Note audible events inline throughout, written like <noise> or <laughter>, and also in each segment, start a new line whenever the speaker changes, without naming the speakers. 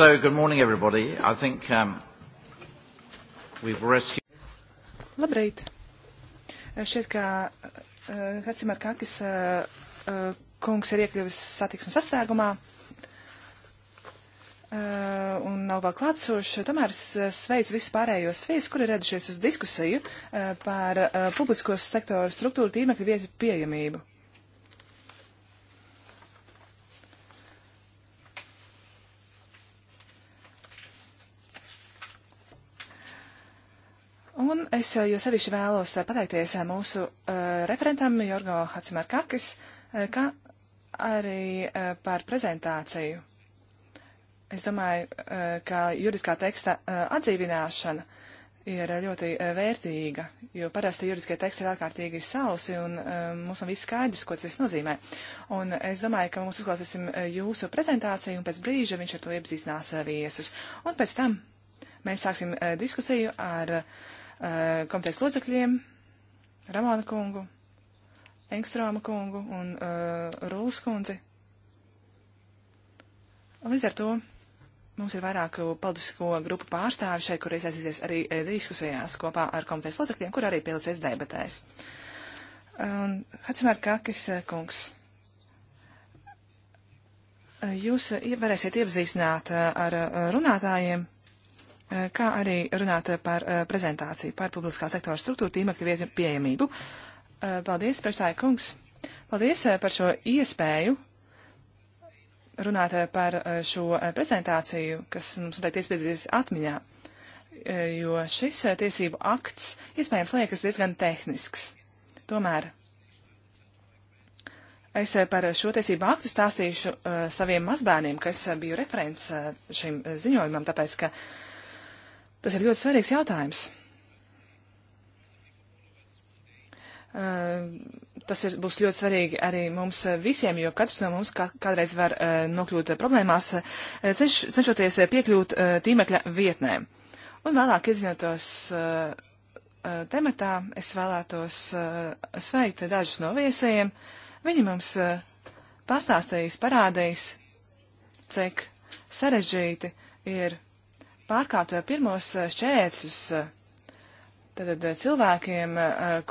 So, good morning, everybody. I
think um, we've rescued.
Labrīt! Šķiet, ka uh, eh, Hacimar Kakis uh, eh, uh, eh, kungs ir iekļuvis satiksmes sastrēgumā uh, un nav vēl klātsošs. Tomēr es sveicu visus pārējos sveicu, kuri redušies uz diskusiju uh, par uh, publiskos sektoru struktūru tīmekļu vietu pieejamību. Es eh, jo sevišķi vēlos eh, pateikties eh, mūsu referentam Jorgo Hacimarkakis, kā arī par prezentāciju. Es domāju, ka juridiskā teksta atdzīvināšana ir ļoti vērtīga, jo parasti juridiskie teksti ir ārkārtīgi sausi un mums nav viss skaidrs, ko tas nozīmē. Un es domāju, ka mums uzklausīsim jūsu prezentāciju un pēc brīža viņš ar to iepazīstinās viesus. Un pēc tam mēs sāksim diskusiju ar uh, Eh, komitejas locekļiem, Ramāna kungu, Engstrāma kungu un uh, Rūlas kundzi. Līdz ar to mums ir vairāku politisko grupu pārstāvi šeit, kur iesaistīsies arī eh, diskusijās kopā ar komitejas locekļiem, kur arī pielicies debatēs. Um, Hacimēr Kakis kungs. Jūs varēsiet iepazīstināt ar runātājiem Eh, kā arī runāt par eh, prezentāciju par publiskā sektora struktūru tīmekļa vietu pieejamību. Eh, paldies, priekšstāja kungs! Paldies par šo iespēju runāt par šo prezentāciju, kas mums noteikti iespiedzīs atmiņā, jo šis tiesību akts iespējams liekas diezgan tehnisks. Tomēr Es par šo tiesību aktu stāstīšu uh, saviem mazbērniem, kas biju referents uh, šim ziņojumam, tāpēc, ka uh, Tas ir ļoti svarīgs jautājums. Eh, tas ir, būs ļoti svarīgi arī mums visiem, jo katrs no mums kā, kādreiz var eh, nokļūt problēmās, eh, cenš, cenšoties piekļūt tīmekļa vietnēm. Un vēlāk iedzinotos tematā es vēlētos sveikt dažus no viesējiem. Viņi mums pastāstījis, parādījis, cik sarežģīti ir pārkāpt pirmos eh, šķērsus eh, Tātad eh, cilvēkiem,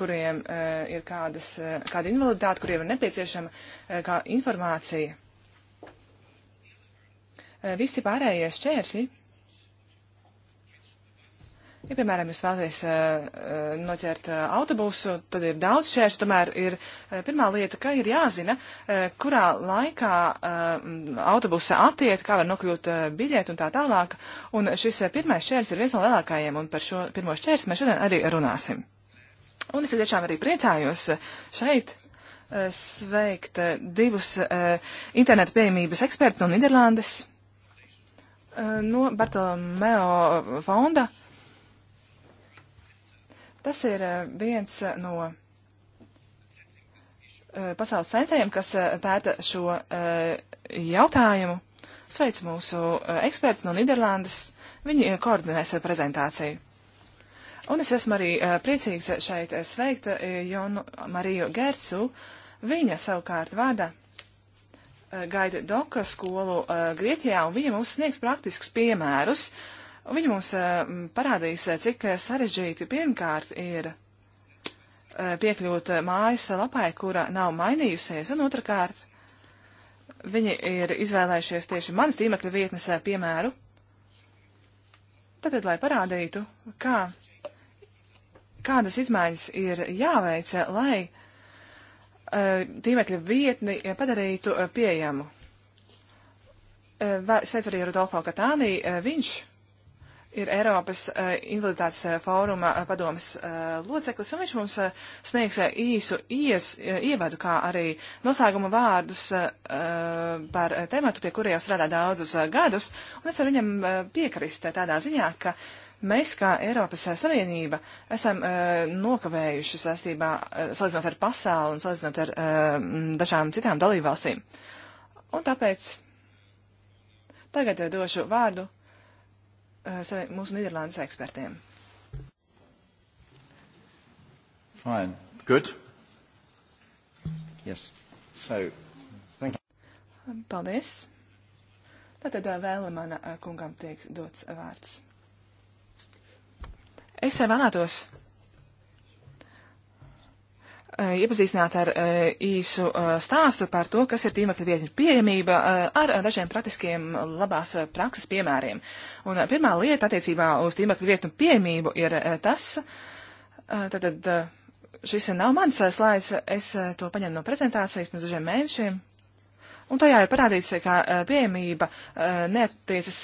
kuriem ir kādas, kāda invaliditāte, kuriem ir nepieciešama kā informācija. Visi pārējie šķēršļi Ja, piemēram, jūs vēlaties uh, noķert uh, autobusu, tad ir daudz šķēršļu. Tomēr ir uh, pirmā lieta, ka ir jāzina, uh, kurā laikā uh, autobusa attiet, kā var nokļūt uh, biļeti un tā tālāk. Un šis uh, pirmais šķērs ir viens no lielākajiem, un par šo pirmo šķērs mēs šodien arī runāsim. Un es tiešām arī priecājos šeit uh, sveikt uh, divus uh, internetu pieejamības ekspertus no Niderlandes, uh, no Bartolomeo fonda. Uh, Tas ir eh, viens eh, no eh, pasaules centriem, kas pēta šo jautājumu. Sveicu mūsu eksperts no Niderlandes. Viņi koordinēs prezentāciju. Un es esmu arī priecīgs šeit sveikt Jonu Mariju Gercu. Viņa savukārt vada gaida doka skolu Grieķijā, un viņa mums sniegs praktiskus piemērus uh, Un viņi mums eh, parādīs, eh, cik eh, sarežģīti pirmkārt ir piekļūt mājas lapai, kura nav mainījusies, un otrkārt viņi ir izvēlējušies tieši manas tīmekļa vietnes piemēru. Tātad, lai parādītu, kā, kādas izmaiņas ir jāveic, lai tīmekļa vietni padarītu pieejamu. Sveic arī Rudolfo Katānī, viņš ir Eiropas uh, invaliditātes uh, fóruma uh, padomas loceklis, un viņš mums sniegs īsu ies, ievadu, kā arī noslēguma vārdus par tematu, pie kura jau strādā daudzus gadus, un es varu viņam piekrist tādā ziņā, ka mēs, kā Eiropas Savienība, esam nokavējuši saistībā, salīdzinot ar pasauli un salīdzinot ar dažām citām dalībvalstīm. Un tāpēc tagad došu vārdu Eh, mūsu Nīderlandes ekspertiem.
Fine. Good. Yes. So, thank
you. Paldies. Tātad eh, Vēlimana eh, kungam tiek dots vārds. Es vēlētos Eh, iepazīstināt ar eh, īsu eh, stāstu par to, kas ir tīmekļa vietņu pieejamība ar dažiem praktiskiem labās prakses piemēriem. Un pirmā lieta attiecībā uz tīmekļa vietņu pieejamību ir tas, tātad šis nav mans slaids, es to paņēmu no prezentācijas pirms dažiem mēnešiem. Un tajā ir parādīts, ka pieejamība neatiecas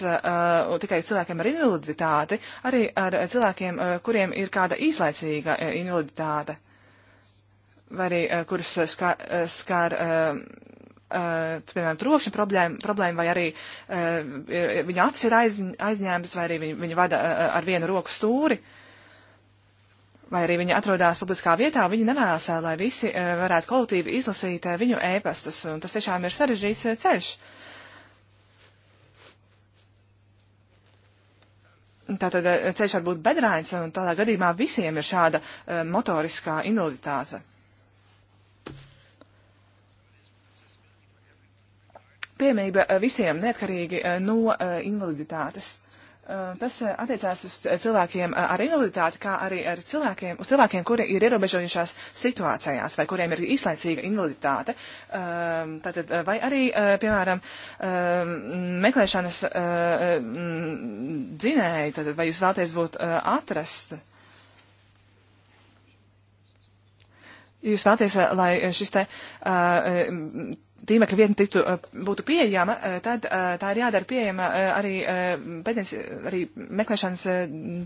tikai uz cilvēkiem ar invaliditāti, arī ar cilvēkiem, kuriem ir kāda īslaicīga invaliditāte vai arī eh, kuras eh, eh, skar, skar piemēram, trokšņa problēma, problēma, vai arī viņa acis ir aiz, aizņēmtas, vai arī viņa, viņa vada ar vienu roku stūri. Vai arī viņi atrodas publiskā vietā, viņi nevēlas, lai visi varētu kolektīvi izlasīt viņu ēpastus, un tas tiešām ir sarežģīts ceļš. Tātad ceļš var būt bedrājs, un tādā gadījumā visiem ir šāda uh, motoriskā invaliditāte. piemība eh, visiem, neatkarīgi eh, no eh, invaliditātes. Tas attiecās uz cilvēkiem ar invaliditāti, kā arī ar cilvēkiem, uz cilvēkiem, kuri ir ierobežojušās situācijās vai kuriem ir īslaicīga invaliditāte. Tātad, vai arī, piemēram, meklēšanas mm, dzinēji, tātad, vai jūs vēlaties būt atrasta? Jūs vēlaties, lai šis te uh, tīmekļa vietne tiktu, eh, būtu pieejama, eh, tad eh, tā ir jādara pieejama arī, arī meklēšanas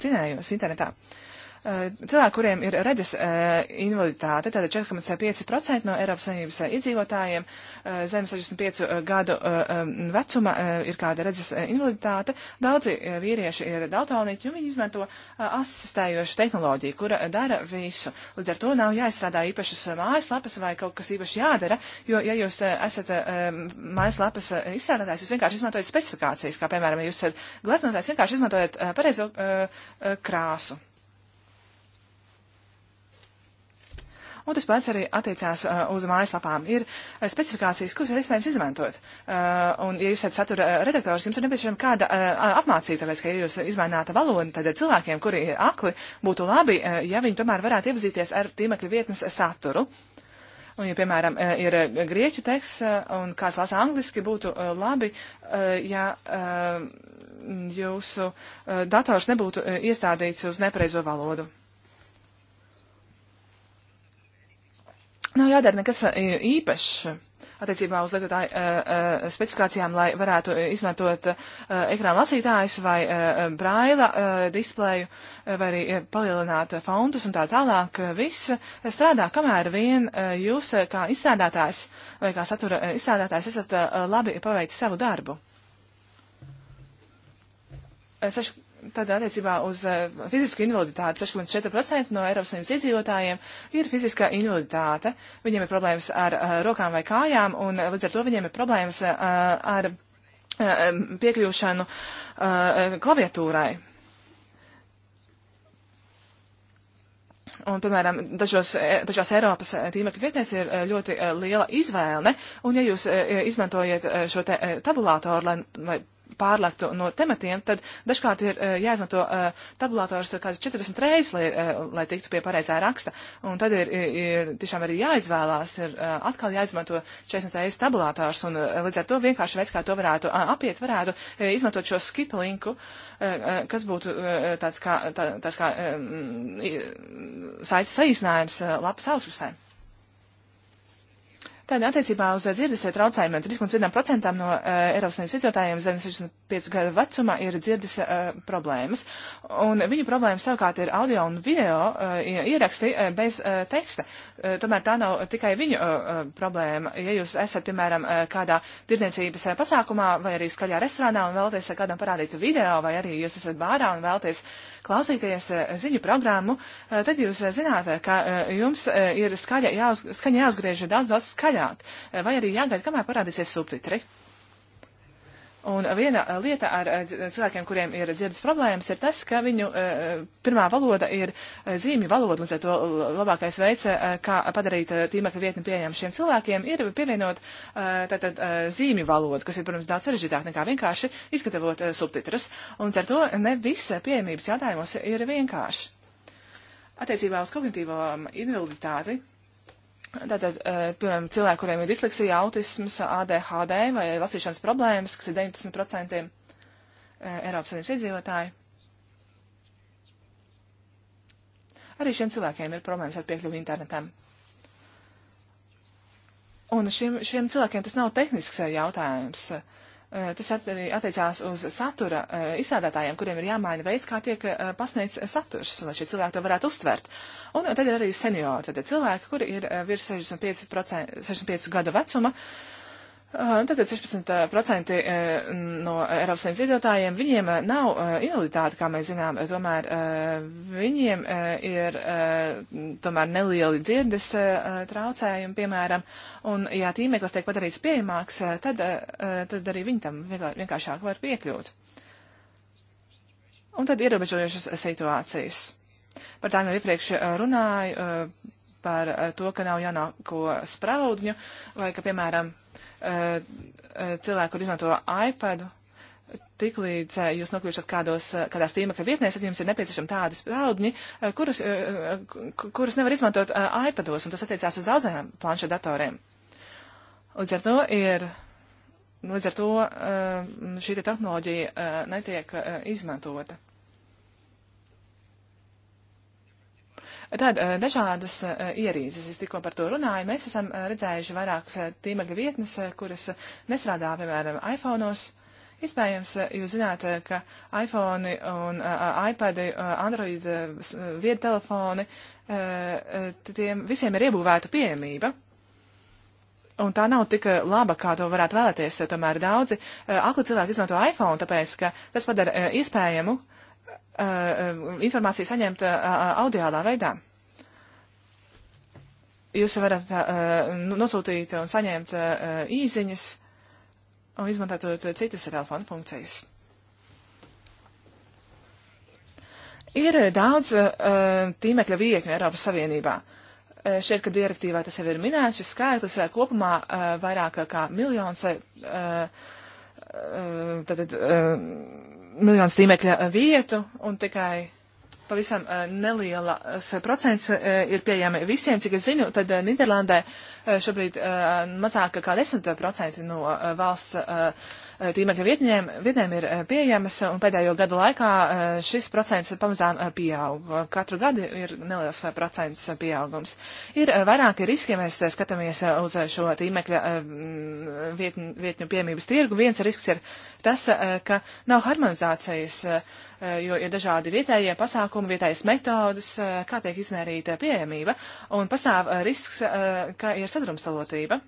dzinējos internetā. Uh, Eh, cilvēki, kuriem ir redzes eh, invaliditāte, tātad 4,5% no Eiropas Savienības eh, iedzīvotājiem zem 65 gadu vecuma ir kāda redzes invaliditāte. Daudzi vīrieši ir daltoniķi un viņi izmanto asistējošu tehnoloģiju, kura dara visu. Līdz ar to nav jāizstrādā īpašas mājaslapas vai kaut kas īpaši jādara, jo, ja jūs esat mājaslapas izstrādātājs, jūs vienkārši izmantojat specifikācijas, kā piemēram, ja jūs esat glaznotājs, vienkārši izmantojat pareizo krāsu. Un tas pats arī attiecās uh, uz mājaslapām. Ir uh, specifikācijas, kuras ir iespējams izmantot. Uh, un, ja jūs esat satura uh, redaktors, jums ir nepieciešama kāda uh, apmācība, tāpēc, ka, ja jūs izmaināta valoda, tad uh, cilvēkiem, kuri ir akli, būtu labi, uh, ja viņi tomēr varētu iepazīties ar tīmekļa vietnes saturu. Un, ja, piemēram, uh, ir uh, grieķu teksts un kāds lasa angliski, būtu labi, ja jūsu dators nebūtu iestādīts uz nepareizo valodu. Nav jādara nekas e, īpašs attiecībā uz lietotāju uh, uh, specifikācijām, lai varētu izmantot uh, ekrāna lasītājus vai uh, braila uh, displeju, vai arī palielināt fontus un tā tālāk. Viss strādā, kamēr vien uh, jūs kā izstrādātājs vai kā satura izstrādātājs esat uh, labi paveicis savu darbu. 6 Tad attiecībā uz eh, fizisku invaliditāti 6,4% no Eiropas Savienības iedzīvotājiem ir fiziskā invaliditāte. Viņiem ir problēmas ar, ar eh, rokām vai kājām, un eh, līdz ar to viņiem ir problēmas ar, ar piekļūšanu klaviatūrai. Un, piemēram, dažos, dažās Eiropas tīmekļa vietnēs ir ļoti liela izvēle, un ja jūs izmantojat šo te tabulātoru, lai, lai pārlektu no tematiem, tad dažkārt ir eh, jāizmanto eh, tabulators kādas 40 reizes, lai, eh, lai tiktu pie pareizā raksta. Un tad ir, ir tiešām arī jāizvēlās, ir atkal jāizmanto 40 reizes tabulators, un līdz ar to vienkārši veids, kā to varētu apiet, varētu izmantot šo skip linku, kas būtu tāds kā, tā, tāds kā saites saīsinājums lapas augšpusē. Tādā attiecībā uz eh, dzirdes eh, traucējumiem 3,1% no uh, Eiropas Savienības iedzīvotājiem zem 65 gadu vecumā ir dzirdes uh, problēmas. Un viņu problēmas savukārt ir audio un video uh, ieraksti uh, bez uh, teksta. Uh, tomēr tā nav tikai viņu uh, problēma. Ja jūs esat, piemēram, uh, kādā tirdzniecības uh, pasākumā vai arī skaļā restorānā un vēlaties uh, kādam parādīt video vai arī jūs esat bārā un vēlaties klausīties uh, ziņu programmu, uh, tad jūs uh, zināt, ka uh, jums uh, ir skaļa jāuz, skaņa jāuzgriež daudz, daudz skaļāk vairāk, vai arī jāgaida, kamēr parādīsies subtitri. Un viena lieta ar eh, cilvēkiem, kuriem ir dzirdes problēmas, ir tas, ka viņu eh, pirmā valoda ir eh, zīmju valoda, līdz ar to labākais veids, kā padarīt tīmekļa vietni pieejamu šiem cilvēkiem, ir pievienot tātad zīmju valodu, kas ir, protams, daudz sarežģītāk nekā vienkārši izgatavot subtitrus. Un ar to ne visa pieejamības jautājumos ir vienkārši. Attiecībā uz kognitīvo mm, invaliditāti Tātad, eh, piemēram, cilvēki, kuriem ir disleksija, autisms, ADHD vai lasīšanas problēmas, kas ir 19% eh, Eiropas Savienības iedzīvotāji. Arī šiem cilvēkiem ir problēmas ar piekļuvi internetam. Un šiem, šiem cilvēkiem tas nav tehnisks eh, jautājums. Uh, Eh, tas arī attiecās uz satura eh, izstrādātājiem, kuriem ir jāmaina veids, kā tiek eh, pasniegts saturs, lai šie cilvēki to varētu uztvert. Un tad ir arī seniori, tad ir cilvēki, kuri ir virs 65, 65 gadu vecuma, uh, Nu, tātad 16% no Eiropas Savienības iedotājiem, viņiem nav invaliditāte, kā mēs zinām, tomēr viņiem ir tomēr nelieli dzirdes traucējumi, piemēram, un ja tīmeklis tiek padarīts pieejamāks, tad, tad arī viņi tam vienkāršāk var piekļūt. Un tad ierobežojušas situācijas. Par tām jau iepriekš runāju, par to, ka nav jānāko spraudņu, vai ka, piemēram, Eh, cilvēki, kur izmanto iPadu, tik līdz eh, jūs nokļūšat kādos, eh, kādās tīmekļa vietnēs, tad jums ir nepieciešami tādi spraudņi, kurus, kurus nevar izmantot iPados, un tas attiecās uz daudzajām planša datoriem. Līdz ar to ir. Līdz ar to šī te tehnoloģija netiek izmantota. Tad eh, dažādas eh, ierīces, es tikko par to runāju, mēs esam eh, redzējuši vairākas tīmekļa vietnes, kuras nestrādā, piemēram, iPhone'os. Iespējams, jūs zināt, ka iPhone un iPad, Android viedtelefoni, tiem visiem ir iebūvēta pieejamība. Un tā nav tik laba, kā to varētu vēlēties. Tomēr daudzi akli cilvēki izmanto iPhone, tāpēc, ka tas padara iespējamu uh, Uh, um, informāciju saņemt uh, uh, audiālā veidā. Jūs varat nu, nosūtīt un saņemt īziņas un izmantot citas telefona funkcijas. Ir daudz tīmekļa vietņu Eiropas Savienībā. Šeit, ka direktīvā tas jau ir minēts, šis skaitlis kopumā vairāk kā miljons tātad, miljonu stīmekļa vietu un tikai pavisam eh, nelielas eh, procents eh, ir pieejami visiem, cik es zinu, tad Nīderlandē šobrīd mazāk kā 10% no valsts Eh, tīmekļa vietņiem, vietnēm ir eh, pieejamas, un pēdējo gadu laikā eh, šis procents pamazām pieaug. Katru gadu ir neliels procents pieaugums. Ir vairāki riski, ja mēs skatāmies uz šo tīmekļa vietņu, vietņu piemības tirgu. Viens risks ir tas, ka nav harmonizācijas, jo ir dažādi vietējie pasākumi, vietējas metodas, kā tiek izmērīta pieejamība, un pastāv risks, ka ir sadrumstalotība.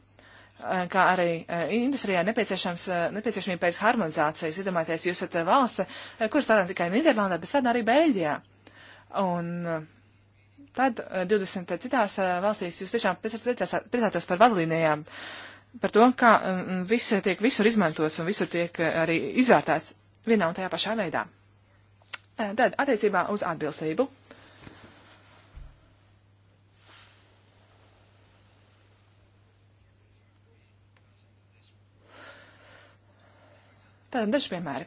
Eh, kā arī eh, industrijā nepieciešams, eh, nepieciešamība pēc harmonizācijas. Iedomājieties, jūs esat valsts, kur strādā tikai Nīderlandē, bet strādā arī Beļģijā. Un tad 20 citās valstīs jūs tiešām priecātos par vadlīnijām, par to, kā mm, mm, viss tiek visur izmantots un visur tiek arī izvērtēts vienā un tajā pašā veidā. Tad attiecībā uz atbilstību. Tātad daži piemēri.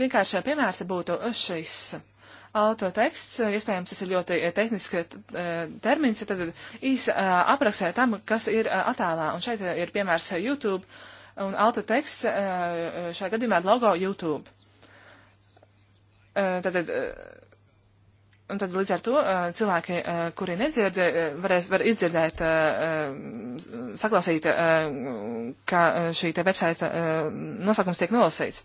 Vienkārši eh, piemērs būtu šis autoteksts, eh, iespējams, tas ir ļoti eh, tehniski termins, tad īsi apraksē tam, kas ir attēlā. Un šeit ir piemērs YouTube un autoteksts šajā gadījumā logo YouTube. Tātad Un tad līdz ar to uh, cilvēki, uh, kuri nedzird, uh, varēs var izdzirdēt, saklausīt, ka šī te websaita nosaukums tiek nolasīts.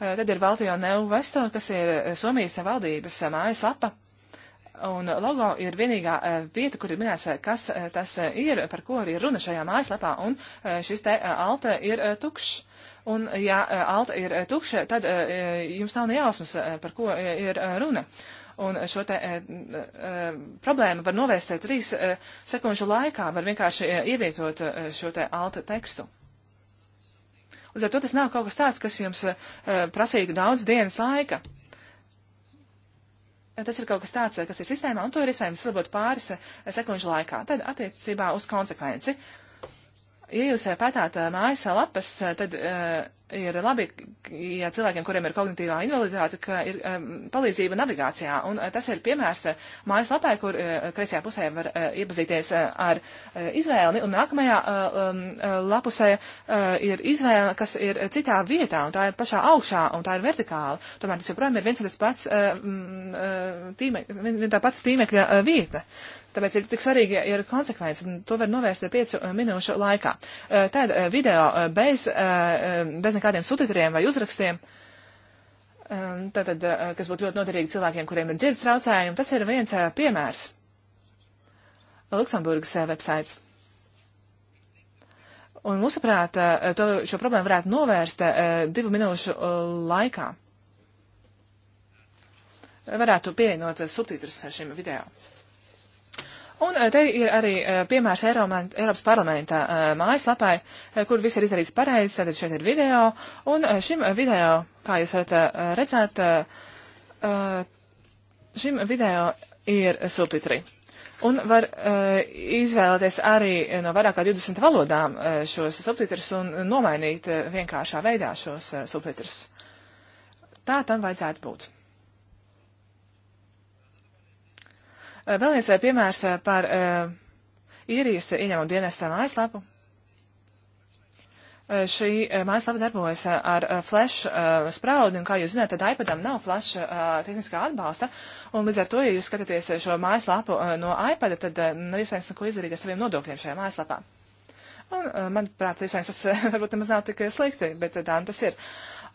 Tad ir Valtio Neuvesta, kas ir Somijas valdības mājaslapa. Un logo ir vienīgā vieta, kur ir minēts, kas tas ir, par ko ir runa šajā mājaslapā, un šis te alta ir tukšs. Un, ja alta ir tukša, tad jums nav nejausmas, par ko ir runa. Uh, Un šo te eh, eh, problēmu var novērst trīs eh, sekundžu laikā, var vienkārši ievietot šo te alta tekstu. Līdz ar to tas nav kaut kas tāds, kas jums prasītu daudz dienas laika. Tas ir kaut kas tāds, kas ir sistēmā, un to ir iespējams uzlabot pāris sekundžu laikā. Tad attiecībā uz konsekvenci. Ja jūs pētāt mājas lapas, tad ir labi, ja cilvēkiem, kuriem ir kognitīvā invaliditāte, ka ir um, palīdzība navigācijā. Un uh, tas ir piemērs uh, mājaslapē, kur uh, kreisajā pusē var uh, iepazīties uh, ar uh, izvēli, un nākamajā uh, um, lapusē uh, ir izvēle, kas ir citā vietā, un tā ir pašā augšā, un tā ir vertikāla. Tomēr tas joprojām ir viens un tas pats uh, tīmek, vien tā pati tīmekļa uh, vieta. Uh, Tāpēc ir tik svarīgi, ja ir konsekvences, un to var novērst piecu eh, minūšu laikā. Eh, tad eh, video bez, bez nekādiem subtitriem vai uzrakstiem. Tātad, kas būtu ļoti noderīgi cilvēkiem, kuriem ir dzirdes traucējumi, tas ir viens piemērs. Luksemburgas websites. Un mūsuprāt, to, šo problēmu varētu novērst divu minūšu laikā. Varētu pievienot subtitrus šim video. Un eh, te ir arī eh, piemērs Eiropas parlamentā eh, mājaslapai, kur viss ir izdarīts pareizi, tātad šeit ir video, un šim video, kā jūs varat redzēt, šim video ir subtitri. Un var uh, izvēlēties arī no vairāk kā 20 valodām uh, šos subtitrus un nomainīt uh, vienkāršā veidā šos uh, subtitrus. Tā tam vajadzētu būt. Eh, vēl viens eh, piemērs eh, par īrijas ieņēmumu dienestā mājaslapu. Šī mājaslapa darbojas ar flash spraudi, un, kā jūs zināt, tad iPadam nav flash tehniskā atbalsta, un līdz ar to, ja jūs skatāties šo mājaslapu no iPada, tad nav iespējams neko izdarīt ar saviem nodokļiem šajā mājaslapā. Un, manuprāt, iespējams, tas <laughs> varbūt nemaz nav tik slikti, bet tā nu tas ir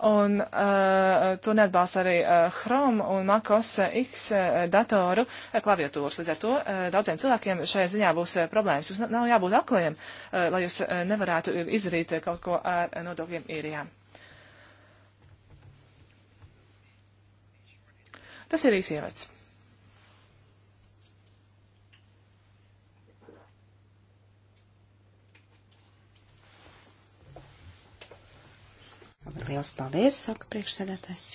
un uh, to neatbalsta arī uh, Chrome un MacOS X eh, datoru klaviatūras. Līdz ar to uh, daudziem cilvēkiem šajā ziņā būs uh, problēmas. Jums nav jābūt akliem, uh, lai jūs uh, nevarētu izdarīt uh, kaut ko ar uh, nodokļiem īrijām. Tas ir īsi ievads.
Liels paldies, saka priekšsēdētājs.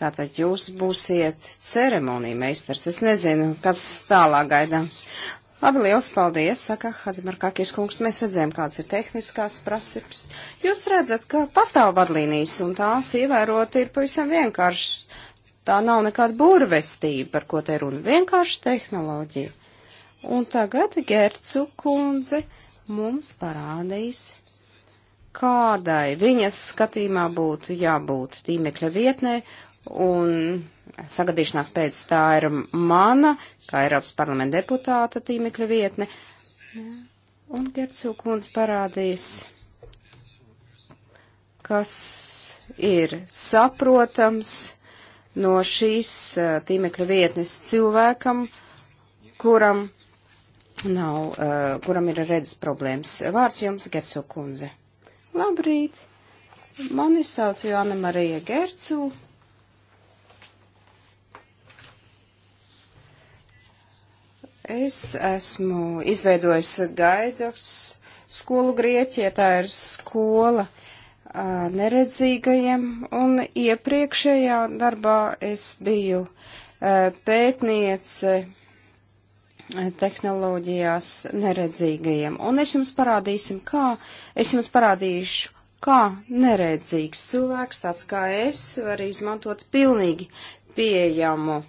Tātad jūs būsiet ceremonija meistars. Es nezinu, kas tālāk gaidāms. Labi, liels paldies, saka Hadzimarkakis kungs. Mēs redzējām, kādas ir tehniskās prasības. Jūs redzat, ka pastāv vadlīnijas, un tās ievērot ir pavisam vienkārši. Tā nav nekāda burvestība, par ko te runa. Vienkārši tehnoloģija. Un tagad Gercu kundze mums parādīs, kādai viņas skatījumā būtu jābūt tīmekļa vietnē, un sagadīšanās pēc tā ir mana, kā Eiropas parlamenta deputāta tīmekļa vietne, un Gercu kundze parādīs, kas ir saprotams no šīs tīmekļa vietnes cilvēkam, kuram nav, uh, kuram ir redzes problēmas. Vārds jums, Gercu kundze. Labrīt! Mani sauc Joana Marija Gercu. Es esmu izveidojis Gaidoks skolu Grieķijā, tā ir skola uh, neredzīgajiem, un iepriekšējā darbā es biju uh, pētniece. Uh, tehnoloģijās neredzīgajiem. Un es jums parādīsim, kā, es jums parādīšu, kā neredzīgs cilvēks, tāds kā es, var izmantot pilnīgi pieejamu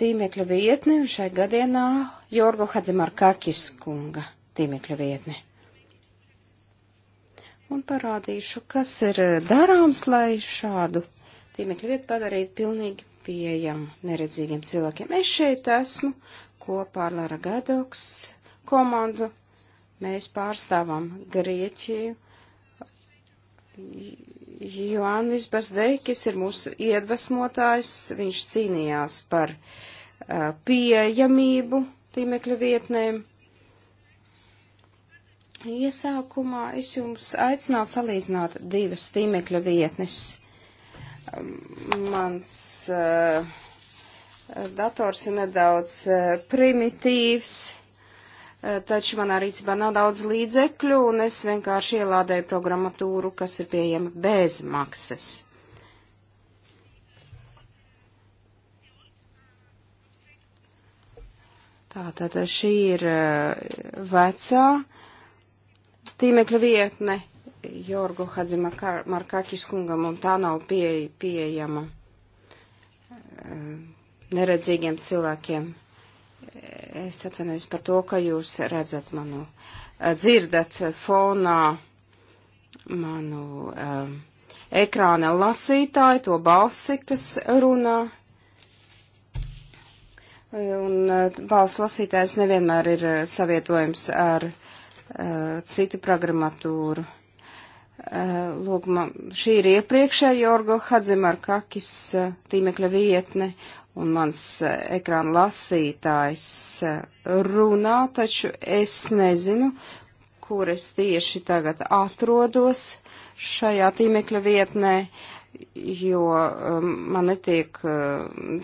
tīmekļa vietni, un šai gadienā Jorgo Hadzimarkakis kunga tīmekļa vietni. Un parādīšu, kas ir darāms, lai šādu tīmekļa vietu padarītu pilnīgi pieejama neredzīgiem cilvēkiem. Es šeit esmu kopā ar Lara Gadoks komandu. Mēs pārstāvam Grieķiju. Joannis Basdeikis ir mūsu iedvesmotājs. Viņš cīnījās par uh, pieejamību tīmekļu vietnēm. Iesākumā es jums aicinātu salīdzināt divas tīmekļa vietnes. Mans uh, dators ir nedaudz uh, primitīvs, uh, taču manā rīcībā nav daudz līdzekļu, un es vienkārši ielādēju programmatūru, kas ir pieejama bez maksas. Tātad šī ir vecā tīmekļa vietne, Jorgu Hadzimarkakis kungam, un tā nav pie, pieejama eh, neredzīgiem cilvēkiem. Es atvainojos par to, ka jūs redzat manu, eh, dzirdat fonā manu um, ekrāna lasītāju, to balsi, kas runā. Un balss lasītājs nevienmēr ir savietojams ar uh, citu programmatūru. Eh, Lūk, man, šī ir iepriekšēja Jorgo Hadzimarkakis eh, tīmekļa vietne, un mans eh, ekrāna lasītājs runā, taču es nezinu, kur es tieši tagad atrodos šajā tīmekļa vietnē, jo man netiek,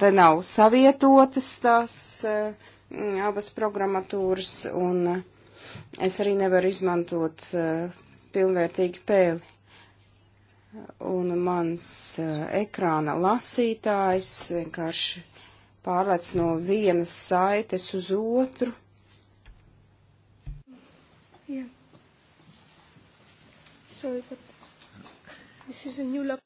te nav savietotas tās abas programmatūras, un es arī nevaru izmantot pilnvērtīgi pēli. Un mans eh, ekrāna lasītājs vienkārši pārlec no vienas saites uz otru.
Yeah. Sorry, but this is a new laptop.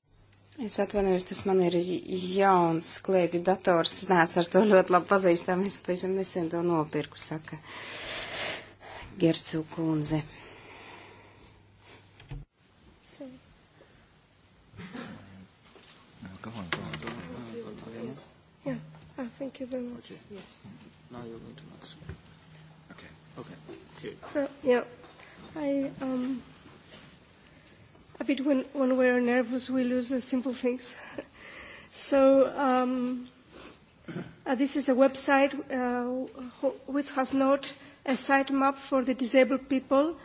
Es atvainojos, tas man ir jauns klēpju dators. Nē, ar to ļoti labi pazīstam. Es pēc tam nesen to nopirku, saka Gercu kundze.
come on, come on. Uh, yeah. Ah, thank you very much. Okay. Yes. Now you're going to Max. Okay. Okay. Here. So yeah, I um. A bit when when we're nervous, we lose the simple things. <laughs> so um, uh, this is a website uh, which has not a site map for the disabled people,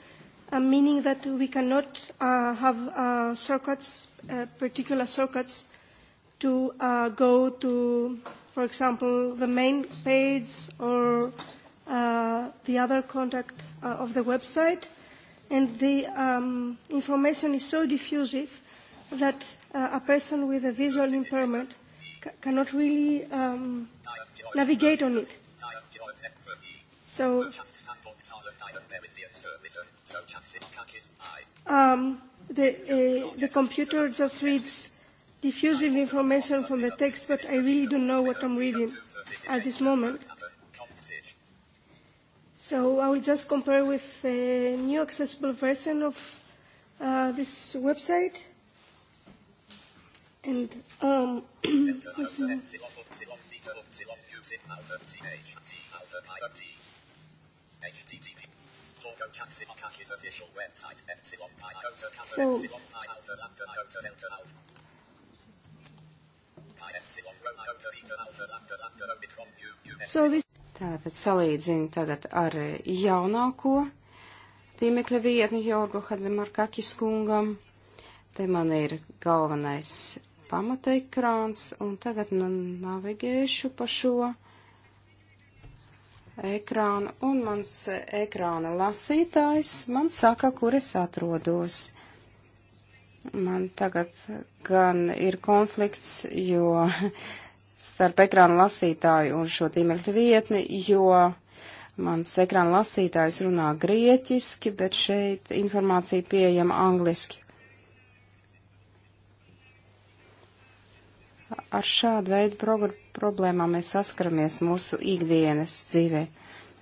uh, meaning that we cannot uh, have uh, circuits, uh, particular circuits to uh, go to, for example, the main page or uh, the other contact uh, of the website. And the um, information is so diffusive that uh, a person with a visual impairment ca- cannot really um, navigate on it. So, um, the, uh, the computer just reads diffusive information from the text, but I really don't know what I'm reading at this moment. So I will just compare with the new accessible version of uh, this website. And um,
HTTP so,
Tātad salīdzinu tagad ar jaunāko tīmekļa vietni Jorgu Hadzimarkakis kungam. Te man ir galvenais pamatekrāns, un tagad nu navigēšu pa šo ekrānu, un mans ekrāna lasītājs man saka, kur es atrodos. Man tagad gan ir konflikts, jo <laughs> starp ekrānu lasītāju un šo tīmekļu vietni, jo mans ekrāna lasītājs runā grieķiski, bet šeit informācija pieejama angliski. Ar šādu veidu problēmām mēs saskaramies mūsu ikdienas dzīvē.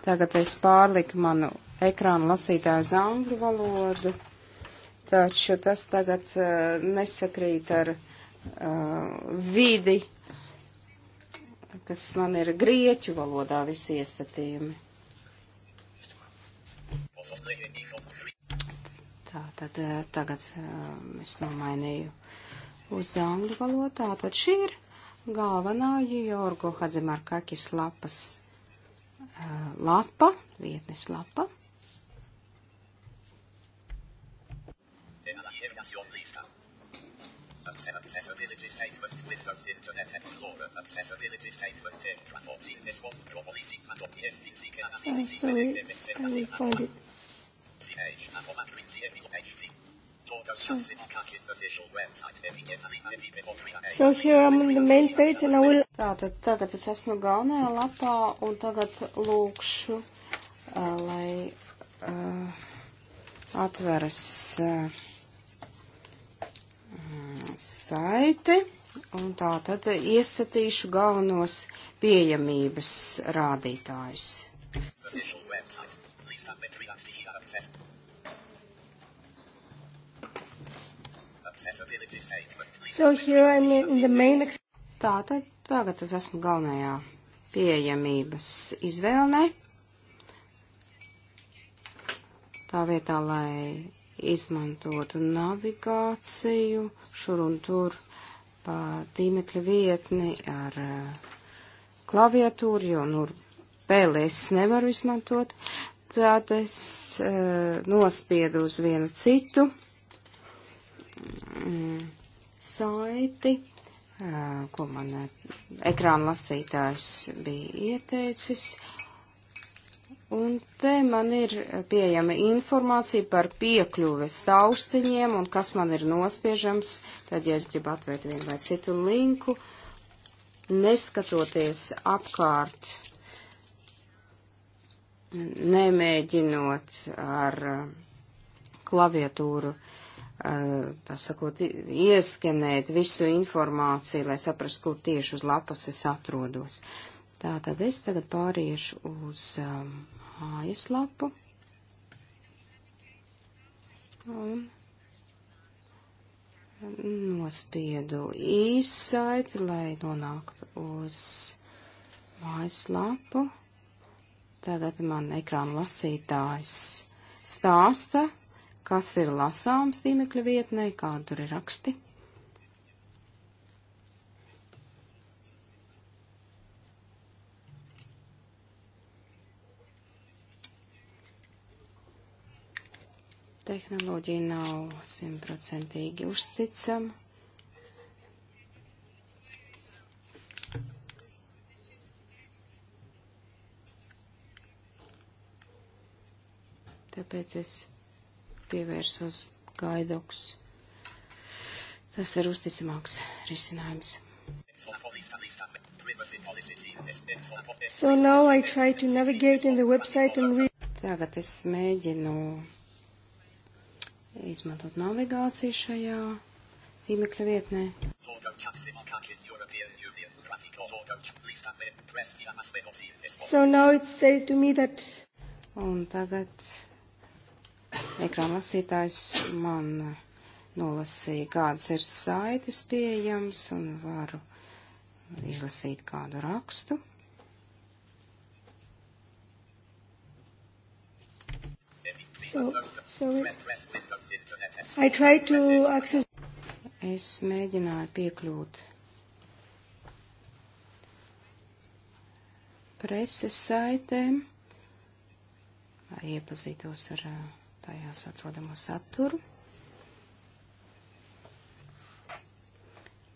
Tagad es pārliku manu ekrānu lasītāju uz angļu valodu taču tas tagad eh, nesakrīt ar eh, vidi, kas man ir grieķu valodā visi iestatījumi. Tā tad eh, tagad es nomainīju uz angļu valodā. Tad šī ir galvenā Jorgo Hadzimarkakis lapas lapa, vietnes lapa.
Accessibility statement, Windows Internet Explorer, accessibility statement, Tegra 14, this was globally and on e, the FVC can I'm sorry, I will find it. CH, and on Android, CMU,
so, so here I'm on the main page and I will... Tātad tagad es
esmu galvenajā lapā un tagad lūkšu, uh, lai uh, atveras... Uh, saite, un tā tad iestatīšu galvenos pieejamības rādītājus. So main... Tātad tagad es esmu galvenajā pieejamības izvēlnē. Tā vietā, lai izmantotu navigāciju šur un tur pa tīmekļa vietni ar eh, klaviatūru, jo nu pēli es nevaru izmantot. Tad es e, nospiedu uz vienu citu mm, saiti, e, ko man ekrāna lasītājs bija ieteicis, Un te man ir pieejama informācija par piekļuves taustiņiem un kas man ir nospiežams, tad, ja es gribu atvērt vienu vai citu linku, neskatoties apkārt, nemēģinot ar uh, klaviatūru, uh, tā sakot, ieskenēt visu informāciju, lai saprastu, kur tieši uz lapas es atrodos. Tā tad es tagad pāriešu uz um, mājaslapu. Un nospiedu īsaiti, lai nonāktu uz mājaslapu. Tagad man ekrāna lasītājs stāsta, kas ir lasāms tīmekļa vietnē, kāda tur ir raksti. tehnoloģija nav simtprocentīgi uzticama. Tāpēc es pievērsos gaidoks. Tas ir uzticamāks risinājums. So now I try to navigate in the website and read. Tagad es mēģinu izmantot navigāciju šajā tīmekļa vietnē. So now it's said to me that... Un tagad ekrānlasītājs man nolasīja, kādas ir saites pieejams un varu izlasīt kādu rakstu.
So, sorry. I
tried to access.
Es mēģināju piekļūt preses saitēm, lai iepazītos ar uh, tajās atrodamo saturu.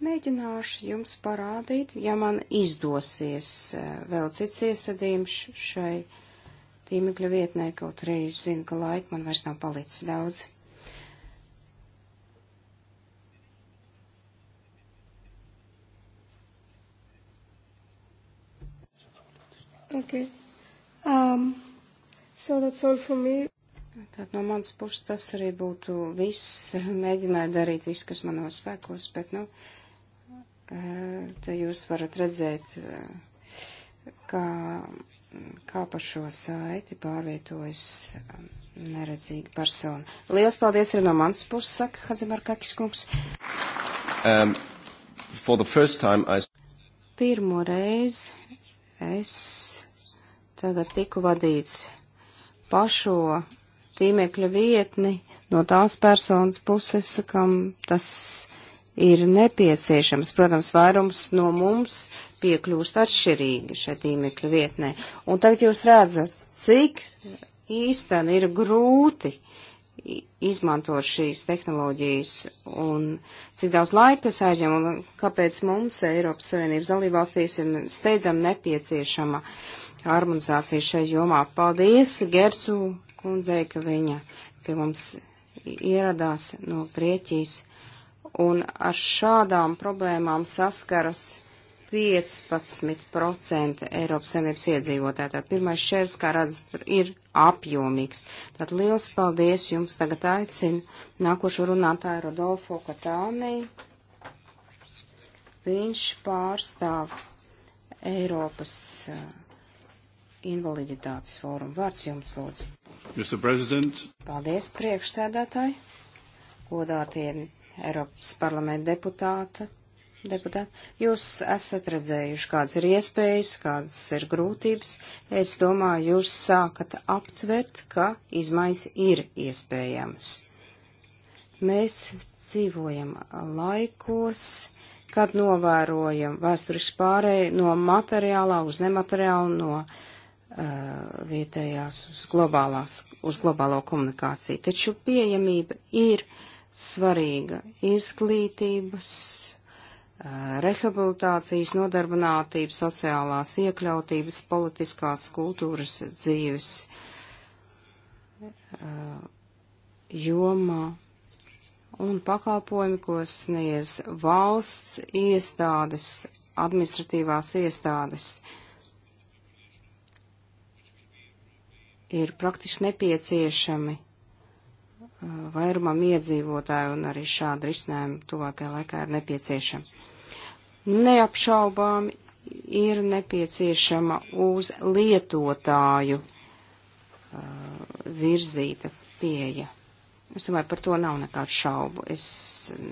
Mēģināšu jums parādīt, ja man izdosies uh, vēl cits iesadījums šai tīmekļa vietnē, kaut arī zinu, ka laika man vairs nav palicis daudz.
Okay. Um, so that's all for me.
Tad no manas puses tas arī būtu viss. <laughs> Mēģināju darīt visu, kas manos spēkos, bet, nu, eh, te jūs varat redzēt, eh, ka kā par šo saiti pārvietojas um, neredzīga persona. Lielas paldies arī no manas puses, saka Hadzimarkakis kungs.
Um, I...
Pirmo reizi es tagad tiku vadīts pašo tīmekļa vietni no tās personas puses, kam tas ir nepieciešams. Protams, vairums no mums piekļūst atšķirīgi šai tīmekļa vietnē. Un tagad jūs redzat, cik īsten ir grūti izmantot šīs tehnoloģijas un cik daudz laika tas aizņem un kāpēc mums Eiropas Savienības dalībvalstīs ir steidzam nepieciešama harmonizācija šai jomā. Paldies Gercu kundzei, ka viņa pie mums ieradās no Grieķijas un ar šādām problēmām saskaras 15% Eiropas Savienības iedzīvotāji. Tātad pirmais šērs, kā redzat, ir apjomīgs. Tātad liels paldies jums tagad aicinu nākošo runātāju Rodolfo Katānī. Viņš pārstāv Eiropas uh, invaliditātes fórumu. Vārds jums lūdzu.
Mr. President.
Paldies priekšsēdētāji, godātie Eiropas parlamenta deputāti deputāti, jūs esat redzējuši, kādas ir iespējas, kādas ir grūtības. Es domāju, jūs sākat aptvert, ka izmaiņas ir iespējams. Mēs dzīvojam laikos, kad novērojam vēsturiski pārēju no materiālā uz nemateriālu, no uh, vietējās uz, globālās, uz globālo komunikāciju. Taču pieejamība ir svarīga izglītības Eh, rehabilitācijas, nodarbinātības, sociālās iekļautības, politiskās kultūras dzīves eh, jomā un pakalpojumi, ko sniedz valsts iestādes, administratīvās iestādes, ir praktiski nepieciešami vairumam iedzīvotāju un arī šādu risinājumu tuvākajā laikā ir nepieciešama. Neapšaubām ir nepieciešama uz lietotāju uh, virzīta pieeja. Es domāju, par to nav nekādu šaubu. Es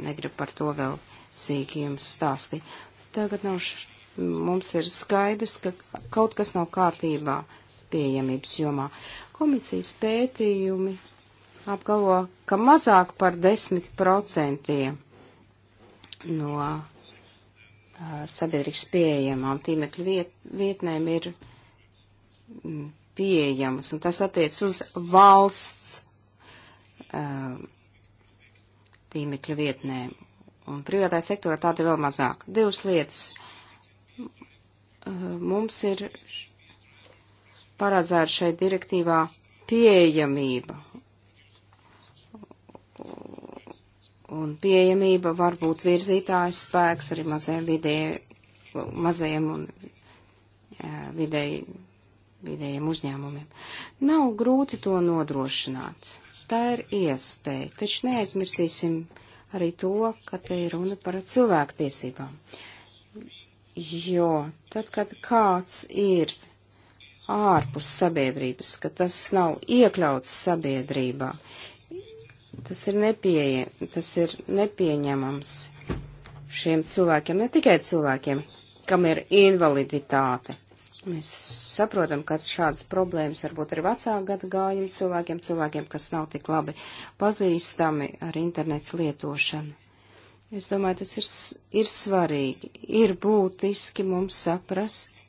negribu par to vēl sīki jums stāstīt. Tagad nav š... mums ir skaidrs, ka kaut kas nav kārtībā pieejamības jomā. Komisijas pētījumi apgalvo, ka mazāk par 10% no uh, sabiedrības pieejamām tīmekļu viet, vietnēm ir mm, pieejamas, un tas attiec uz valsts uh, tīmekļu vietnēm, un privātā sektora tāda vēl mazāk. Divas lietas. Uh, mums ir paredzēta šai direktīvā pieejamība, Un pieejamība var būt virzītājs spēks arī mazajiem vidēji, mazajiem un vidēji, vidējiem uzņēmumiem. Nav grūti to nodrošināt. Tā ir iespēja, taču neaizmirsīsim arī to, ka te ir runa par cilvēktiesībām. Jo tad, kad kāds ir ārpus sabiedrības, ka tas nav iekļauts sabiedrībā, uh, Tas ir, nepieeja, tas ir nepieņemams šiem cilvēkiem, ne tikai cilvēkiem, kam ir invaliditāte. Mēs saprotam, ka šādas problēmas varbūt ir vecāku gadu gājumu cilvēkiem, cilvēkiem, kas nav tik labi pazīstami ar internetu lietošanu. Es domāju, tas ir, ir svarīgi, ir būtiski mums saprast,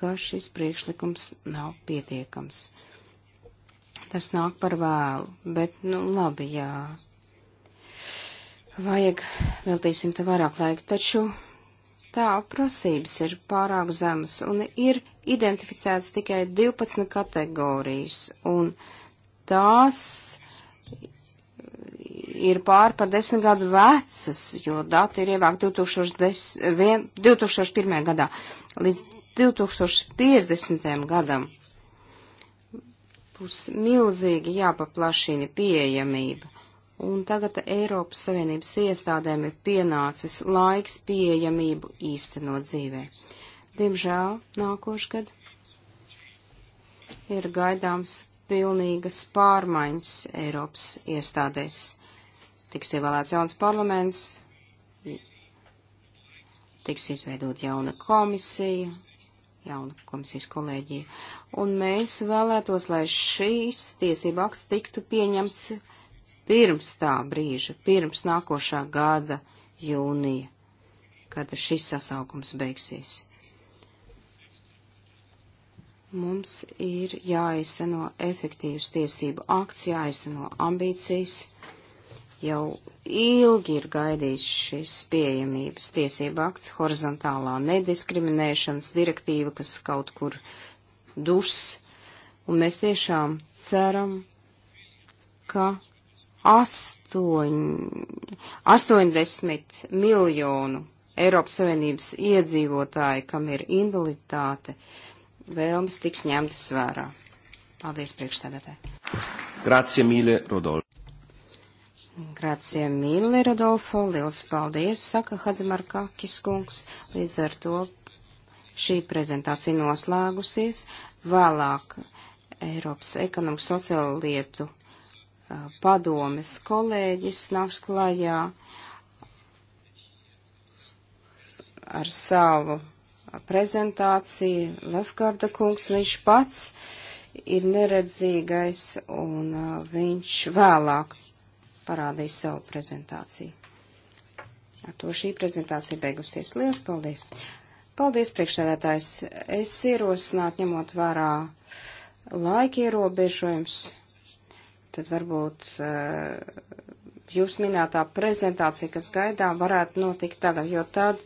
ka šis priekšlikums nav pietiekams tas nāk par vēlu, bet, nu, labi, jā. Vajag veltīsim te vairāk laika, taču tā prasības ir pārāk zemas un ir identificēts tikai 12 kategorijas, un tās ir pār par desmit gadu vecas, jo dati ir ievākti 2001. gadā līdz 2050. gadam. Būs milzīgi jāpaplašina pieejamība. Un tagad Eiropas Savienības iestādēm ir pienācis laiks pieejamību īstenot dzīvē. Diemžēl nākošgad ir gaidāms pilnīgas pārmaiņas Eiropas iestādēs. Tiks ievēlēts jauns parlaments, tiks izveidot jauna komisija, jauna komisijas kolēģija un mēs vēlētos, lai šīs tiesība akts tiktu pieņemts pirms tā brīža, pirms nākošā gada jūnija, kad šis sasaukums beigsies. Mums ir jāizteno efektīvs tiesību akts, jāizteno ambīcijas. Jau ilgi ir gaidīts šis pieejamības tiesība akts, horizontālā nediskriminēšanas direktīva, kas kaut kur uh, dus, un mēs tiešām ceram, ka 8, 80 miljonu Eiropas Savienības iedzīvotāji, kam ir invaliditāte, vēlmes tiks ņemtas vērā. Paldies priekšsēdētāji.
Grazie, mīļie Rodolfo.
Grazie, mīļie Rodolfo. Liels paldies, saka Hadzimarkakis kungs. Līdz ar to Šī prezentācija noslēgusies. Vēlāk Eiropas ekonomikas sociālo lietu padomes kolēģis nāks klajā ar savu prezentāciju. Lefkārda kungs viņš pats ir neredzīgais un viņš vēlāk parādīs savu prezentāciju. Ar to šī prezentācija beigusies. Lielas paldies! Paldies, priekšsēdētājs. Es ierosinātu, ņemot vērā laika ierobežojums, tad varbūt uh, jūs minētā prezentācija, kas gaidām, varētu notikt tagad, jo tad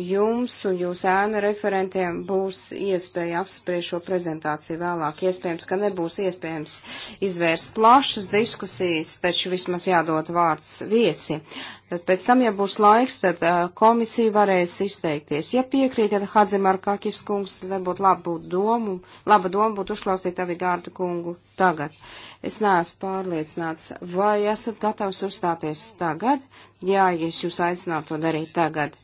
jums un jūsu ēnu referentiem būs iespēja apspriest šo prezentāciju vēlāk. Iespējams, ka nebūs iespējams izvērst plašas diskusijas, taču vismaz jādod vārds viesi. Tad pēc tam, ja būs laiks, tad uh, komisija varēs izteikties. Ja piekrītat Hadzimarkakis kungs, tad varbūt labi būtu domu, laba doma būtu uzklausīt Avigārdu kungu tagad. Es neesmu pārliecināts, vai esat gatavs uzstāties tagad, jā, ja es jūs aicinātu to darīt tagad.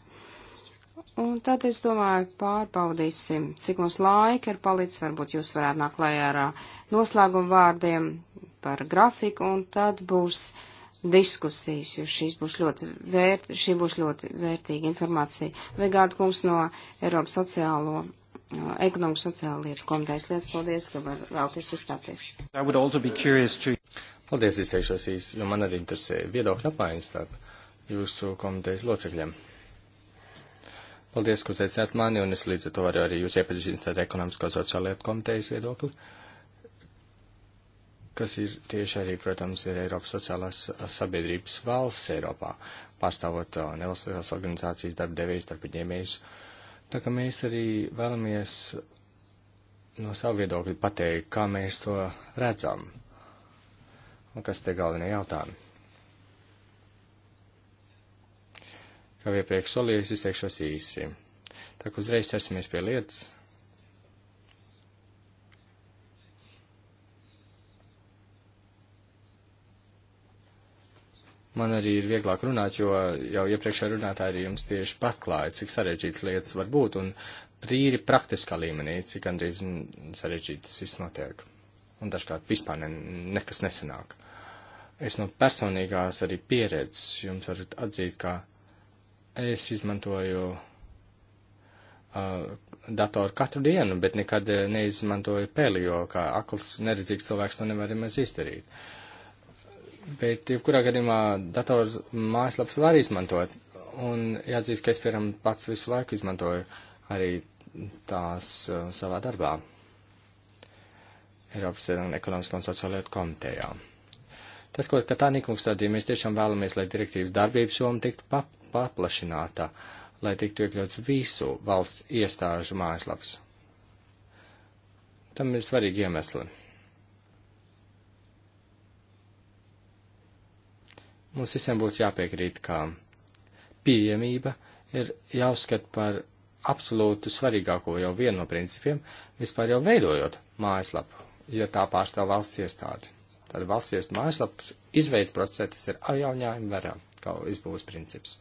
Un tad es domāju, pārbaudīsim, cik mums laika ir palicis, varbūt jūs varētu nākt klajā ar noslēgumu vārdiem par grafiku, un tad būs diskusijas, jo šīs būs ļoti vērt, šī būs ļoti vērtīga informācija. Vegāta kungs no Eiropas sociālo, ekonomikas sociālo lietu komitejas lietas, paldies, ka var vēlties uzstāties.
To...
Paldies, izteikšos īsi, jo man arī interesē viedokļa apmaiņas starp jūsu komitejas locekļiem. Paldies, ka uzaicināt mani, un es līdz ar to varu arī jūs iepazīstināt ar ekonomisko sociālo lietu komitejas viedokli, kas ir tieši arī, protams, ir Eiropas sociālās sabiedrības valsts Eiropā, pārstāvot uh, nevalstiskās organizācijas darba devējus, darba ņēmējus. Tā kā mēs arī vēlamies no savu viedokļu pateikt, kā mēs to redzam un kas te galvenie jautājumi. Kā iepriekš solījis, izteikšos īsi. Tā kā uzreiz ķersimies pie lietas. Man arī ir vieglāk runāt, jo jau iepriekšējā runātā arī jums tieši patklāja, cik sarežģītas lietas var būt un prīri praktiskā līmenī, cik gandrīz sarežģītas viss notiek. Un dažkārt vispār ne, nekas nesanāk. Es no personīgās arī pieredzes jums varu atzīt, ka es izmantoju uh, datoru katru dienu, bet nekad uh, neizmantoju pēli, jo kā akls neredzīgs cilvēks to nevar nemaz izdarīt. Bet, jebkurā gadījumā, datoru mājaslapas var izmantot, un jāatzīst, ka es, piemēram, pats visu laiku izmantoju arī tās uh, savā darbā. Eiropas ekonomiskā un sociālajā komitejā. Tas, ko Katānīkums stādīja, mēs tiešām vēlamies, lai direktīvas darbības joma tiktu pa paplašinātā, lai tiktu iekļauts visu valsts iestāžu mājaslaps. Tam ir svarīgi iemesli. Mums visiem būtu jāpiekrīt, ka pieejamība ir jāuzskata par absolūtu svarīgāko jau vienu no principiem, vispār jau veidojot mājaslapu, ja tā pārstāv valsts iestādi. Tad valsts iestu mājaslapas izveids procesē tas ir ar jaunājiem verā, kā izbūves princips.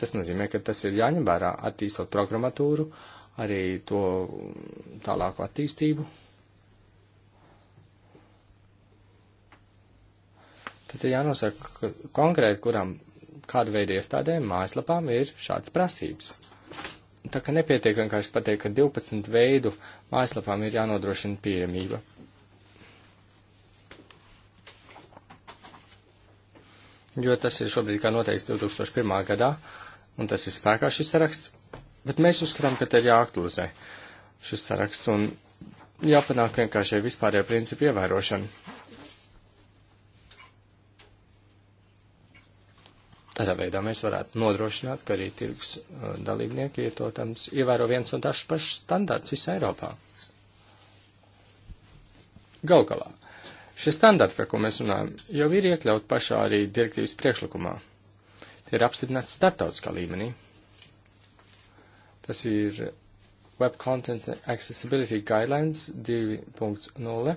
Tas nozīmē, ka tas ir jāņem vērā attīstot programmatūru, arī to tālāku attīstību. Tad ir jānosaka konkrēti, kuram kāda veida iestādēm mājaslapām ir šāds prasības tā ka nepietiek vienkārši pateikt, ka 12 veidu mājaslapām ir jānodrošina pieejamība. Jo tas ir šobrīd kā noteikts 2001. gadā, un tas ir spēkā šis saraksts, bet mēs uzskatām, ka te ir jāaktualizē šis saraksts un jāpanāk vienkāršai vispārējā principu ievērošana. Tādā veidā mēs varētu nodrošināt, ka arī tirgus uh, dalībnieki, ietotams, ievēro viens un tašs pašs standarts visā Eiropā. Gal galā, šie standarti, par ko mēs runājam, jau ir iekļaut pašā arī direktīvas priekšlikumā. Tie ir apstiprināti starptautiskā līmenī. Tas ir Web Content Accessibility Guidelines 2.0.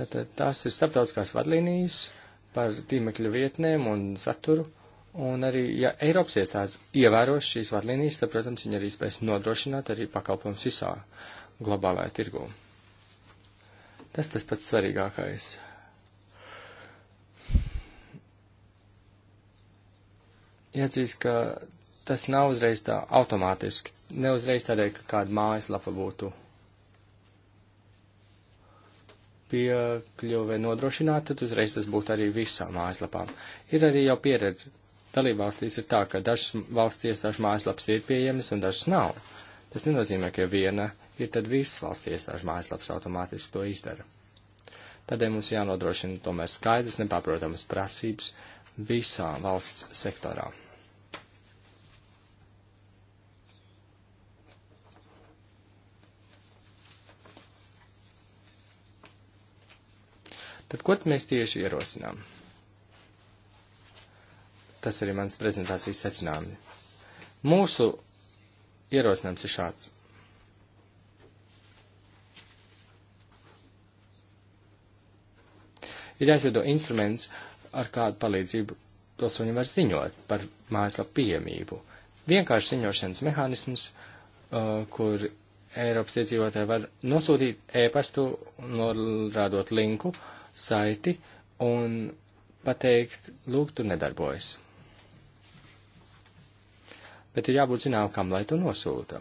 Tātad tās ir starptautiskās vadlīnijas par tīmekļa vietnēm un saturu Un arī, ja Eiropas iestādes ievēros šīs vadlīnijas, tad, protams, viņi arī spēs nodrošināt arī pakalpojums visā globālajā tirgū. Tas tas pats svarīgākais. Jāatzīst, ka tas nav uzreiz tā automātiski, neuzreiz tādēļ, ka kāda mājaslapa būtu piekļuve nodrošināta, tad uzreiz tas būtu arī visām mājaslapām. Ir arī jau pieredze, dalībvalstīs ir tā, ka dažas valsts iestāžu mājaslapas ir pieejamas un dažas nav. Tas nenozīmē, ka viena ir tad visas valsts iestāžu mājaslapas automātiski to izdara. Tādēļ mums jānodrošina tomēr skaidrs, nepārprotams prasības visā valsts sektorā. Tad ko mēs tieši ierosinām? Tas arī mans prezentācijas secinājumi. Mūsu ierosinājums ir šāds. Ir jāizveido instruments, ar kādu palīdzību pilsoņi var ziņot par mājaslapu pieejamību. Vienkārši ziņošanas mehānisms, uh, kur Eiropas iedzīvotāji var nosūtīt ēpastu, norādot linku, saiti un pateikt, lūk, tur nedarbojas bet ir jābūt zinām, kam lai to nosūta.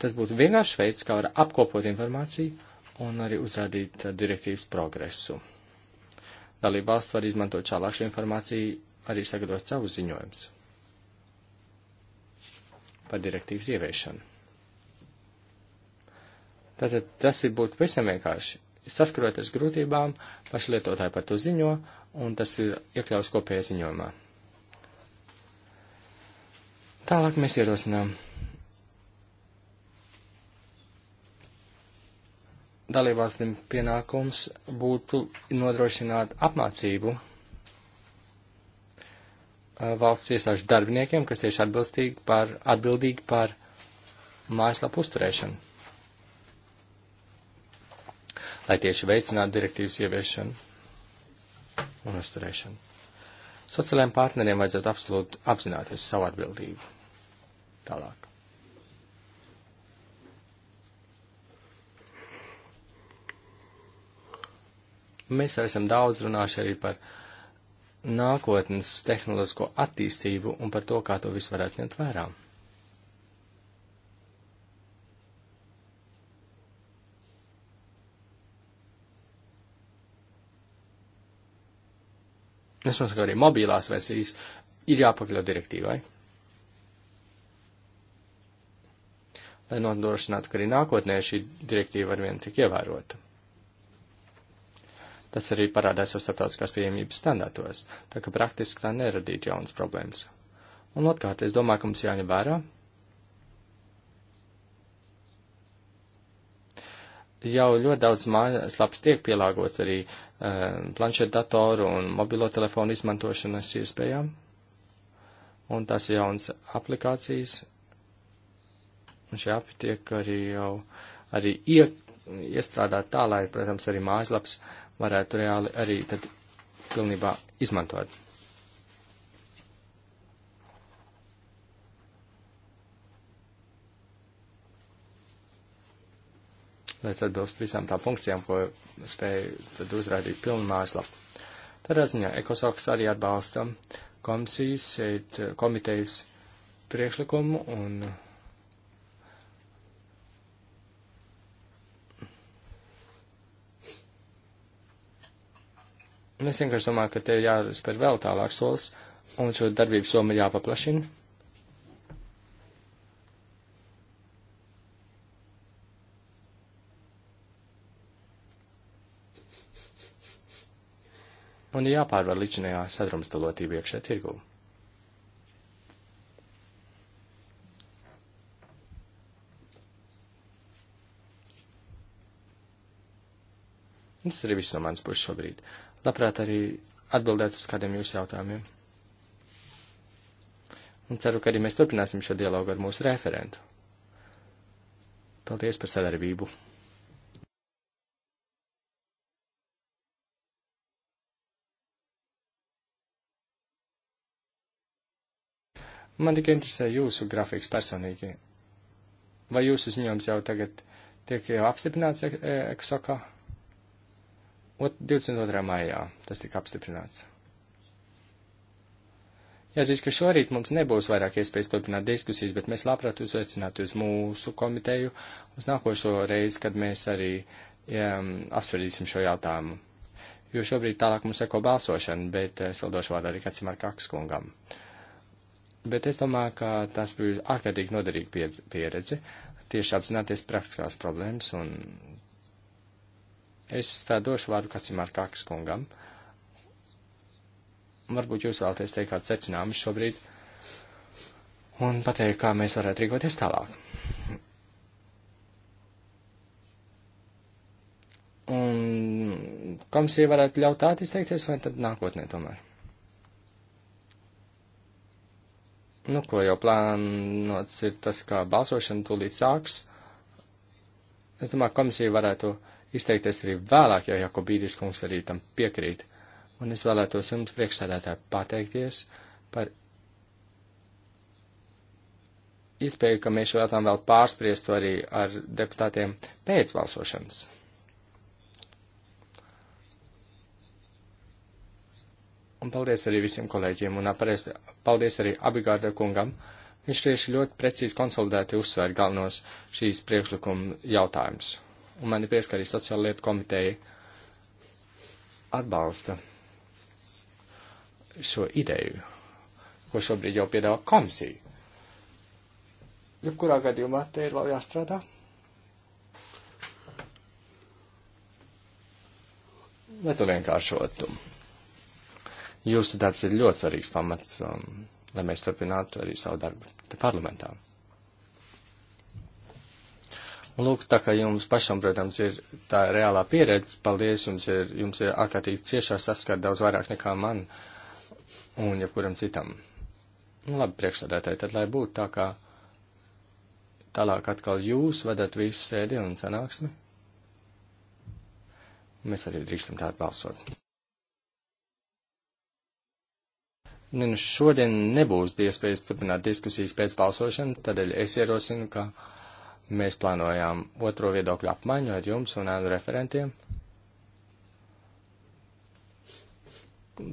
Tas būtu vienkāršs veids, kā var apkopot informāciju un arī uzrādīt uh, direktīvas progresu. Dalība valsts var izmantot šālāšu informāciju, arī sagatavot savu ziņojumus par direktīvas ieviešanu. Tātad tas ir būtu visam vienkārši. Saskaroties grūtībām, pašlietotāji par to ziņo, un tas ir iekļauts kopējā ziņojumā. Tālāk mēs ierosinām. Dalībvalstīm pienākums būtu nodrošināt apmācību valsts iestāžu darbiniekiem, kas tieši atbildīgi par, atbildīgi par mājaslapu uzturēšanu, lai tieši veicinātu direktīvas ieviešanu un uzturēšanu. Sociālajiem partneriem vajadzētu absolūti apzināties savu atbildību. Tālāk. Mēs esam daudz runājuši arī par nākotnes tehnoloģisko attīstību un par to, kā to visu varētu ņemt vērā. Es domāju, ka arī mobilās versijas ir jāpakļaut direktīvai. lai nodrošinātu, ka arī nākotnē šī direktīva arvien tik ievērota. Tas arī parādās jau starptautiskās pieejamības standartos, tā ka praktiski tā neradītu jaunas problēmas. Un otrkārt, es domāju, ka mums jāņem vērā. Jau ļoti daudz mājaslaps tiek pielāgots arī e, eh, planšetdatoru un mobilo telefonu izmantošanas iespējām, un tās jaunas aplikācijas Un šie api tiek arī jau arī ie, iestrādāt tā, lai, protams, arī mājaslaps varētu reāli arī tad pilnībā izmantot. Lai tas atbilst visām tām funkcijām, ko spēja tad uzrādīt pilnu mājaslapu. Tādā ziņā ekosoks arī atbalsta komisijas, šeit komitejas priekšlikumu un Un es vienkārši domāju, ka te ir jāspēr vēl tālāk solis, un šo darbību somu ir jāpaplašina. Un ir jāpārvar līdzinējā sadrumstalotība iekšē tirgū. Tas arī viss no manas puses šobrīd labprāt arī atbildēt uz kādiem jūsu jautājumiem. Un ceru, ka arī mēs turpināsim šo dialogu ar mūsu referentu. Paldies par sadarbību! Man tikai interesē jūsu grafiks personīgi. Vai jūsu ziņojums jau tagad tiek jau apstiprināts eksokā? E e e e e e e e 22. maijā tas tika apstiprināts. Jāatzīst, ka šorīt mums nebūs vairāk iespējas turpināt diskusijas, bet mēs labprāt uzaicinātu uz mūsu komiteju uz nākošo reizi, kad mēs arī um, apsvērīsim šo jautājumu. Jo šobrīd tālāk mums seko balsošana, bet es vēl došu vārdu arī kāds Markaks kungam. Bet es domāju, ka tas bija ārkārtīgi noderīga pieredze, tieši apzināties praktiskās problēmas un Es tā došu vārdu Kacimārkākas kungam. Varbūt jūs vēlaties teikt kāds secinājums šobrīd un pateikt, kā mēs varētu rīkoties tālāk. Un komisija varētu ļaut tā izteikties, vai tad nākotnē tomēr? Nu, ko jau plānots ir tas, ka balsošana tūlīt sāks. Es domāju, komisija varētu izteikties arī vēlāk, ja Jakobīdis kungs arī tam piekrīt. Un es vēlētos jums priekšsēdētāji pateikties par iespēju, ka mēs šo jautājumu vēl pārspriestu arī ar deputātiem pēc balsošanas. Un paldies arī visiem kolēģiem, un aparēst, paldies arī Abigārda kungam. Viņš tieši ļoti precīzi konsolidēti uzsver galvenos šīs priekšlikuma jautājumus un man ir prieks, ka arī sociāla lietu komiteja atbalsta šo ideju, ko šobrīd jau piedāvā komisija. Jebkurā gadījumā te ir vēl jāstrādā. Lai to vienkāršotu. Jūsu darbs ir ļoti svarīgs pamats, um, lai mēs turpinātu arī savu darbu te parlamentā. Un lūk, tā kā jums pašam, protams, ir tā reālā pieredze, paldies, jums ir, jums ir ārkārtīgi ciešā saskat daudz vairāk nekā man un jebkuram citam. Nu, labi, priekšsēdētāji, tad lai būtu tā kā tālāk atkal jūs vedat visu sēdi un sanāksmi. Mēs arī drīkstam tā atbalstot. Ne, nu, nu šodien nebūs iespējas turpināt diskusijas pēc balsošanas, tādēļ es ierosinu, ka. Kā Mēs plānojām otro viedokļu apmaiņu ar jums un ar referentiem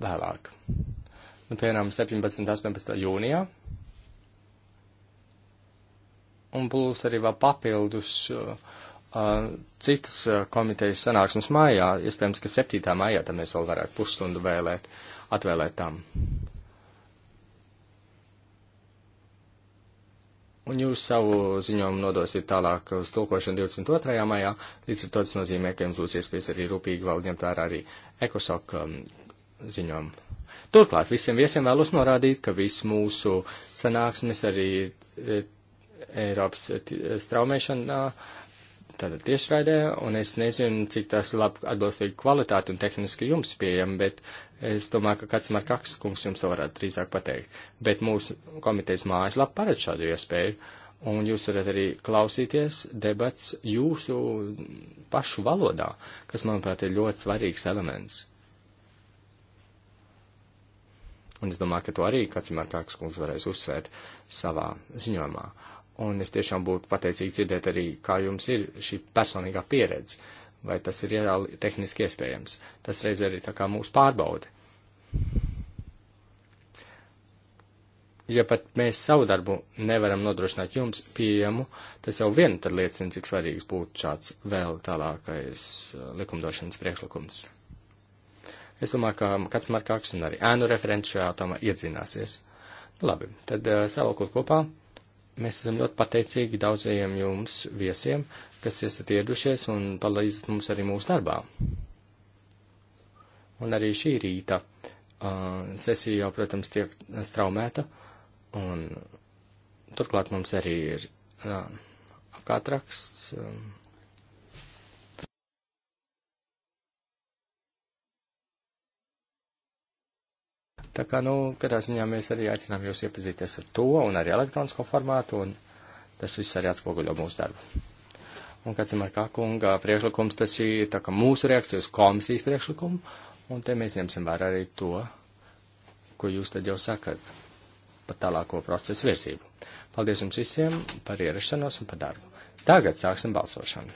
vēlāk. Nu, piemēram, 17. un 18. jūnijā. Un plus arī vēl papildus uh, citas uh, komitejas sanāksmes mājā. Iespējams, ka 7. mājā tam mēs vēl varētu pusstundu vēlēt, atvēlēt tam. un jūs savu ziņojumu nodosiet tālāk uz tulkošanu 22. maijā, līdz ar to tas nozīmē, ka jums būs iespējas arī rūpīgi vēl ņemt vērā arī ekosok um, ziņojumu. Turklāt visiem viesiem vēlos norādīt, ka viss mūsu sanāksmes arī eh, Eiropas eh, eh, straumēšanā tātad tiešraidē, un es nezinu, cik tas labi atbilstīgi kvalitāti un tehniski jums pieejam, bet es domāju, ka kāds Markaks kungs jums to varētu drīzāk pateikt. Bet mūsu komitejas mājaslapa paredz šādu iespēju, un jūs varat arī klausīties debats jūsu pašu valodā, kas, manuprāt, ir ļoti svarīgs elements. Un es domāju, ka to arī kāds Markaks kungs varēs uzsvērt savā ziņojumā. Un es tiešām būtu pateicīgi dzirdēt arī, kā jums ir šī personīgā pieredze, vai tas ir reāli tehniski iespējams. Tas reiz arī tā kā mūsu pārbaudi. Ja pat mēs savu darbu nevaram nodrošināt jums pieejamu, tas jau vien tad liecina, cik svarīgs būtu šāds vēl tālākais uh, likumdošanas priekšlikums. Es domāju, ka kāds markāks un arī ēnu referents šajā jautājumā iedzināsies. Nu, labi, tad uh, savalkot kopā. Mēs esam ļoti pateicīgi daudzajiem jums viesiem, kas esat ieradušies un palīdzat mums arī mūsu darbā. Un arī šī rīta uh, sesija jau, protams, tiek straumēta, un turklāt mums arī ir uh, apkārtraksts. Uh, Tā kā, nu, katrā ziņā mēs arī aicinām jūs iepazīties ar to un arī elektronisko formātu, un tas viss arī atspoguļo mūsu darbu. Un, kā cimēr kā kunga priekšlikums, tas ir tā kā mūsu reakcija uz komisijas priekšlikumu, un te mēs ņemsim vērā arī to, ko jūs tad jau sakat par tālāko procesu virsību. Paldies jums visiem par ierašanos un par darbu. Tagad sāksim balsošanu.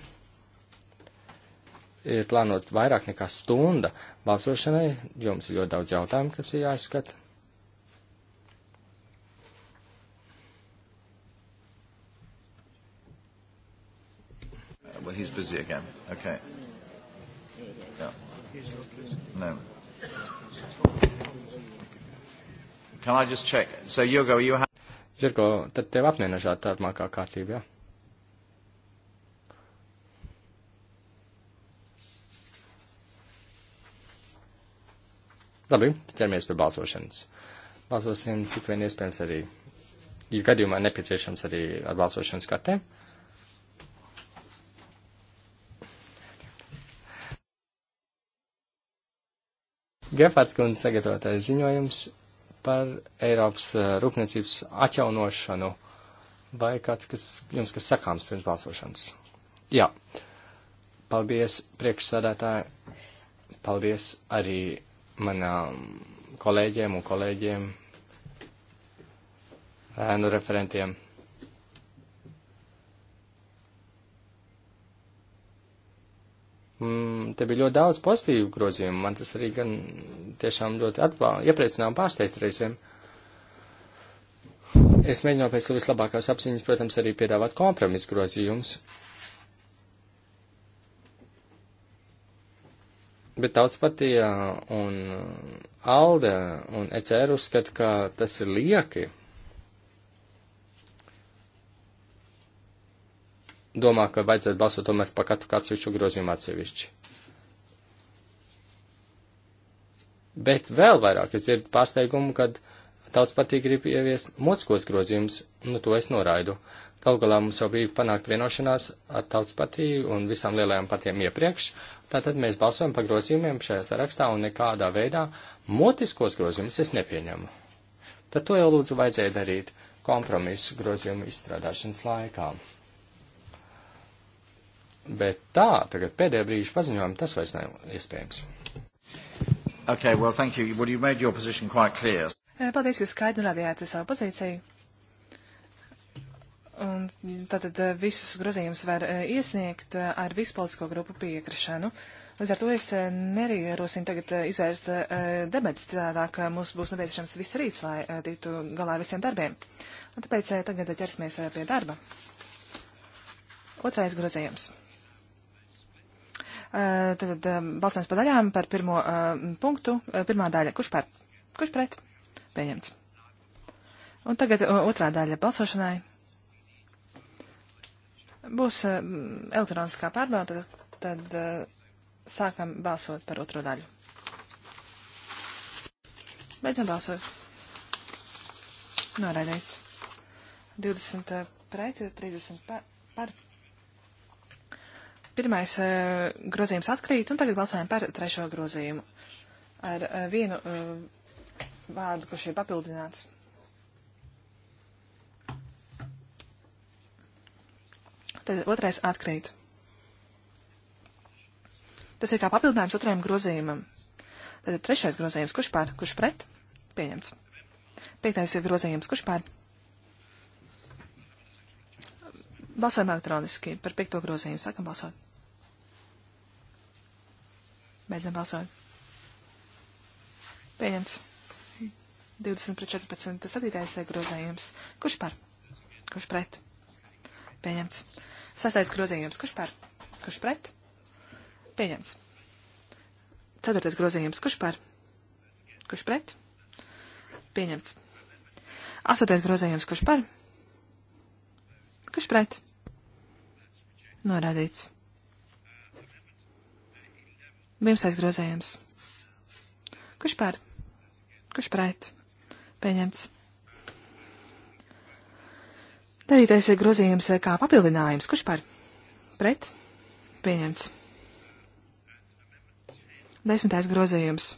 Ir plānot vairāk nekā stunda, balsošanai. Jums ir ļoti daudz jautājumu, kas ir jāizskata.
Well, he's busy again. Okay. Yeah. No.
Can I just check? So, Yogo, you have... Jirko, tad tev apmienā šāda tāda mākā kārtība, jā? Ja? Labi, ķeramies pie balsošanas. Balsosim, cik vien iespējams arī, ja gadījumā nepieciešams arī ar balsošanas kartēm. Gefards kundze sagatavotais ziņojums par Eiropas eh, rūpniecības atjaunošanu. Vai kāds, kas jums kas sakāms pirms balsošanas? Jā. Paldies, priekšsādātāji. Paldies arī manām kolēģiem un kolēģiem, ēnu referentiem. Mm, te bija ļoti daudz pozitīvu grozījumu, man tas arī gan tiešām ļoti atbal, iepriecināja un pārsteidz reizēm. Es mēģināju pēc vislabākās apziņas, protams, arī piedāvāt kompromisu grozījumus Bet tautas partijā un uh, ALDE un ECR uzskata, ka tas ir lieki. Domā, ka vajadzētu balsot tomēr par katru atsevišķu grozījumu atsevišķi. Bet vēl vairāk es dzirdu pārsteigumu, kad uh, Daudz patīk grib ieviest mocskos grozījums, nu to es noraidu. Galu galā mums jau bija panākt vienošanās ar tautas partiju un visām lielajām partijām iepriekš, tātad mēs balsojam par grozījumiem šajā sarakstā un nekādā veidā motiskos grozījumus es nepieņemu. Tad to jau lūdzu vajadzēja darīt kompromisu grozījumu izstrādāšanas laikā. Bet tā, tagad pēdējā brīža paziņojumi, tas vairs
nav iespējams. Okay, well, thank you. Well, you made your position quite clear.
Eh, paldies, jūs skaidri norādījāt savu pozīciju. Un tātad eh, visus grozījumus var eh, iesniegt ar vispolitisko grupu piekrišanu. Līdz ar to es nerierosinu tagad izvērst debatas, tādāk mums būs nepieciešams viss rīts, lai tiktu galā ar visiem darbiem. Un tāpēc tagad ķersimies pie darba. Otrais grozījums tad balsojums pa daļām par pirmo uh, punktu. Pirmā daļa. Kurš par? Kurš pret? Pieņemts. Un tagad otrā daļa balsošanai. Būs eh, elektroniskā pārbauda, tad, tad eh, sākam balsot par otro daļu. Beidzam balsot. Noraidīts. 20 eh, pret, 30 par. par. Pirmais grozījums atkrīt, un tagad balsojam par trešo grozījumu. Ar vienu vārdu, kurš ir papildināts. Tad otrais atkrīt. Tas ir kā papildinājums otrajam grozījumam. Tad ir trešais grozījums, kurš pār, kurš pret? Pieņemts. Piektais ir grozījums, kurš pār? Balsojam elektroniski par piekto grozījumu. Sākam balsot. Beidzam balsot. Pieņemts. 20 pret 14. 7. grozējums. Kurš par? Kurš pret? Pieņemts. 6. grozējums. Kurš par? Kurš pret? Pieņemts. 4. grozējums. Kurš par? Kurš pret? Pieņemts. 8. grozējums. Kurš par? Kurš pret? Norādīts. 11. grozējums. Kurš par? Kurš pret? Pieņemts. Darītais grozījums kā papildinājums. Kurš par? Pret? Pieņemts. Desmitais grozījums.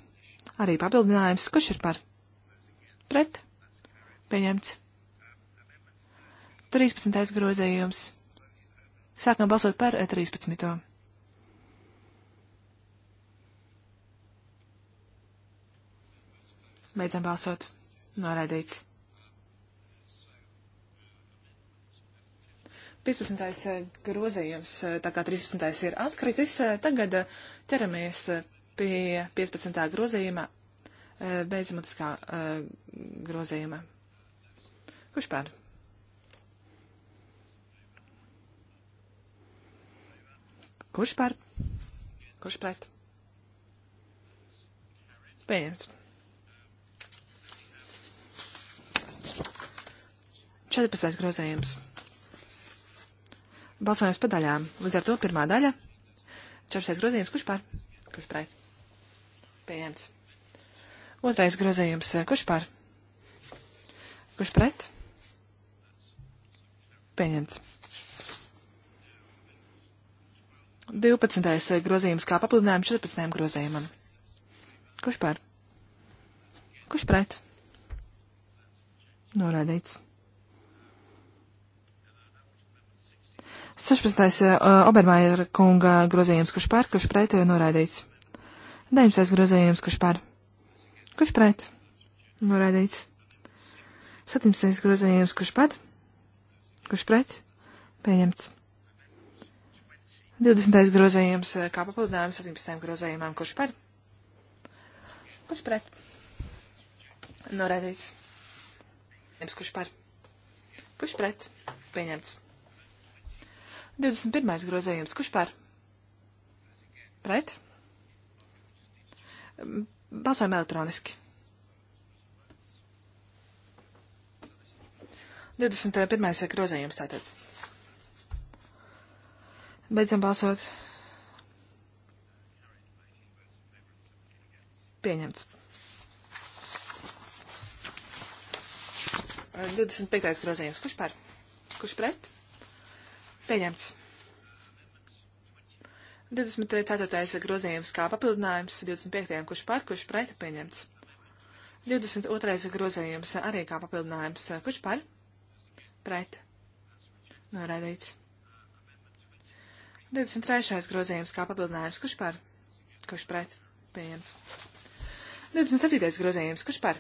Arī papildinājums. Kurš ir par? Pret? Pieņemts. 13. grozījums. Sākam balsot par 13. Beidzam balsot. Noraidīts. 15. Eh, grozījums, eh, tā kā 13. ir atkritis, eh, tagad ķeramies pie 15. grozījuma, bezmutiskā grozījuma. Kurš pār? Kurš pār? Kurš pret? Pieņemts. 14. grozējums. Balsojums pa daļām. Līdz ar to pirmā daļa. 14. grozējums. Kurš pār? Kurš pret? Pieņemts. Otrais grozējums. Kurš pār? Kurš pret? Pieņemts. 12. grozījums kā papildinājums 14. grozījumam. Kurš pār? Kurš pret? Norādīts. 16. Eh, Obermaira kunga grozījums, kurš pār, eh, kurš pret, noraidīts. 19. grozījums, kurš pār, kurš pret, noraidīts. 17. grozījums, kurš pār, kurš pret, pieņemts. 20. grozījums eh, kā papildinājums 17. grozījumam, kurš par? Kurš pret? Norēdīts. Jums kurš par? Kurš pret? Pieņemts. 21. grozējums. Kurš par? Pret? Balsojam elektroniski. 21. Eh, grozējums tātad. Beidzam balsot. Pieņemts. 25. grozījums. Kurš par? Kurš pret? Pieņemts. 24. grozījums kā papildinājums 25. kurš par, kurš pret, pieņemts. 22. grozījums arī kā papildinājums kurš par, pret, noraidīts. 23. grozījums kā papildinājums kurš par, kurš pret, pieņemts. 27. grozījums kurš par,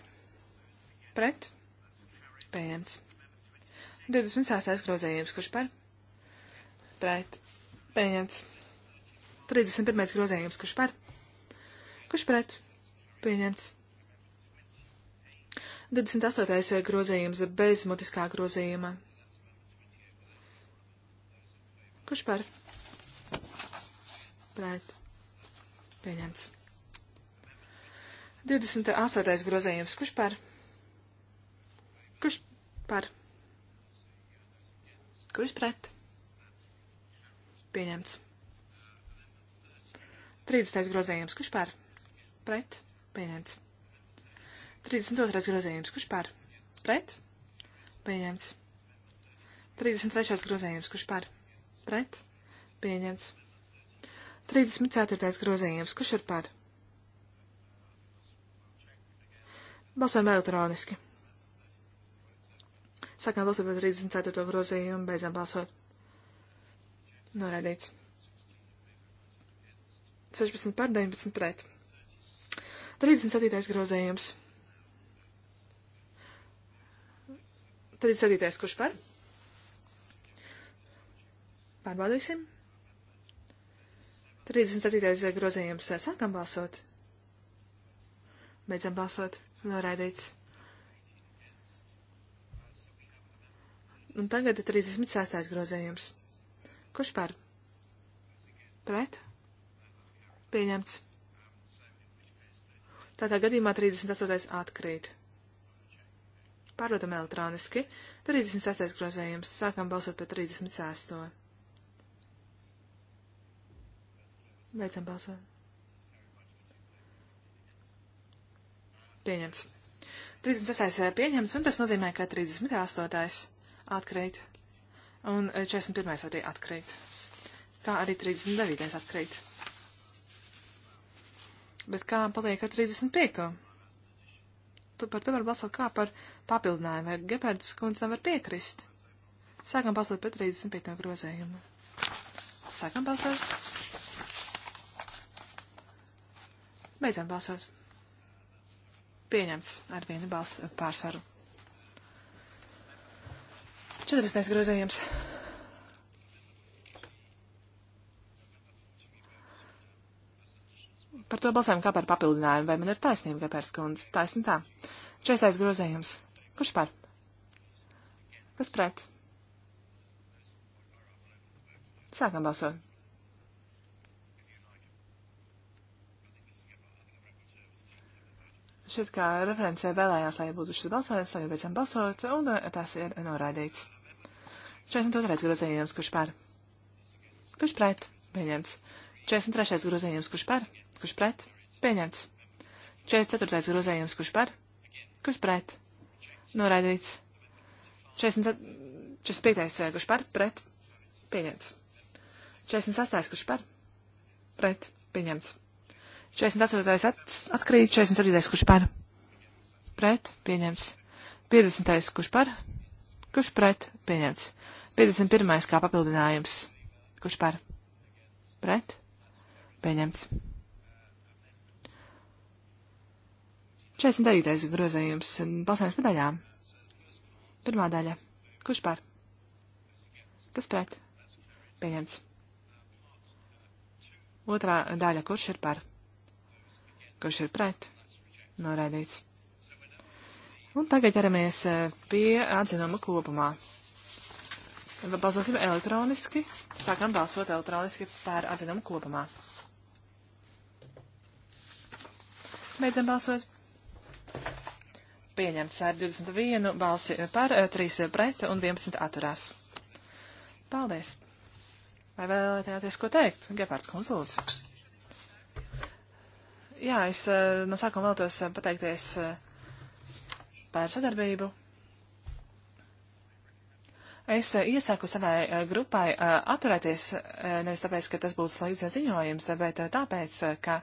pret, pieņemts. 26. grozījums kurš par, pret pieņemts. 31. grozējums, kurš par, kurš pret pieņemts. 28. grozējums bez mutiskā grozījuma. Kurš par? Pret. Pieņemts. 28. grozējums. Kurš par? Kurš par? Kurš pret? Pieņemts. 30. grozījums. Kurš pār? Pret. Pieņemts. 32. grozījums. Kurš pār? Pret. Pieņemts. 33. grozījums. Kurš pār? Pret. Pieņemts. 34. grozījums. Kurš ir pār? Balsojam elektroniski. Sākam balsot par 34. grozījumu, beidzam balsot. Norādīts. 16 par 19 pret. 37. grozējums. 37. kurš par? Pārbaudīsim. 37. grozējums. Sākam balsot. Beidzam balsot. Noraidīts. Un tagad ir 36. grozējums. Kurš par? Pret? Pieņemts. Tādā gadījumā 38. atkrīt. Pārvadam elektroniski. 36. grozējums. Sākam balsot par 36. Beidzam balsot. Pieņemts. 36. Eh, pieņemts, un tas nozīmē, ka 38. atkrīt. Un 41. Eh, arī atkrīt. Kā arī 39. atkrīt. Bet kā paliek ar 35. Tu par to var balsot kā par papildinājumu, vai Gepardas kundze tam var piekrist. Sākam balsot par 35. grozējumu. Sākam balsot. Beidzam balsot. Pieņemts ar vienu balsu pārsvaru. 40. grozījums. Par to balsēm kā par papildinājumu, vai man ir taisnība, Gepērs kundze? Taisni tā. 40. grozījums. Kurš par? Kas pret? Sākam balsot. Šit kā referencē vēlējās, lai būtu šis balsojums, lai beidzam balsot, un tas ir noraidīts. 42. grozījums, kurš par? Kurš pret? Pieņemts. 43. grozījums, kurš par? Kurš pret? Pieņemts. 44. grozījums, kurš par? Kurš pret? Noraidīts. 45. Eh, kurš par? Pret? Pieņemts. 48. kurš par? Pret? Pieņemts. 48. At atkrīt, 47. kurš par? Pret? Pieņemts. 50. kurš par? Kurš pret? Pieņemts. 51. kā papildinājums. Kurš par? Pret? Pieņemts. 49. grozējums balsājums medaļām. Pirmā daļa. Kurš par? Kas pret? Pieņemts. Otrā daļa. Kurš ir par? Kurš ir pret? Noraidīts. Un tagad ķeramies eh, pie atzinuma kopumā. Balsosim elektroniski. Sākam balsot elektroniski par atzinumu kopumā. Beidzam balsot. Pieņemts ar 21 balsi par, 3 eh, pret un 11 atturās. Paldies! Vai vēlētājāties ko teikt? Gepārds konsults. Jā, es eh, no sākuma vēlētos pateikties. Uh, par sadarbību. Es eh, iesaku savai eh, grupai eh, atturēties nevis tāpēc, ka tas būtu līdzīgs ziņojums, bet tāpēc, ka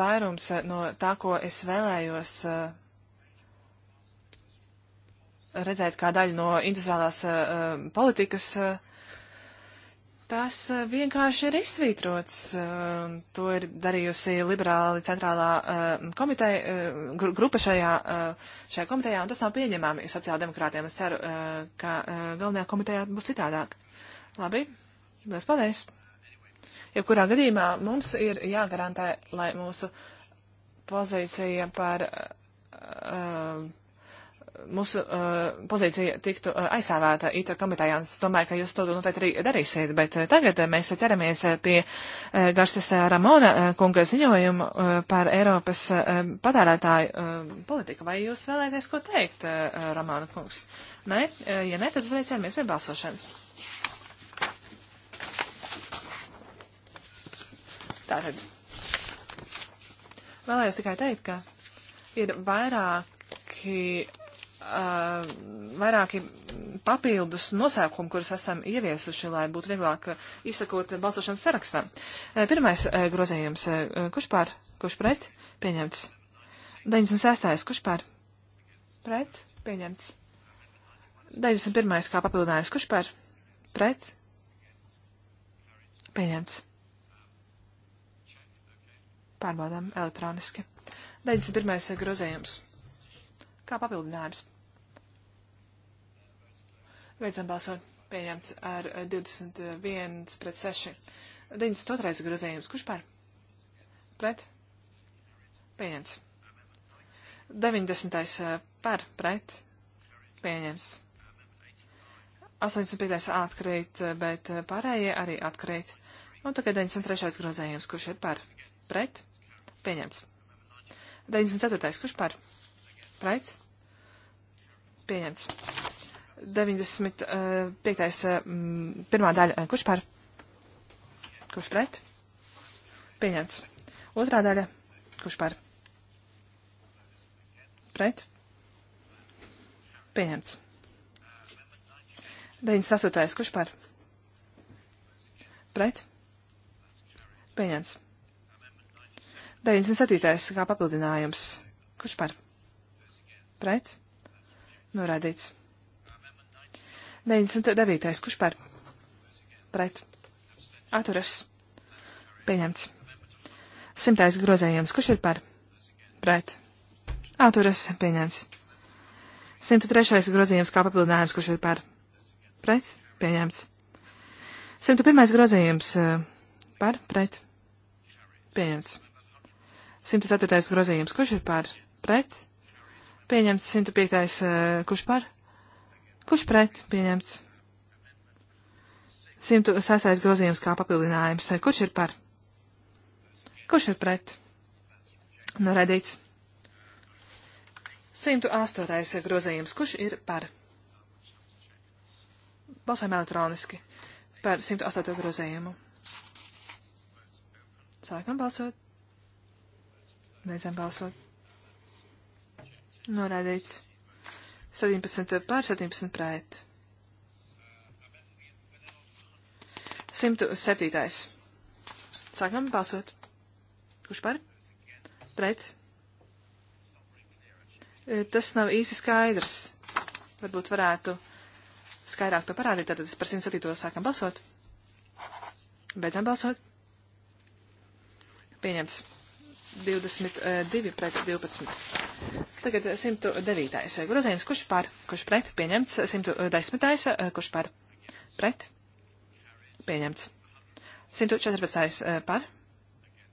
vairums no tā, ko es vēlējos redzēt kā daļu no industriālās politikas, Tas eh, vienkārši ir izsvītrots. Eh, to ir darījusi liberāli centrālā eh, komiteja, grupa šajā, šajā komitejā, un tas nav pieņemami sociāldemokrātiem. Es ceru, ka galvenajā komitejā būs citādāk. Labi, liels paldies! Jebkurā gadījumā mums ir jāgarantē, lai mūsu pozīcija par mūsu uh, pozīcija tiktu uh, aizstāvēta ITR komitējā, un es domāju, ka jūs to noteikti arī darīsiet, bet uh, tagad mēs ķeramies uh, pie uh, Garstas uh, Ramona uh, kunga ziņojuma uh, par Eiropas uh, patērētāju uh, politiku. Vai jūs vēlēties ko teikt, uh, uh, Ramona kungs? Nē, uh, ja nē, tad uzreiz ķeramies pie balsošanas. Tātad. Vēlējos tikai teikt, ka ir vairāk vairāki uh, vairāki papildus nosākumi, kurus esam ieviesuši, lai būtu vieglāk uh, izsakot balsošanas sarakstam. Uh, pirmais uh, grozījums, uh, kurš pār, kurš pret, pieņemts. 96. kurš pār, pret, pieņemts. 91. kā papildinājums, kurš pār, pret, pieņemts. Pārbaudām elektroniski. 91. Uh, grozījums. Kā papildinājums. Beidzam balsot. Pieņemts ar 21 eh, pret 6. 92. grozījums. Kurš par? Pret? Pieņemts. 90. Eh, par? Pret? Pieņemts. 85. atkrīt, eh, bet pārējie arī atkrīt. Un tagad 93. grozējums, kurš ir par? Pret? Pieņemts. 94. kurš par? Pret? Pieņemts. 95. Eh, mm, pirmā daļa. Eh, kurš par? Kurš pret? Pieņemts. Otrā daļa. Kurš par? Pret? Pieņemts. 98. Kurš par? Pret? Pieņemts. 97. kā papildinājums. Kurš par? Pret? Norādīts. 99. Kurš par? Pret. Atturas. Pieņemts. Simtais grozējums. Kurš ir par? Pret. Atturas. Pieņemts. 103. grozījums kā papildinājums, kurš ir par pret, pieņemts. 101. grozījums eh, par pret, pieņemts. 104. grozījums, kurš ir par pret, pieņemts. 105. Eh, kurš par Kurš pret? Pieņemts. 106. grozījums kā papildinājums. Kurš ir par? Kurš ir pret? Noraidīts. 108. grozījums. Kurš ir par? Balsojam elektroniski par 108. grozījumu. Sākam balsot. Beidzam balsot. Noraidīts. 17 pār 17 pret. 107. Sākam balsot. Kurš par? Pret. E, tas nav īsi skaidrs. Varbūt varētu skaidrāk to parādīt. Tātad par 107. sākam balsot. Beidzam balsot. Pieņemts. 22 e, pret 12. Tagad 109. Eh, eh, grozījums, kurš par, kurš pret, pieņemts. 110. Eh, kurš par, pret, pieņemts. 114. par,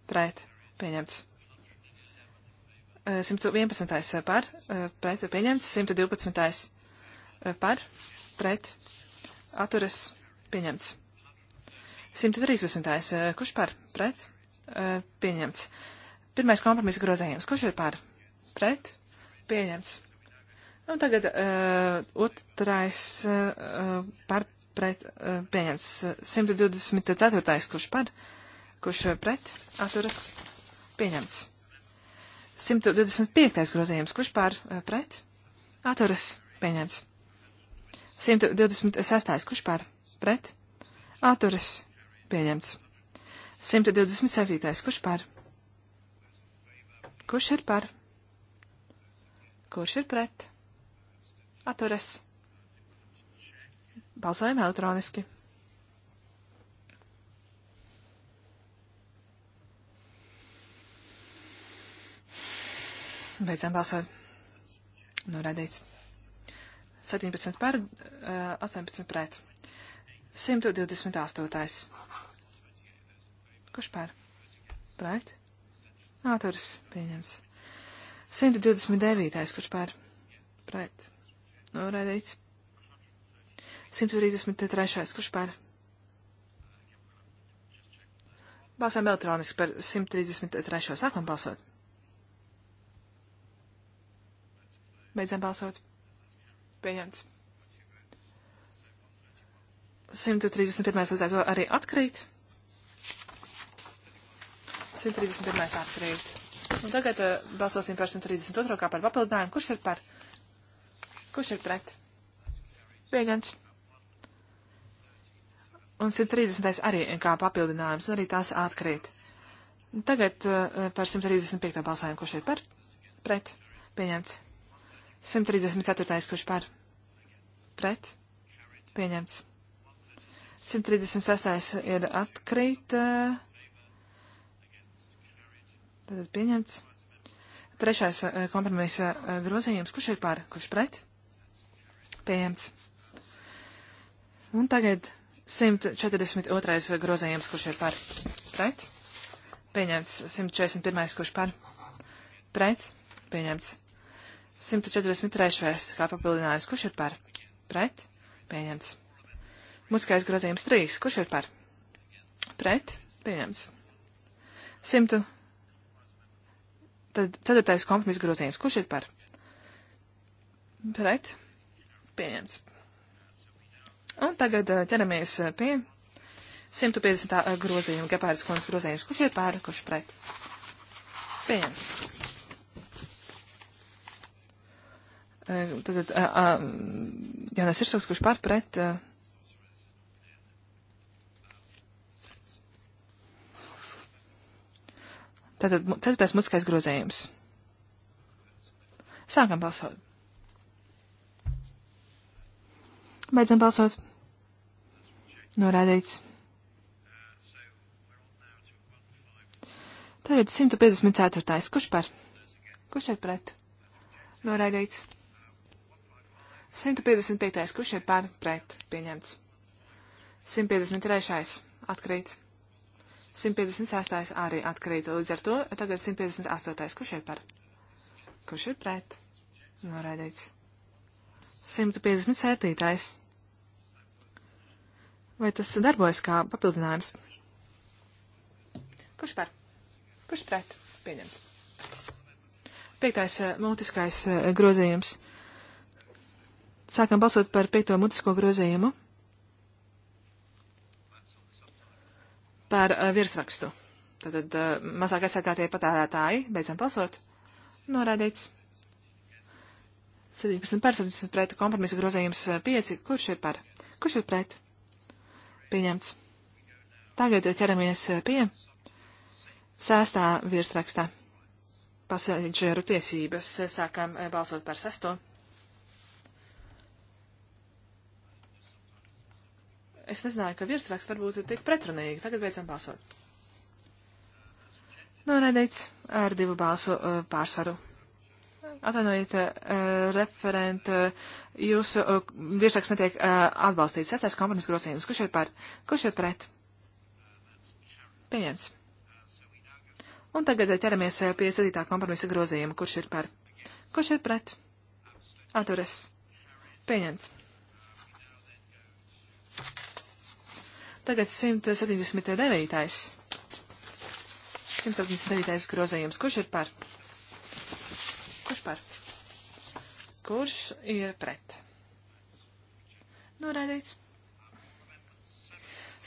pret, pieņemts. 111. par, pret, pieņemts. 112. par, pret, atturas, pieņemts. 113. kurš par, pret, pieņemts. Pirmais kompromisa grozījums, kurš ir par, pret pieņemts. Un nu, tagad uh, otrais uh, par pret uh, pieņemts 124. kurš par, kurš uh, pret atturas pieņemts. 125. grozījums, kurš par uh, pret atturas pieņemts. 126. kurš par pret atturas pieņemts. 127. kurš par? Kurš ir par? Kurš ir pret? Atturas. Balsojam elektroniski. Beidzam balsot. Norādīts. 17 par, 18 eh, pret. 128. Kurš par? Pret? Āturs pieņems. 129. kurš pār pret noraidīts. 133. kurš pār. Balsām elektroniski par 133. Sākam balsot. Beidzam balsot. Pieņemts. 131. līdz ar to arī atkrīt. 131. atkrīt. Un tagad uh, balsosim par 132. kā par papildinājumu. Kurš ir par? Kurš ir pret? Pieņemts. Un 130. arī kā papildinājums, un arī tās atkrīt. Tagad uh, par 135. balsājumu, kurš ir par? Pret. Pieņemts. 134. kurš par? Pret. Pieņemts. 136. ir atkrīt. Uh, Tātad pieņemts. Trešais eh, kompromisa eh, grozījums. Kurš ir pār? Kurš pret? Pieņemts. Un tagad 142. grozījums. Kurš ir pār? Pret? Pieņemts. 141. Kurš pār? Pret? Pieņemts. 143. kā papildinājums. Kurš ir pār? Pret? Pieņemts. Muskais grozījums 3. Kurš ir par? Pret? Pieņemts. 100. Tad ceturtais kompromiss grozījums. Kurš ir par? Pret. Pieņems. Un tagad eh, ķeramies eh, pie 150. Eh, grozījuma, Gepārdas kundas grozījums. Kurš ir par, kurš pret? Pieņems. Tātad, Jānis Irsaks, kurš pār pret, Tātad ceturtais mutiskais grozējums. Sākam balsot. Beidzam balsot. Norādīts. Tagad 154. Kurš par? Kurš ir pret? Noraidīts. 155. Kurš ir par? Pret. Pieņemts. 153. Atkrīts. 156. arī atkrīt. Līdz ar to tagad 158. Kurš ir par? Kurš ir pret? Noraidīts. 157. Vai tas darbojas kā papildinājums? Kurš par? Kurš pret? Pieņems. Piektais eh, mutiskais eh, grozījums. Sākam balsot par piekto mutisko grozījumu. par uh, virsrakstu. Tātad uh, mazāk aizsargātie patērētāji, beidzam balsot, norādīts. 17 par 17 pret kompromisa grozījums 5. Eh, Kurš ir par? Kurš ir pret? Pieņemts. Tagad ķeramies pie sēstā virsrakstā. Pasažieru tiesības sākam balsot par sesto. Es nezināju, ka virsraksts varbūt ir tik pretrunīgi. Tagad beidzam balsot. Noraidīts ar divu balsu uh, pārsvaru. Atvainojiet, uh, referent, uh, jūsu uh, virsraksts netiek uh, atbalstīts. Sestais kompromiss grozījums. Kurš ir par? Kurš ir pret? Pieņems. Un tagad uh, ķeramies uh, pie sadītā kompromisa grozījuma. Kurš ir par? Kurš ir pret? Atturas. Pieņems. Tagad 179. 179. grozējums. Kurš ir par? Kurš par? Kurš ir pret? Norādīts.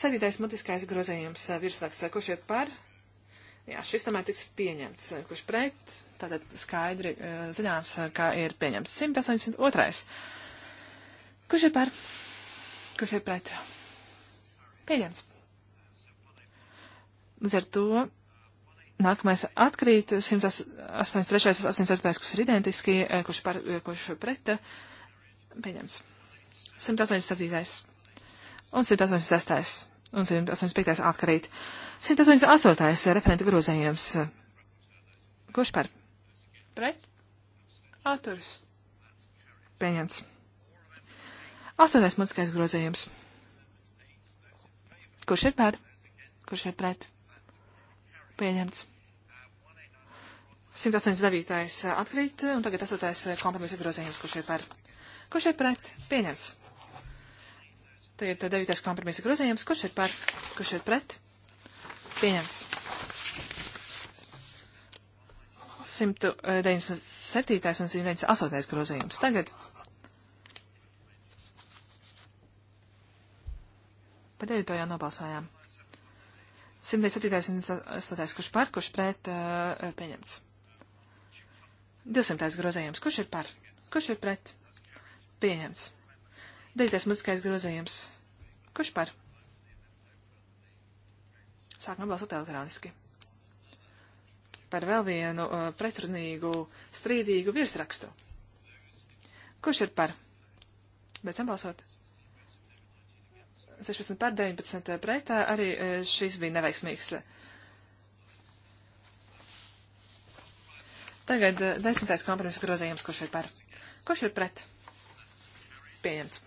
Sadītais mutiskais grozējums virsrakstā, kurš ir par? Jā, šis tomēr tiks pieņemts. Kurš pret? Tātad skaidri eh, zināms, kā ir pieņemts. 182. Kurš ir par? Kurš ir pret? pieņemts. Līdz ar to nākamais atkrīt 183. 184. kurš ir identiski, eh, kurš, par, eh, kurš pret eh, pieņemts. 187. un 186. un 185. atkrīt. 188. referenta grozējums. Kurš par? Pret? Atturs. Pieņemts. Astotais mutiskais grozējums. Kurš ir pār? Kurš ir pret? Pieņemts. 189. Eh, atkrīt, un tagad 8. Eh, kompromisa grozījums, kurš ir par. Kurš ir pret? Pieņemts. Tagad 9. Eh, kompromisa grozījums, kurš ir par? Kurš ir pret? Pieņemts. 197. un 198. grozījums. Tagad Par 9. jau nobalsojām. 107. un 108. kurš par, kurš pret uh, pieņemts. 200. grozējums. Kurš ir par? Kurš ir pret? Pieņemts. 9. mutiskais grozējums. Kurš par? Sākam balsot elektroniski. Par vēl vienu uh, pretrunīgu, strīdīgu virsrakstu. Kurš ir par? Beidzam balsot. 16 par 19 eh, pret, eh, arī eh, šis bija neveiksmīgs. Tagad desmitais kompromiss grozījums, kurš ir par. Kurš ir pret? Pieņemts.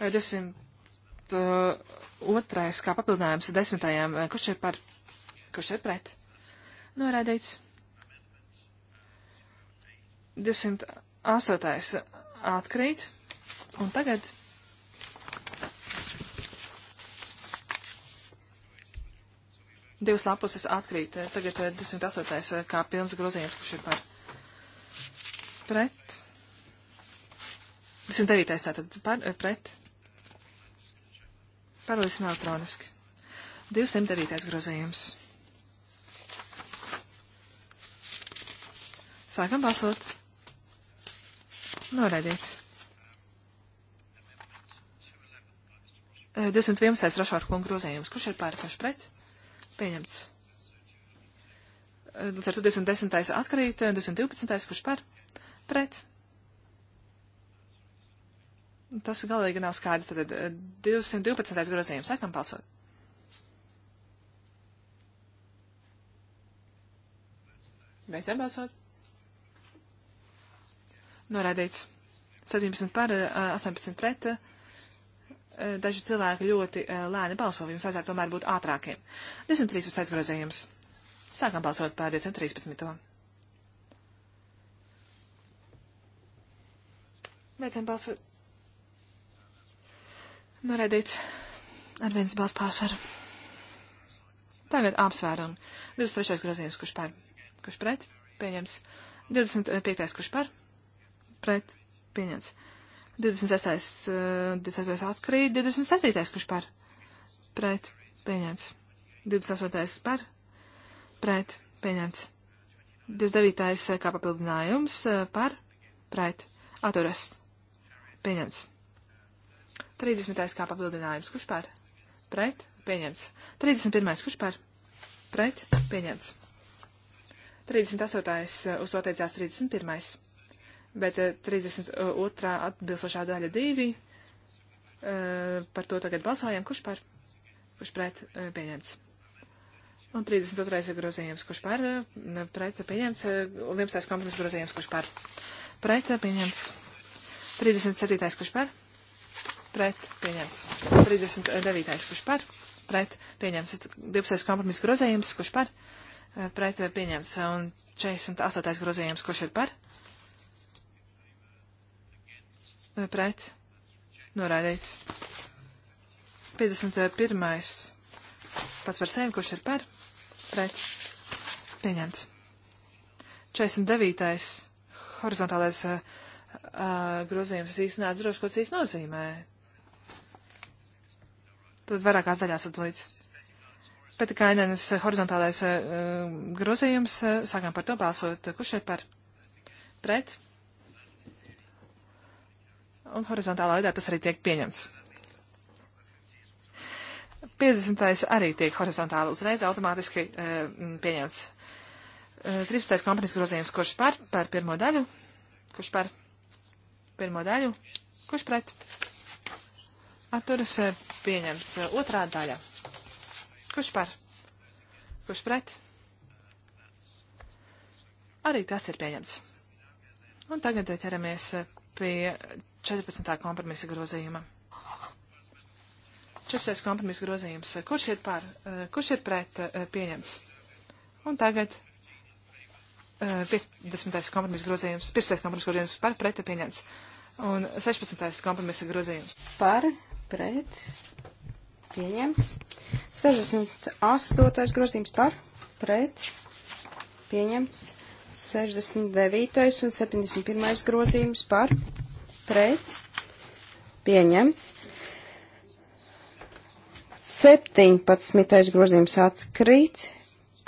202. kā papildinājums desmitajām. Kurš ir par? Kurš ir pret? Norādīts. 208. atkrīt. Un tagad Divas lapuses atkrīt. Tagad 28. Eh, eh, kā pilns grozījums, kurš ir par pret. 29. tātad par, eh, pret. Parosim elektroniski. 209. grozījums. Sākam balsot. Noraidīts. 211. Rošvārkunga grozījums. Kurš ir pār, kurš pret? Pieņemts. Līdz ar to 210. atkarīt, 212. kurš par? Pret. Tas galīgi nav skaidrs. Tad 212. Eh, grozījums. Sākam balsot. Beidzam balsot. Noraidīts. 17 par, 18 eh, pret. Eh, daži cilvēki ļoti eh, lēni balso, jums vajadzētu tomēr būt ātrākiem. 213. grozījums. Sākam balsot par 213. Beidzam balsot. Noraidīts ar viens balss pārsvaru. Tagad apsvērumu. 23. grozījums, kurš par, kurš pret, pieņems. 25. kurš par, pret, pieņems. 26. 26. Eh, atkrīt, 27. kurš par pret pieņemts. 28. par pret pieņemts. 29. Eh, kā papildinājums eh, par pret atturas pieņemts. 30. kā papildinājums kurš par pret pieņemts. 31. kurš par pret pieņemts. 38. uz to teicās 31 bet 32. Eh, eh, atbilstošā daļa 2. Eh, par to tagad balsojam, kurš par, kurš pret pieņemts. Un 32. grozījums, kurš par, pret pieņemts, un 11. kompromiss grozījums, kurš par, pret pieņemts. 37. kurš par, pret pieņemts. 39. kurš par, pret pieņemts. 12. kompromiss grozījums, kurš par, pret pieņemts. Un 48. grozījums, kurš ir par, pret norādīts. 51. pats par sevi, kurš ir par pret pieņemts. 49. horizontālais uh, grozījums īsti neatzrošu, ko tas īsti nozīmē. Tad vairākās daļās atdalīts. Bet kā Inenes horizontālais uh, grozījums, uh, sākām par to balsot, kurš ir par pret un horizontālā veidā tas arī tiek pieņemts. 50. arī tiek horizontāli uzreiz automātiski e, pieņemts. E, 13. kompanijas grozījums, kurš par, par pirmo daļu, kurš par pirmo daļu, kurš pret. Atturas e, pieņemts eh, otrā daļa. Kurš par? Kurš pret? Arī tas ir pieņemts. Un tagad ķeramies pie 14. kompromisa grozījuma. 14. kompromisa grozījums. Kurš ir par, eh, kurš ir pret eh, pieņemts? Un tagad 50. Eh, kompromisa grozījums, 15. kompromisa grozījums par pret pieņemts. Un 16. kompromisa grozījums.
Par pret pieņemts. 68. grozījums par pret pieņemts. 69. un 71. grozījums par pret pret pieņemts. 17. grozījums atkrīt,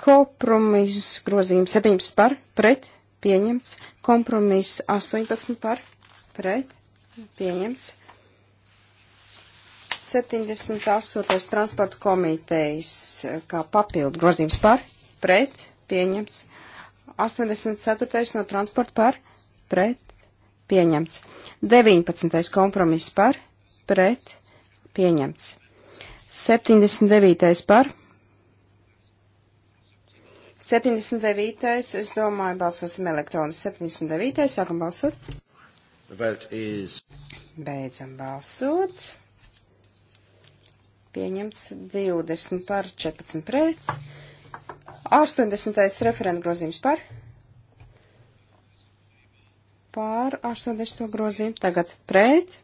kompromiss grozījums 17 par pret pieņemts, kompromiss 18 par pret pieņemts. 78. transporta komitejas eh, kā papildu grozījums par, pret, pieņemts. 84. no transporta par, pret, pieņemts. 19. kompromiss par, pret, pieņemts. 79. par. 79. es domāju, balsosim elektroni. 79. sākam balsot. Is... Beidzam balsot. Pieņemts 20 par 14 pret. 80. referenta grozījums par pār 80. grozījumu, tagad pret.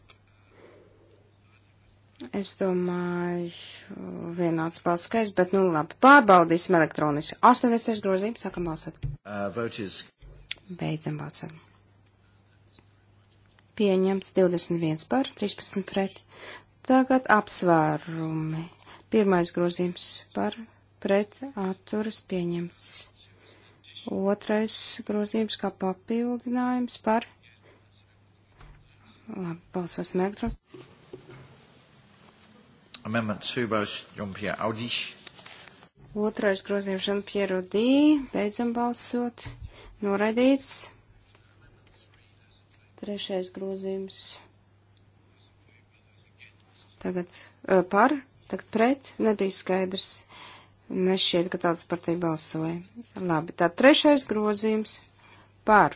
Es domāju, vienāds balss skaits, bet nu labi, pārbaudīsim elektroniski. 80. grozījums, sākam balsot.
Uh, is...
Beidzam balsot. Pieņemts 21 par, 13 pret. Tagad apsvērumi. Pirmais grozījums par, pret, atturas pieņemts. Otrais grozījums kā papildinājums par. Labi, balsosim elektroniski.
Amendment 2 būs Jean-Pierre Audi.
Otrais grozījums Jean-Pierre Audi. Beidzam balsot. Noraidīts. Trešais grozījums. Tagad uh, par, tagad pret, nebija skaidrs. Nešķiet, ka tāds par te balsoja. Labi, tā trešais grozījums par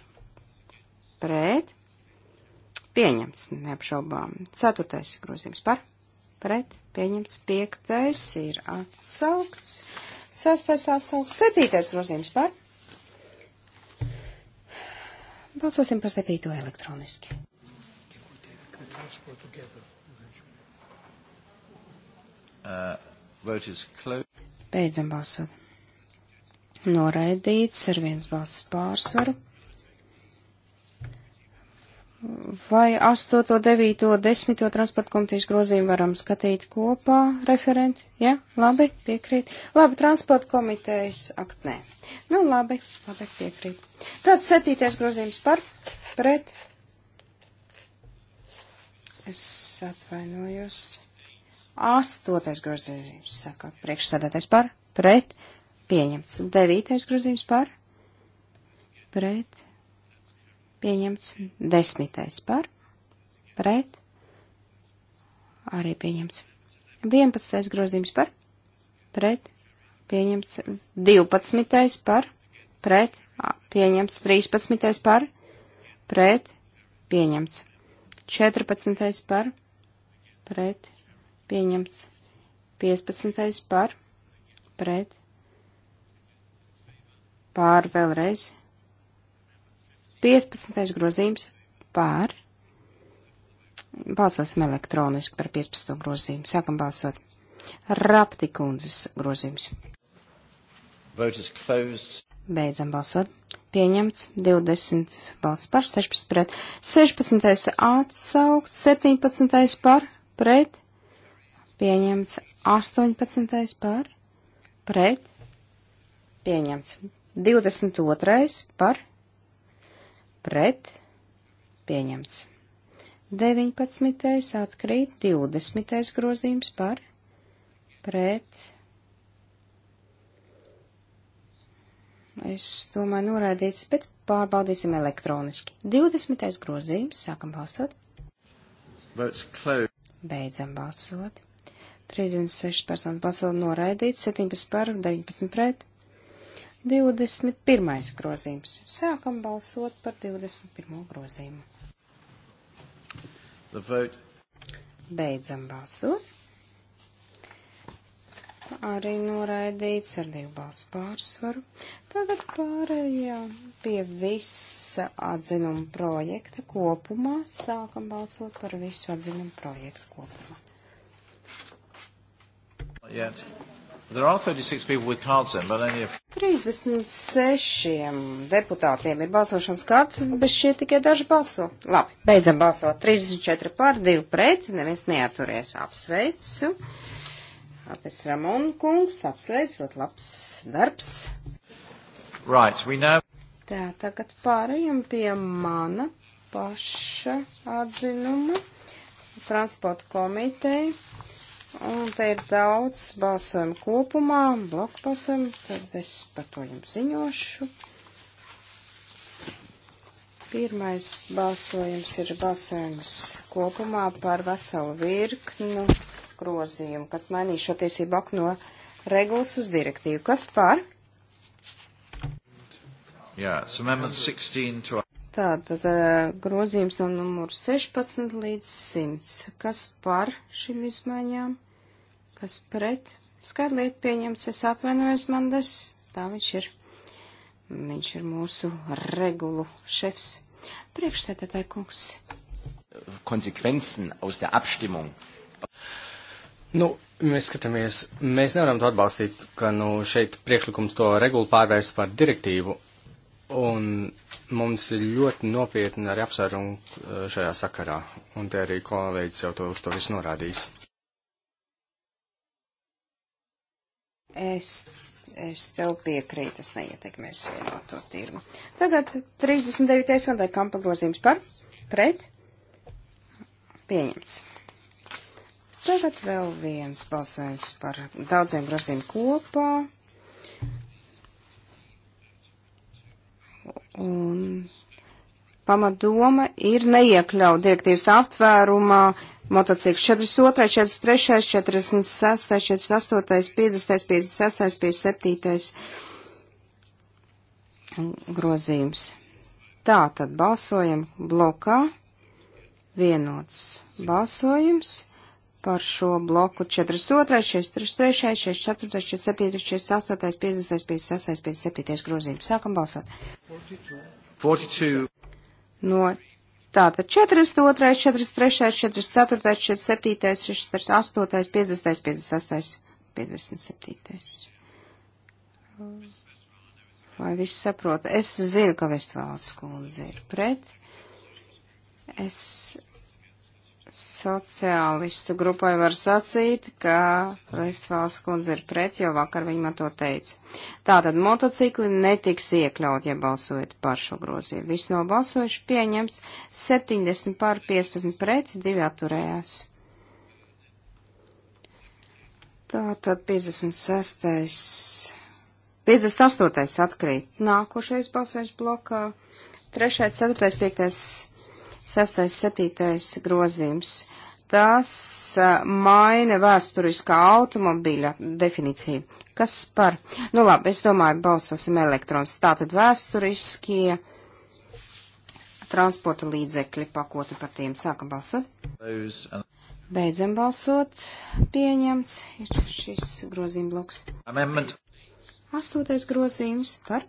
pret pieņemts neapšaubām. Ceturtais grozījums par pret pieņemts. Piektais ir atsaukts. Sestais atsaukts. Septītais grozījums par. Balsosim par septīto elektroniski.
Uh, vote is closed.
Beidzam balsot. Noraidīts ar viens balss pārsvaru. Vai 8, 9, 10 transporta komitejas grozījumu varam skatīt kopā, referenti? Ja? Labi, piekrīt. Labi, transporta komitejas akt nē. Nu, labi, labi, piekrīt. Tad 7. grozījums par, pret. Es atvainojos. Astotais grozījums, saka, priekšsēdētais par, pret, pieņemts. Devītais grozījums par, pret, pieņemts. Desmitais par, pret, arī pieņemts. Vienpadsmitais grozījums par, pret, pieņemts. Divpadsmitais par, pret, pieņemts. Trīspadsmitais par, pret, pieņemts. Četrpadsmitais par, pret, pieņemts pieņemts 15. par pret pār vēlreiz 15. grozījums pār balsosim elektroniski par 15. grozījumu. Sākam balsot. Rapti kundzes grozījums. Beidzam balsot. Pieņemts 20 balsts par, 16 pret, 16 atsaukts, 17 par, pret, pieņemts 18. par, pret, pieņemts 22. par, pret, pieņemts 19. atkrīt 20. grozījums par, pret. Es domāju, noraidīts, bet pārbaudīsim elektroniski. 20. grozījums, sākam balsot. Beidzam balsot. 36 personu balso noraidīts, 17 par, 19 pret. 21. grozījums. Sākam balsot par 21. grozījumu. Beidzam balsot. Arī noraidīts ar divu balsu pārsvaru. Tagad pārējām pie visa atzinuma projekta kopumā. Sākam balsot par visu atzinuma projektu
kopumā. Yet. There are 36 people with cards in, but only if...
36 deputātiem ir balsošanas kartes, bet šie tikai daži balso. Labi, beidzam balsot. 34 pār, 2 pret, neviens neaturies. Apsveicu. Apes Ramon kungs, apsveicu, ļoti labs darbs.
Right, we now...
Tā, tagad pārējiem pie mana paša atzinuma transporta komiteja Un te ir daudz balsojumu kopumā, bloku balsojumu, tad es par to jums ziņošu. Pirmais balsojums ir balsojums kopumā par veselu virknu grozījumu, kas mainīs šo tiesību aktu no regulas uz direktīvu. Kas par?
Yeah, to...
Tātad grozījums no numuru 16 līdz 100. Kas par šim izmaiņām? kas pret. Skaidrliet pieņemts, es atvainojos Mandes, tā viņš ir. Viņš ir mūsu regulu šefs. Priekšsēdētāji kungs.
Konsekvensen aus der Abstimmung. Nu, mēs skatāmies, mēs nevaram to atbalstīt, ka nu, šeit priekšlikums to regulu pārvērst par direktīvu, un mums ir ļoti nopietni arī apsvērumi uh, šajā sakarā, un te arī kolēģis jau to uz to visu norādījis.
Es, es tev piekrītu, es neietekmēs vienoto tirgu. Tagad 39. vandai kampa grozījums par, pret, pieņemts. Tagad vēl viens balsojums par daudziem grozījumiem kopā. Un pamatdoma ir neiekļaut direktīvas aptvērumā motocikls 42, 43, 46, 48, 50, 56, 57 grozījums. Tā tad balsojam blokā, vienots balsojums par šo bloku 42, 63, 64, 67, 68, 50, 56, 57 grozījums. Sākam balsot.
42. 42.
No Tātad 42, 43, 44, 47, 68, 50, 58, 57. Vai viss saprot? Es zinu, ka Vestvāls kundze ir pret. Es Sociālistu grupai var sacīt, ka Vestfāls kundze ir pret, jo vakar viņa man to teica. Tātad motocikli netiks iekļaut, ja balsojat par šo grozījumu. Viss nobalsojuši pieņemts 70 pār 15 pret, divi atturējās. Tātad 56. 58. atkrīt. Nākošais balsojums blokā. 3. 4. 5. Sastais, septītais grozījums. Tas maina vēsturiskā automobīļa definīciju. Kas par? Nu labi, es domāju, balsosim elektrons. Tātad vēsturiskie transporta līdzekļi pakoti par tiem. Sākam balsot. Beidzam balsot. Pieņemts ir šis grozījuma bloks. Amendment. Astotais grozījums par.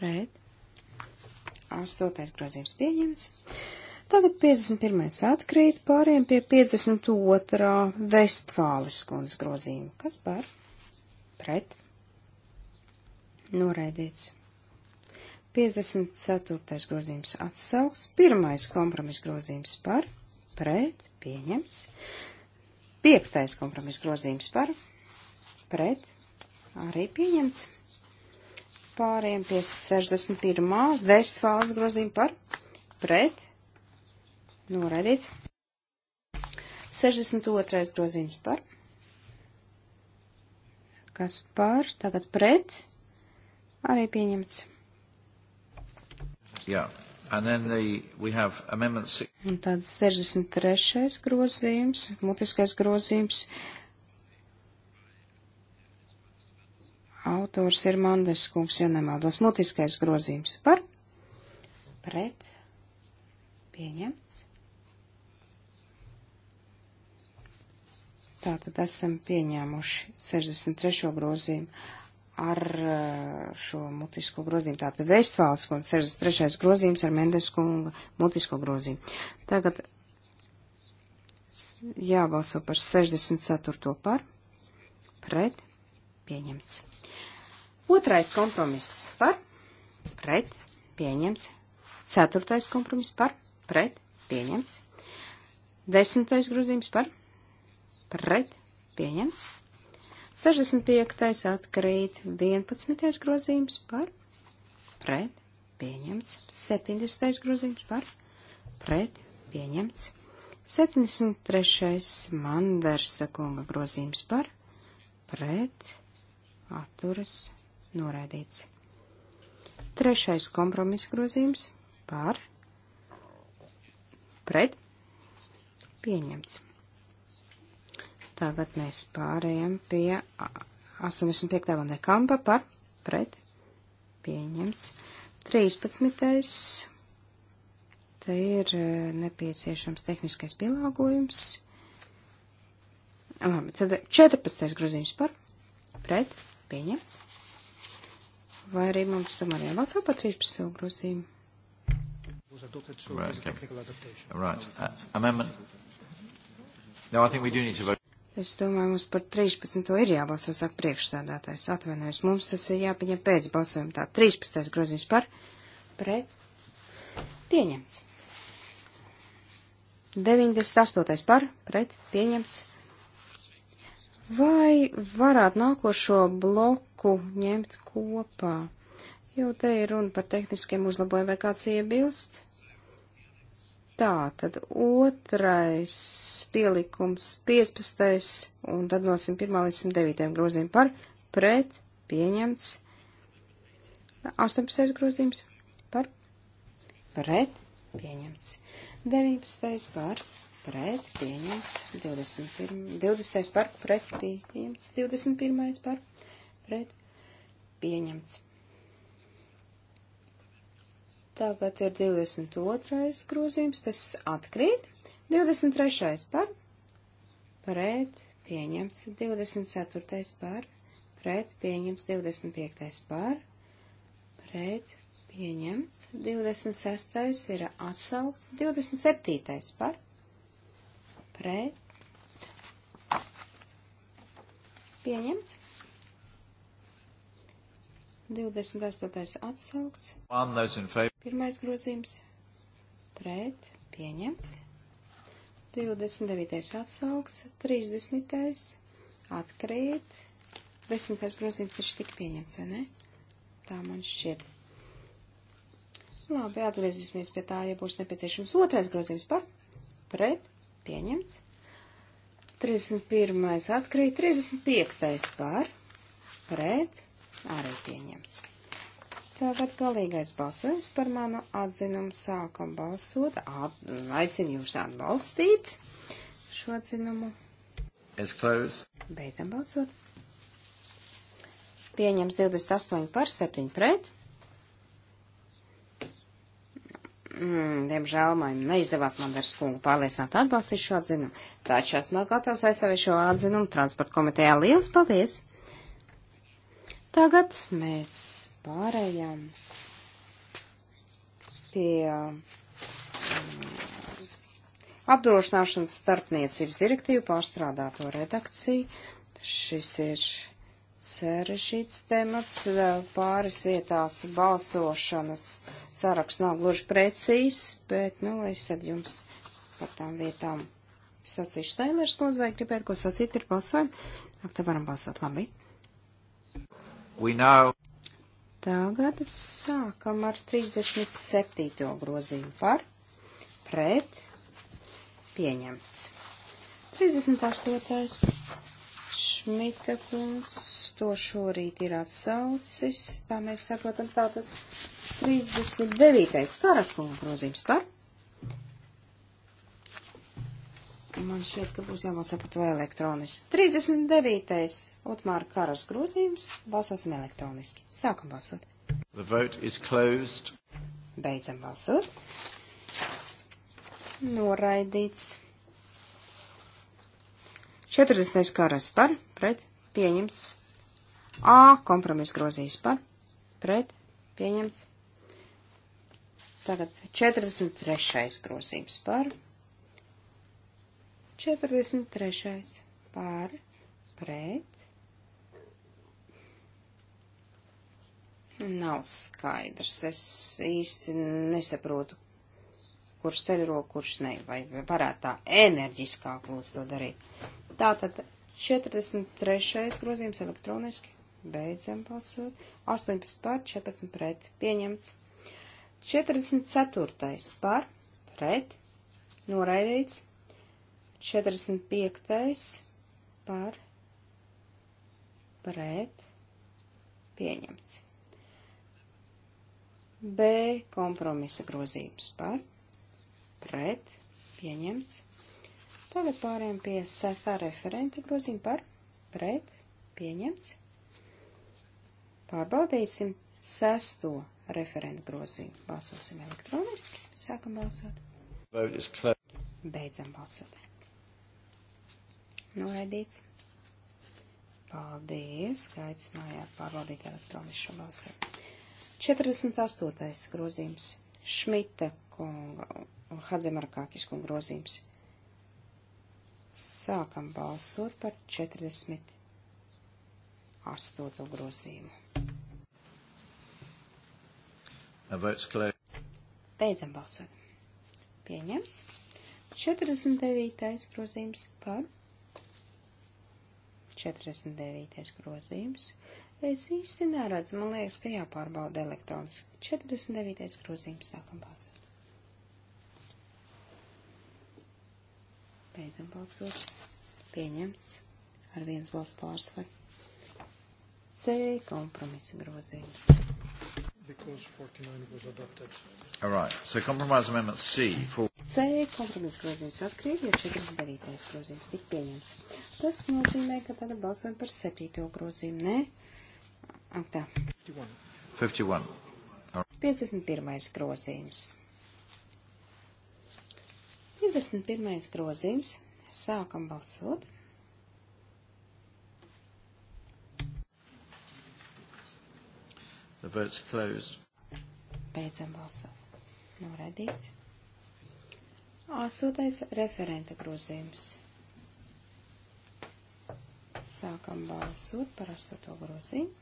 Pret. Astotais grozījums pieņemts. Tagad 51. atkrīt, pāriem pie 52. Vestfāles kundzes grozījuma. Kas par? Pret. Noraidīts. 54. grozījums atsauks. Pirmais kompromiss grozījums par. Pret. Pieņemts. Piektais kompromiss grozījums par. Pret. Arī pieņemts pāriem pie 61. Vestfāles grozījuma par pret noraidīts. 62. grozījums par kas par tagad pret arī pieņemts.
Yeah. And then the, we have amendment 6.
Un tad 63. grozījums, mutiskais grozījums Autors ir Mandes kungs, ja nemaldos. Mutiskais grozījums par pret pieņemts. Tātad esam pieņēmuši 63. grozījumu ar eh, šo mutisko grozījumu. Tātad Vestfāls un 63. grozījums ar Mendes kunga mutisko grozījumu. Tagad jābalso par 64. par pret pieņemts. Otrais kompromiss par pret pieņems. Ceturtais kompromiss par pret pieņems. Desmitais grozījums par pret pieņems. 65. atkrīt 11. grozījums par pret pieņemts. 70. grozījums par pret pieņemts. 73. mandarsa kunga grozījums par pret atturas noraidīts. Trešais kompromisa grozījums par pret pieņemts. Tagad mēs pārējām pie 85. vandē kampa par pret pieņemts. 13. Te ir e, nepieciešams tehniskais pielāgojums. Labi, tad 14. grozījums par pret pieņemts. Vai arī mums tomēr jābalso par 13. grozījumu?
Right, okay. right. Uh, amendment. No, I think we do need to vote.
Es domāju, mums par 13. ir jābalso, saka priekšsādātājs. Atvainojos, mums tas ir jāpieņem pēc balsojuma. Tā 13. grozījums par pret pieņemts. 98. par pret pieņemts. Vai varētu nākošo bloku bloku ņemt kopā, jo te ir runa par tehniskiem uzlabojumiem, vai kāds iebilst. Tā, tad otrais pielikums 15. un tad no 101. līdz 109. grozīm par pret pieņemts 18. grozījums par pret pieņemts 19. par pret pieņemts 21. 20. par pret pieņemts 21. par pret pieņemts. Tagad ir 22. grozījums, tas atkrīt. 23. par pret pieņemts. 24. par pret pieņemts. 25. par pret pieņemts. 26. ir atsaukts. 27. par pret pieņemts. 28. atsaukts. Pirmais grozījums pret pieņemts. 29. atsaukts. 30. atkrīt. 10. grozījums taču tika pieņemts, vai ne? Tā man šķiet. Labi, atgriezīsimies pie tā, ja būs nepieciešams otrais grozījums par pret pieņemts. 31. atkrīt. 35. par pret pieņemts arī pieņemts. Tagad galīgais balsojums par manu atzinumu sākam balsot. At, aicinu jūs atbalstīt šo atzinumu. Es klaus. Beidzam balsot. Pieņems 28 par 7 pret. Mm, diemžēl man neizdevās Mandars kungu pārliecināt atbalstīt šo atzinumu, taču esmu gatavs aizstāvēt šo atzinumu transporta komitejā. Lielas paldies! Tagad mēs pārējām pie mm, apdrošināšanas starpniecības direktīvu pārstrādāto redakciju. Šis ir sarežģīts temats. Pāris vietās balsošanas saraksts nav gluži precīzs, bet, nu, es tad jums par tām vietām sacīšu. Taimērs, lūdzu, vai gribētu ko sacīt par balsojumu? Ak, te varam balsot labi now... Tagad sākam ar 37. grozījumu par pret pieņemts. 38. Šmita kungs to šorīt ir atsaucis, tā mēs saprotam tātad 39. Karas kunga grozījums par pret Man šķiet, ka būs jābalsā par to elektroniski. 39. Otmāra karas grozījums. Balsosim elektroniski. Sākam balsot.
The vote is closed. Beidzam balsot.
Noraidīts. 40. karas par, pret, pieņemts. A. Kompromis grozījis par, pret, pieņemts. Tagad 43. grozījums par, pret 43. pār pret. Nav skaidrs. Es īsti nesaprotu, kurš ceļ roku, kurš ne. Vai varētu tā enerģiskāk lūdzu to darīt. Tātad 43. grozījums elektroniski. Beidzam balsot. 18 pār 14 pret. Pieņemts. 44. par pret. Noraidīts. 45. par pret pieņemts. B kompromisa grozījums par pret pieņemts. Tagad pārējām pie sestā referenta grozījuma par pret pieņemts. Pārbaudīsim sesto referenta grozījumu. Balsosim elektroniski. Sākam balsot. Beidzam balsot. Noraidīts. Paldies, gaicinājāt pārbaudīt elektronisko balsi. 48. grozījums. Šmita kunga un Hadzemarkākis kunga grozījums. Sākam balsot par 48. grozījumu. Beidzam balsot. Pieņemts. 49. grozījums par 49. grozījums. Es īsti neredzu, man liekas, ka jāpārbauda elektroniski. 49. grozījums sākam balsot. Beidzam balsot. Pieņemts ar viens balss pārsvaru. C kompromisa grozījums. Because 49 was adopted.
All right. So compromise amendment C for C
kompromisa grozījums atkrīt, jo 49. grozījums tika pieņemts. Tas nozīmē, ka tagad balsojam par 7. grozījumu. Nē, ak tā.
51.
51. grozījums. 51. grozījums. Sākam balsot.
The vote's closed.
Beidzam balsot. Noraidīts. Astotais referenta grozījums. Sākam balsot par astoto grozījumu.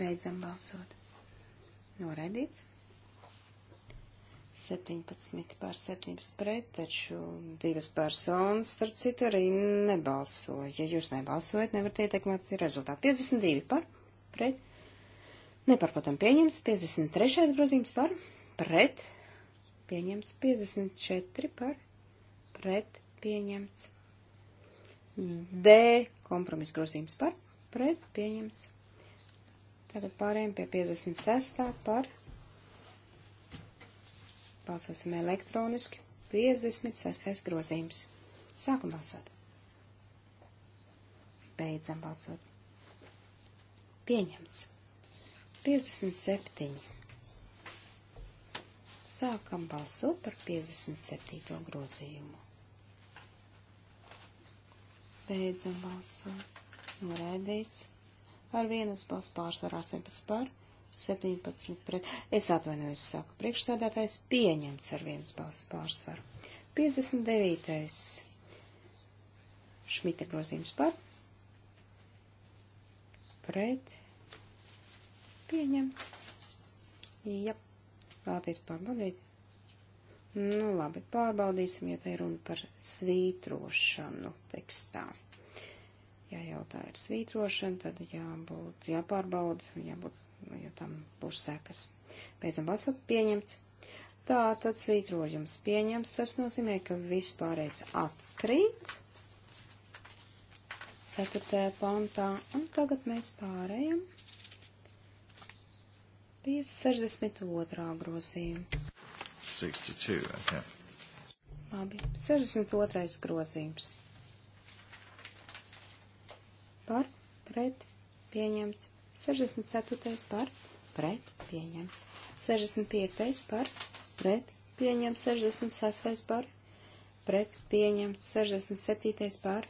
Beidzam balsot. Noraidīts. 17 pār 17 pret, taču divas personas, starp citu, arī nebalsoja. Ja jūs nebalsojat, nevarat ietekmēt rezultātu. 52 par, pret, neparprotam pieņems, 53 grozījums par, pret pieņemts 54 par pret pieņemts. D kompromis grozījums par pret pieņemts. Tagad pārējiem pie 56 par balsosim elektroniski 56 grozījums. Sākam balsot. Beidzam balsot. Pieņemts. 57 Sākam balsot par 57. grozījumu. Beidzam balsot. Noraidīts. Ar vienas balss pārsvarā 18 par, 17 pret. Es atvainojos, saku, priekšsēdētājs pieņemts ar vienas balss pārsvaru. 59. Šmita grozījums par, pret, pieņemts. Jep. Vēlties pārbaudīt? Nu, labi, pārbaudīsim, ja te ir runa par svītrošanu tekstā. Ja jautā ir svītrošana, tad jābūt, jāpārbauda, jābūt, jo tam būs sekas. Beidzam balsot pieņemts. Tā tad svītrojums pieņems, tas nozīmē, ka vispārējais atkrīt. Ceturtajā pantā, un tagad mēs pārējam pie 62. grozījuma.
62, okay.
Labi, 62. grozījums. Par, pret, pieņemts. 64. par, pret, pieņemts. 65. par, pret, pieņemts. 66. par, pret, pieņemts. 67. par,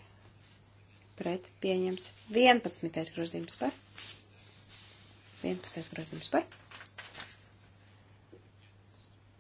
pret, pieņemts. 11. grozījums par, 11. grozījums par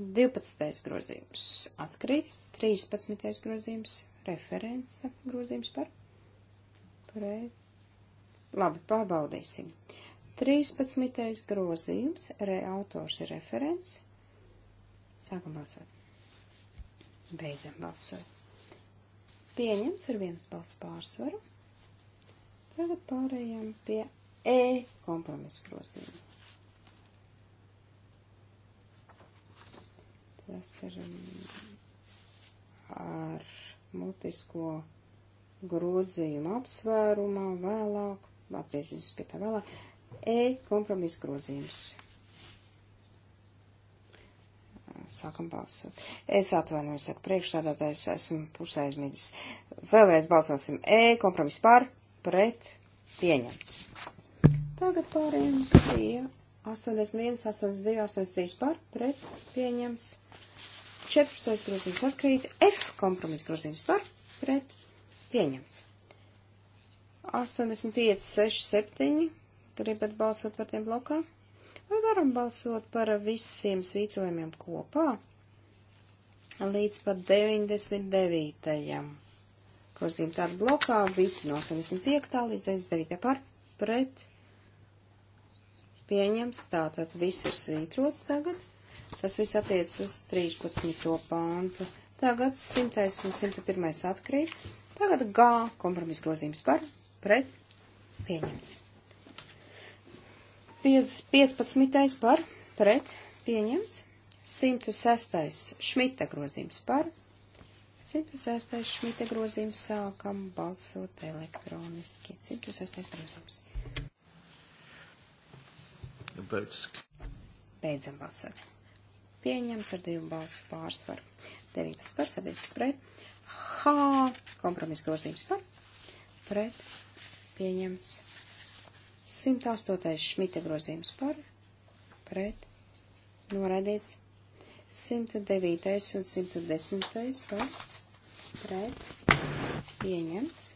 12. grozījums atkrīt, 13. grozījums reference grozījums par pret. Labi, pārbaudīsim. 13. grozījums, re, autors ir referents. Sākam balsot. Beidzam balsot. Pieņems ar vienas balss pārsvaru. Tagad pārējām pie E kompromisa grozījuma. Tas ir um, ar mutisko grozījumu apsvērumā vēlāk, atgriezīsimies pie tā vēlāk, E kompromisa grozījums. Sākam balsot. Es atvainojos, saku priekšstādātājs, es esmu pusaizmidzis. Vēlreiz balsosim E kompromis par, pret, pieņemts. Tagad pārējiem pie 81, 82, 83 par, pret, pieņemts. 14. grozījums atkrīt, F kompromiss grozījums par, pret, pieņemts. 85, 6, 7, gribat balsot par tiem blokā? Vai varam balsot par visiem svītrojumiem kopā? Līdz pat 99. grozījumam tādu blokā, visi no 85. līdz 99. par, pret, pieņemts pieņems, tātad viss ir svītrots tagad. Tas viss attiecas uz 13. pāntu. Tagad 100. un 101. atkrīt. Tagad G kompromisa grozījums par pret pieņemts. 15. par pret pieņemts. 106. šmita grozījums par 106. šmita grozījums sākam balsot elektroniski. 106. grozījums.
Beidzam
balsot. Pieņemts ar divu balsu pārsvaru. 19 par 17 pret. H. Kompromiss grozījums par. Pret. Pieņemts. 108. Šmita grozījums par. Pret. Noraidīts. 109. un 110. par. Pret. Pieņemts.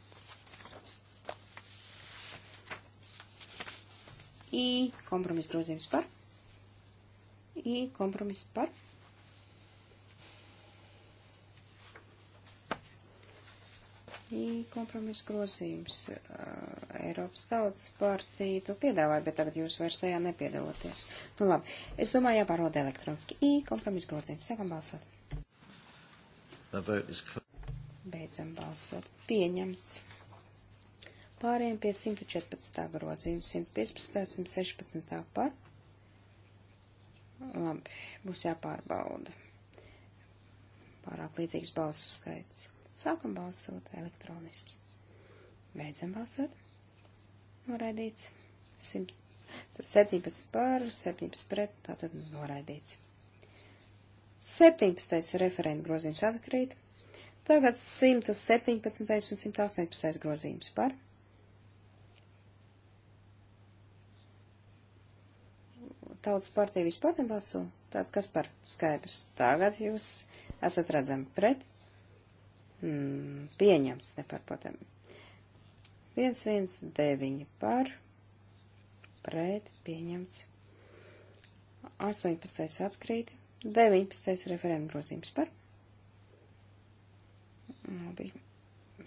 I kompromiss grozījums par. I kompromiss par. I kompromiss grozījums. Uh, Eiropas tautas partija to piedāvāja, bet tagad jūs vairs tajā nepiedaloties. Nu labi, es domāju jāpārvada elektroniski. I kompromiss grozījums. Sākam balsot. Beidzam balsot. Pieņemts. Pāriem pie 114. grozījuma, 115. 116. par. Labi, būs jāpārbauda. Pārāk līdzīgs balsu skaits. Sākam balsot elektroniski. Beidzam balsot. Noraidīts. 17 par, 17 pret, tātad noraidīts. 17. referenta grozījums atkrīt. Tagad 117. un 118. grozījums par tautas partija vispār nebalso? Tātad kas par skaidrs? Tagad jūs esat redzami pret. Mm, pieņems ne par potem. 119 par pret pieņemts. 18. atkrīt. 19. referenta grozījums par. Labi,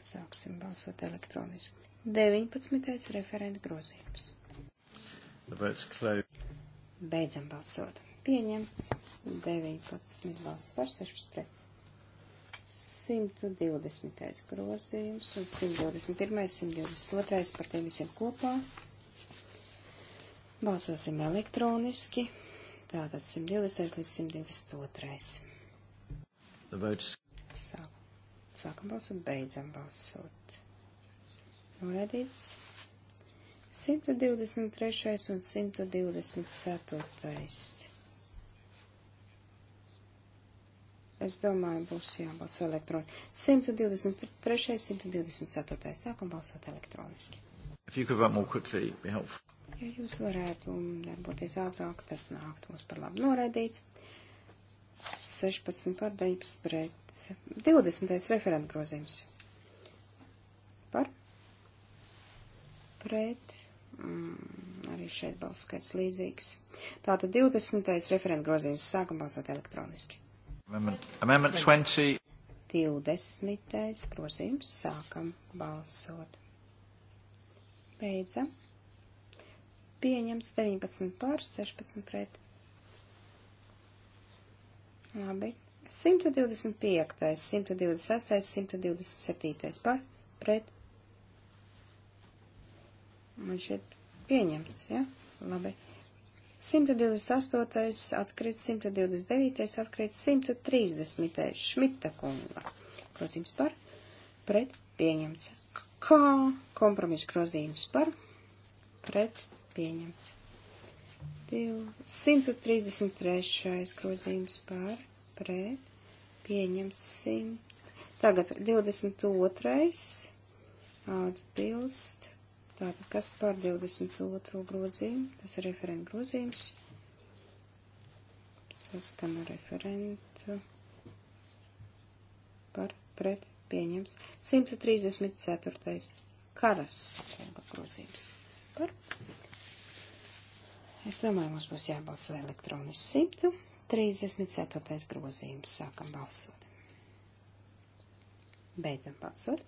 sāksim balsot elektroniski. 19. referenta grozījums.
The vote's closed.
Beidzam balsot. Pieņemts 19 balsts par 16 pret. 120. grozījums un 121. 122. par tiem visiem kopā. Balsosim elektroniski. Tātad 120. līdz 122. Sākam balsot, beidzam balsot. Noredīts. 123. un 124. Es domāju, būs jābalso elektroniski. 123. 124. sākam balsot elektroniski.
Quickly,
ja jūs varētu darboties ātrāk, tas nākt mums par labu noraidīts. 16 par 19 pret 20. referenta grozījums. Par? Pret Mm, arī šeit balss skaits līdzīgs. Tātad 20. referenta grozījums sākam balsot elektroniski.
Amendment, amendment 20.
20. grozījums sākam balsot. Beidzam. Pieņems 19 pār 16 pret. Labi. 125, 126, 127 par pret Man šeit pieņemts, ja? Labi. 128. atkrīt, 129. atkrīt, 130. Šmita kunga. Grozījums par, pret, pieņemts. Kā kompromis grozījums par, pret, pieņemts. 133. grozījums par, pret, pieņemsim. Tagad 22. atbilst Tātad, kas par 22. grozījumu, tas ir referenta grozījums, saskana referentu par pret pieņems 134. karas grozījums par. Es domāju, mums būs jābalso elektroniski 134. grozījums. Sākam balsot. Beidzam balsot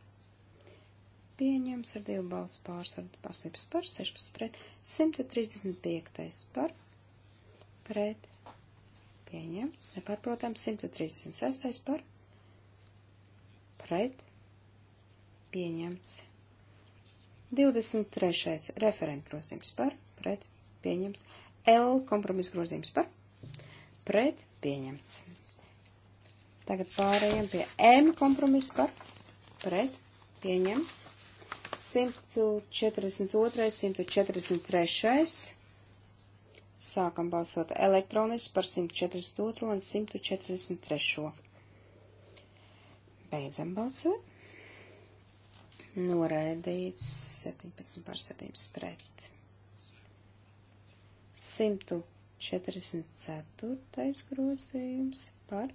pieņems ar divu balsu pārsvaru paslēpes par 16 pret 135 par pret pieņemts, nepārprotams 136 par pret pieņemts. 23. referenta grozījums par pret pieņemts. L kompromisa grozījums par pret pieņemts. Tagad pārējām pie M kompromisa par pret pieņemts. 142, 143. Sākam balsot elektroniski par 142 un 143. Beidzam balsot. Noraidīts 17 par 7 pret. 144. grozījums par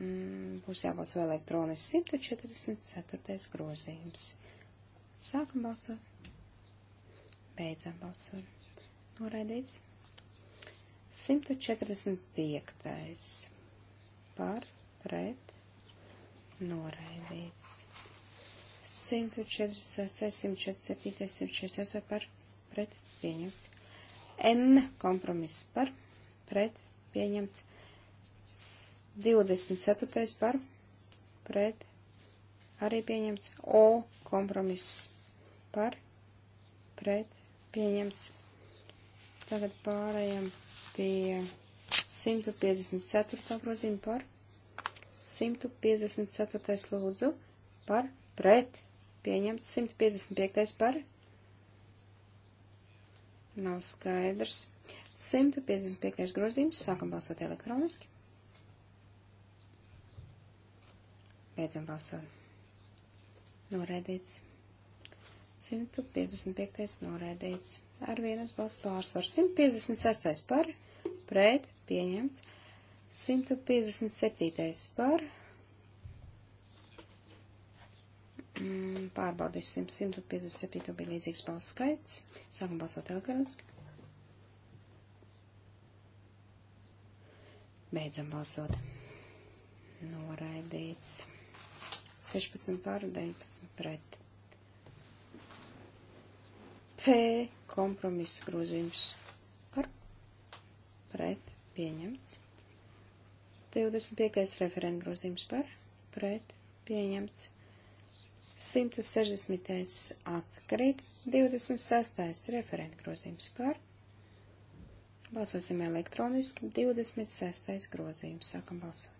Mm, būs jābalso elektroniski 144. grozījums. Sākam balsot. Beidzam balsot. Noraidīts. 145. Par, pret, noraidīts. 146, 147, 168 par, pret, pieņemts. N kompromiss par, pret, pieņemts. 24. par pret arī pieņemts. O kompromiss par pret pieņemts. Tagad pārējām pie 154. grozījuma par 154. lūdzu par pret pieņemts 155. par nav skaidrs. 155. grozījums sākam balsot elektroniski. Beidzam balsot. Noraidīts. 155. noraidīts. Ar vienas balss pārsvaru. 156. par. Pret. Pieņemts. 157. par. Mm, pārbaudīsim. 157. bija līdzīgs balsu skaits. Sākam balsot elektroniski. Beidzam balsot. Noraidīts. 16 pār 19 pret. P kompromisa grozījums par pret pieņemts. 25. referenta grozījums par pret pieņemts. 160. atkrīt, 26. referenta grozījums par. Balsosim elektroniski, 26. grozījums, sākam balsot.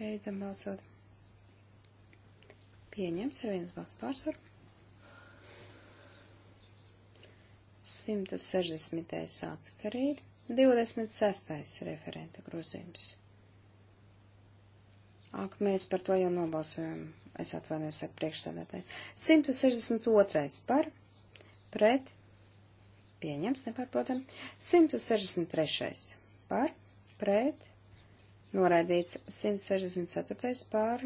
Beidzam balsot. Pieņems ar vienas balss pārsvaru. 160. atkarīgi. 26. referenta grozījums. Ak, mēs par to jau nobalsojam. Es atvainojos ar priekšsēdētāju. 162. par, pret, pieņems, nepārprotam. 163. par, pret, noraidīts 164. pār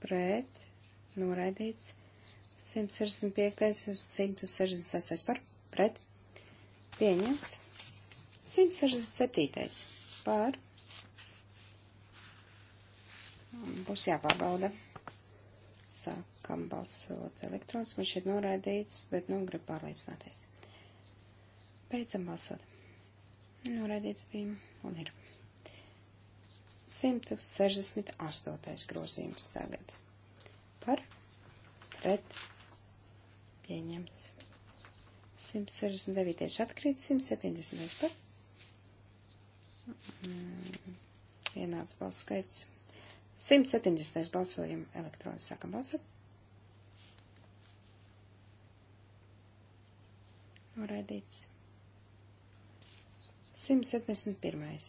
pret, noraidīts 165. un 166. par pret, pieņemts 167. pār. Būs jāpārbauda. Sākam balsot elektrons, man šeit noraidīts, bet nu grib pārliecināties. Beidzam balsot. Noraidīts bija un ir. 168. grozījums tagad. Par pret pieņemts. 169. atkrīt, 170. par. Mm, Ienāca balsu skaits. 170. balsojam elektroniski sākam balsot. Noraidīts. 171.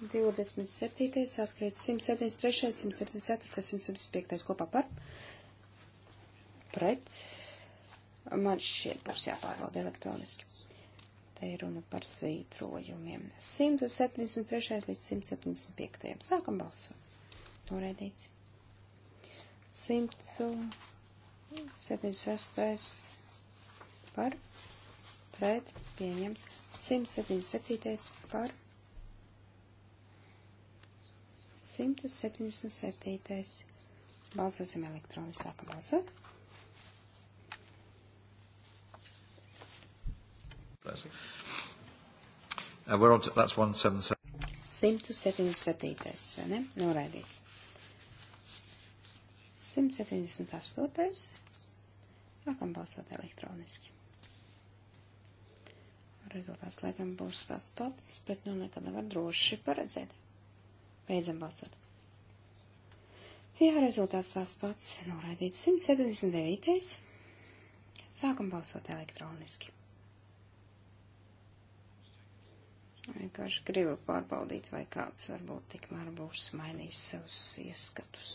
27. atkrīt 173. 174. 175. kopā par pret. Man šķiet būs jāpārbauda elektroniski. Te ir runa par svītrojumiem. 173. līdz 175. Sākam balsot. Noraidīts. 176. par pret pieņemts. 177. par pret 177. Balsosim elektroniski. Sākam balsot.
Uh, we're on to, that's 177.
177. Vai ne? Noraidīts. 178. Sākam balsot elektroniski. Rezultāts, laikam, būs tāds pats, bet nu nekad nevar droši paredzēt. Beidzam balsot. Jā, rezultāts tās pats noraidīts 179. Sākam balsot elektroniski. Vienkārši gribu pārbaudīt, vai kāds varbūt tikmēr būs mainījis savus ieskatus.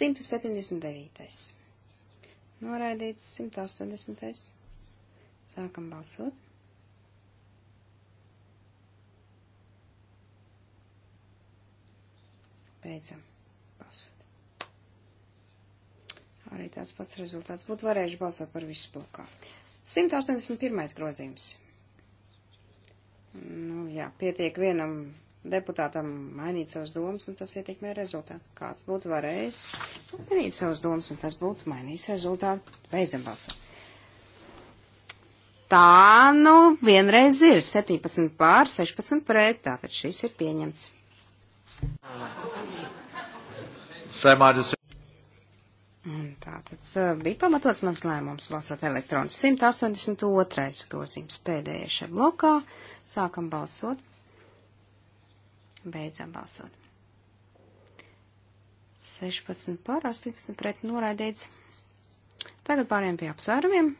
179. Noraidīts 180. Sākam balsot. Beidzam balsot. Arī tāds pats rezultāts būtu varējuši balsot par visu blokā. 181. grozījums. Nu, jā, pietiek vienam deputātam mainīt savas domas, un tas ietekmē rezultātu. Kāds būtu varējis mainīt savas domas, un tas būtu mainījis rezultātu. Beidzam balsot. Tā nu vienreiz ir 17 pār 16 pret, tātad šis ir pieņemts. Aha.
Saimā tas ir.
Tātad uh, bija pamatots mans lēmums balsot elektroni. 182. grozījums pēdējais šajā blokā. Sākam balsot. Beidzam balsot. 16 par 18 pret noraidīts. Tagad pāriem pie apsvērumiem.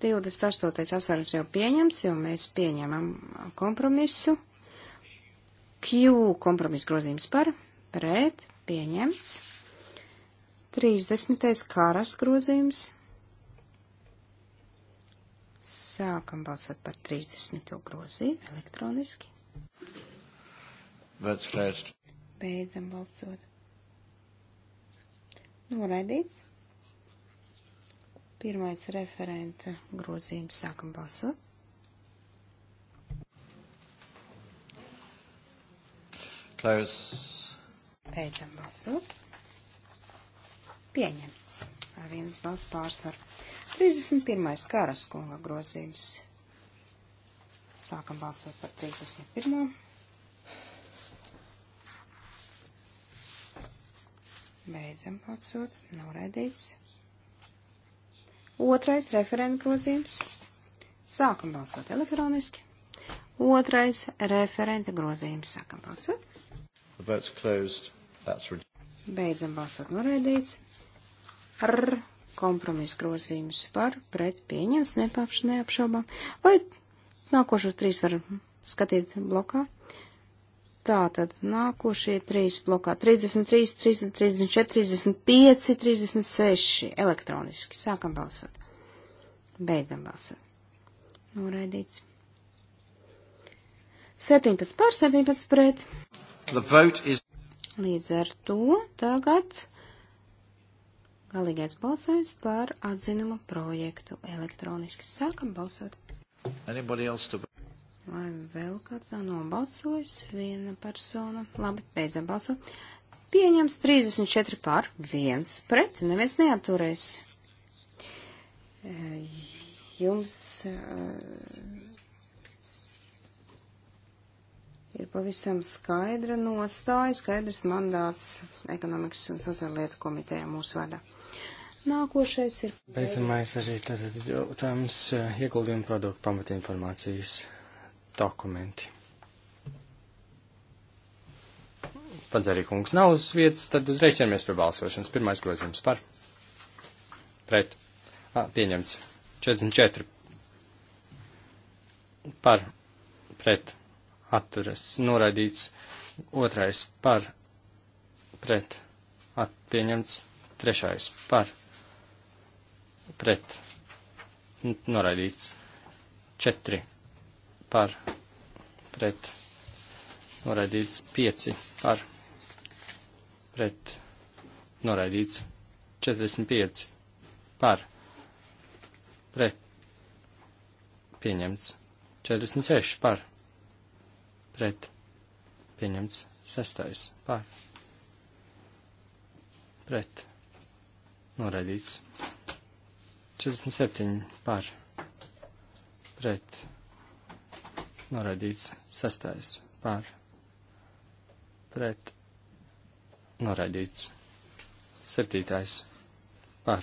28. apsvērums jau pieņems, jo mēs pieņemam kompromisu. Q kompromis grozījums par, pret, pieņemts. 30. kāras grozījums. Sākam balsot par 30. grozījumu elektroniski.
Veckrēst.
Beidzam balsot. Noraidīts. Pirmais referenta grozījums sākam balsot.
Close.
Beidzam balsot. Pieņemts ar vienas balss pārsvaru. 31. karas kunga grozījums. Sākam balsot par 31. Beidzam balsot. Noraidīts. Otrais referenta grozījums. Sākam balsot elektroniski. Otrais referenta grozījums. Sākam balsot.
The vote's closed. That's
Beidzam balsot noraidīts. Ar kompromisu grozījumus par pret pieņems nepapš, neapšaubām. Vai nākošos trīs var skatīt blokā? Tā tad nākošie trīs blokā 33, 34, 35, 36 elektroniski. Sākam balsot. Beidzam balsot. Noraidīts. 17 par 17 pret.
Is...
Līdz ar to tagad galīgais balsojums par atzinuma projektu elektroniski. Sākam balsot.
To...
Lai vēl kāds nav nobalsojis, viena persona. Labi, beidzam balsot. Pieņems 34 pār, 1 pret, neviens neaturēs. Eh, jums eh, ir pavisam skaidra nostāja, skaidrs mandāts ekonomikas un sociāla lietu komitejā mūsu vadā. Nākošais ir. Beidzamais
arī tātad jautājums eh, ieguldījumu produktu pamatinformācijas dokumenti. Pats arī kungs nav uz vietas, tad uzreiz ķeramies pie balsošanas. Pirmais grozījums par. Pret. A, ah, pieņemts. 44. Par. Pret atturas noraidīts, otrais par pret atpieņemts, trešais par pret noraidīts, četri par pret noraidīts, pieci par pret noraidīts, 45 par pret pieņemts, 46 par pret pret pieņemts sestais par pret noraidīts 47 par pret noraidīts sestais par pret noraidīts septītais par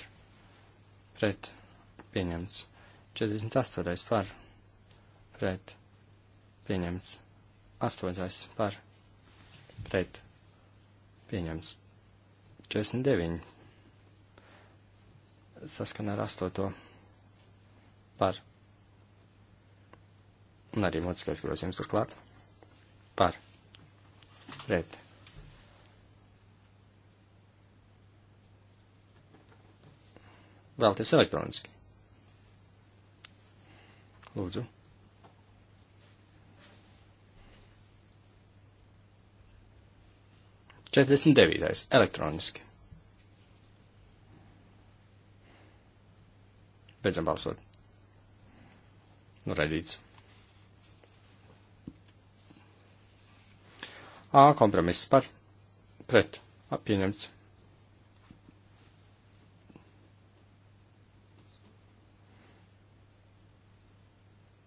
pret pieņemts 48 par pret pieņemts Astoņais par pret pieņemts. 49. Saskan ar astoto par. Un arī mūtiskais grozījums turklāt. Par. Pret. Vēlties elektroniski. Lūdzu. 49. elektroniski. Beidzam balsot. Nu, redzīts. A kompromiss par pret pieņemts.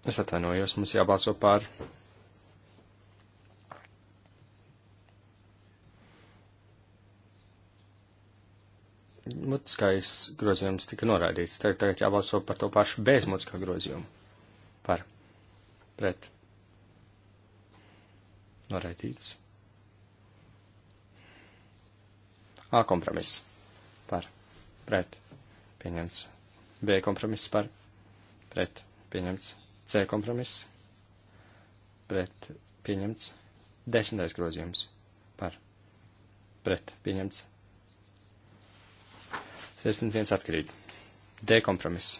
Es atvainojos, mums jābalso pār mutiskais grozījums tika noraidīts. Tagad, tagad jābalso par to pašu bez mutiskā grozījuma. Par. Pret. Noraidīts. A kompromiss. Par. Pret. Pieņemts. B kompromiss par. Pret. Pieņemts. C kompromiss. Pret. Pieņemts. Desmitais grozījums. Par. Pret. Pieņemts. 61 atkrīt. D kompromiss.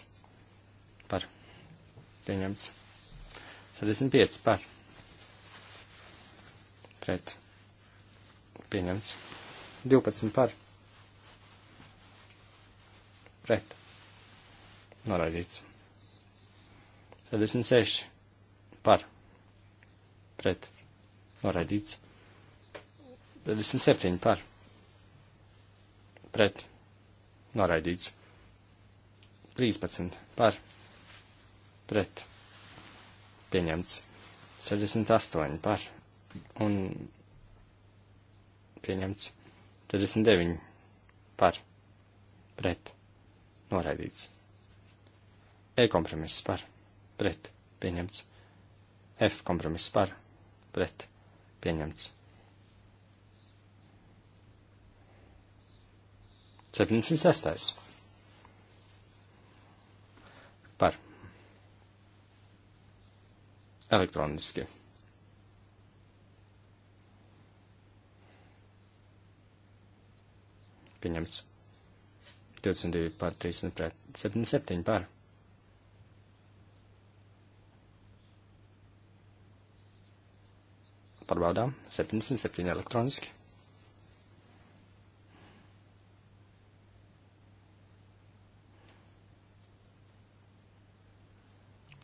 Par. Pieņemts. 65 par. Pret. Pieņemts. 12 par. Pret. Noraidīts. 66 par. Pret. Noraidīts. 27 par. Pret Noraidīts. 13 par pret. Pieņemts. 68 par un pieņemts. 39 par pret. Noraidīts. E kompromiss par pret. Pieņemts. F kompromiss par pret. Pieņemts. 76. Par. Elektroniski. Pieņemts. 22 pār 30 pret 77 pār. Pārbaudām 77 elektroniski.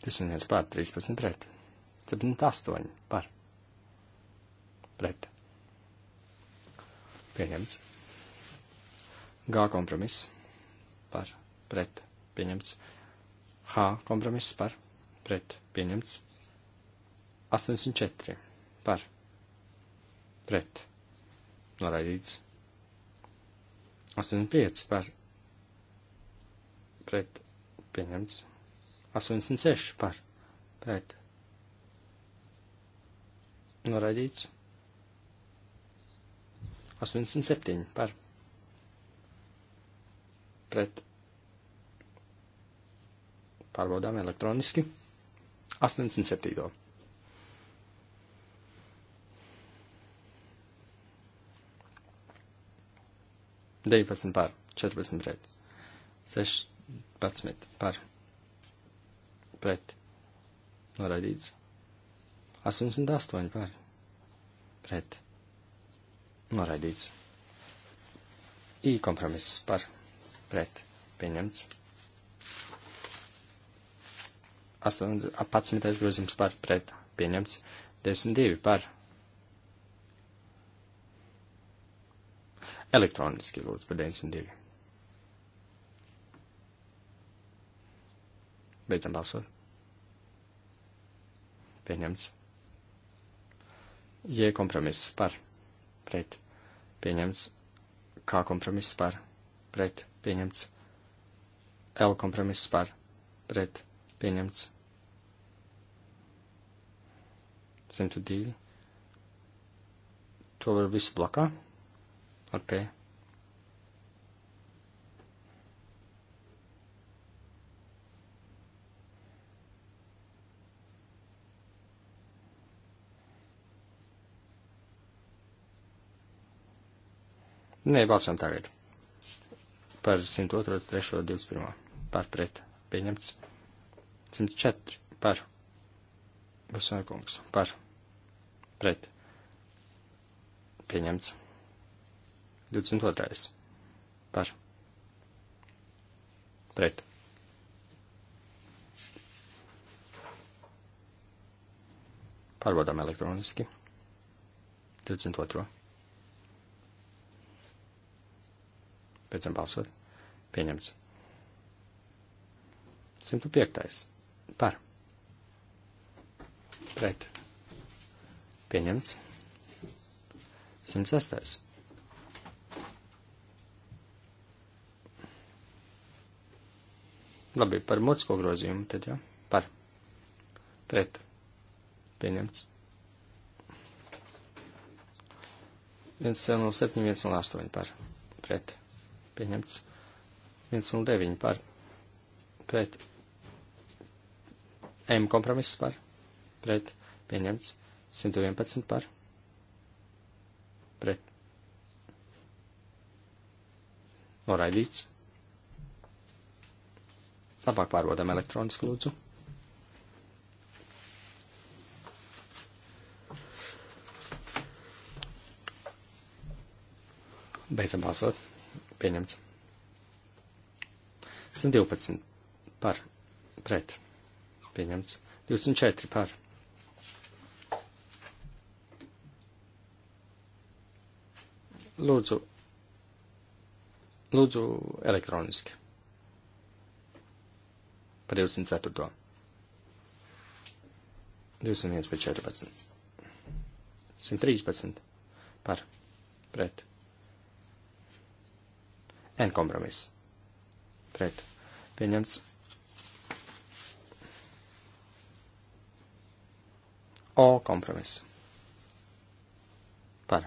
21 pār 13 pret. 78 par. Pret. Pieņemts. G kompromiss par. Pret. Pieņemts. H kompromiss par. Pret. Pieņemts. 84 par. Pret. Noraidīts. 85 par. Pret. Pieņemts. 86 par pret. Noraidīts. 87 par pret. Pārbaudām elektroniski. 87. Devipadsmit par, četrpadsmit pret, sešpadsmit par pret noraidīts. 88 par pret noraidīts. I kompromiss par pret pieņemts. 18. grozījums par pret pieņemts. 92 par elektroniski lūdzu par 92. Beidzam balsot. Pieņemts. J kompromiss par, pret, pieņemts. K kompromiss par, pret, pieņemts. L kompromiss par, pret, pieņemts. 102. To var visu blakā ar P Nē, balsam tagad. Par 102, 3, 21. Par pret. Pieņemts. 104. Par. Busankungs. Par. Pret. Pieņemts. 22. Par. Pret. Pārbaudām elektroniski. 22. Beidzam balsot. Pieņemts. 105. Par. Pret. Pieņemts. 106. Labi, par mocko grozījumu tad jau. Par. Pret. Pieņemts. 107, 108 par. Pret pieņemts 109 par pret M kompromiss par pret pieņemts 111 par pret noraidīts. Labāk pārvodam elektronisku lūdzu. Beidzam balsot. Pieņemts. 112 par. Pret. Pieņemts. 24 par. Lūdzu. Lūdzu elektroniski. Par 204. 201 pēc 14. 113 par. Pret N kompromiss. Pret. Pieņemts. O kompromiss. Par.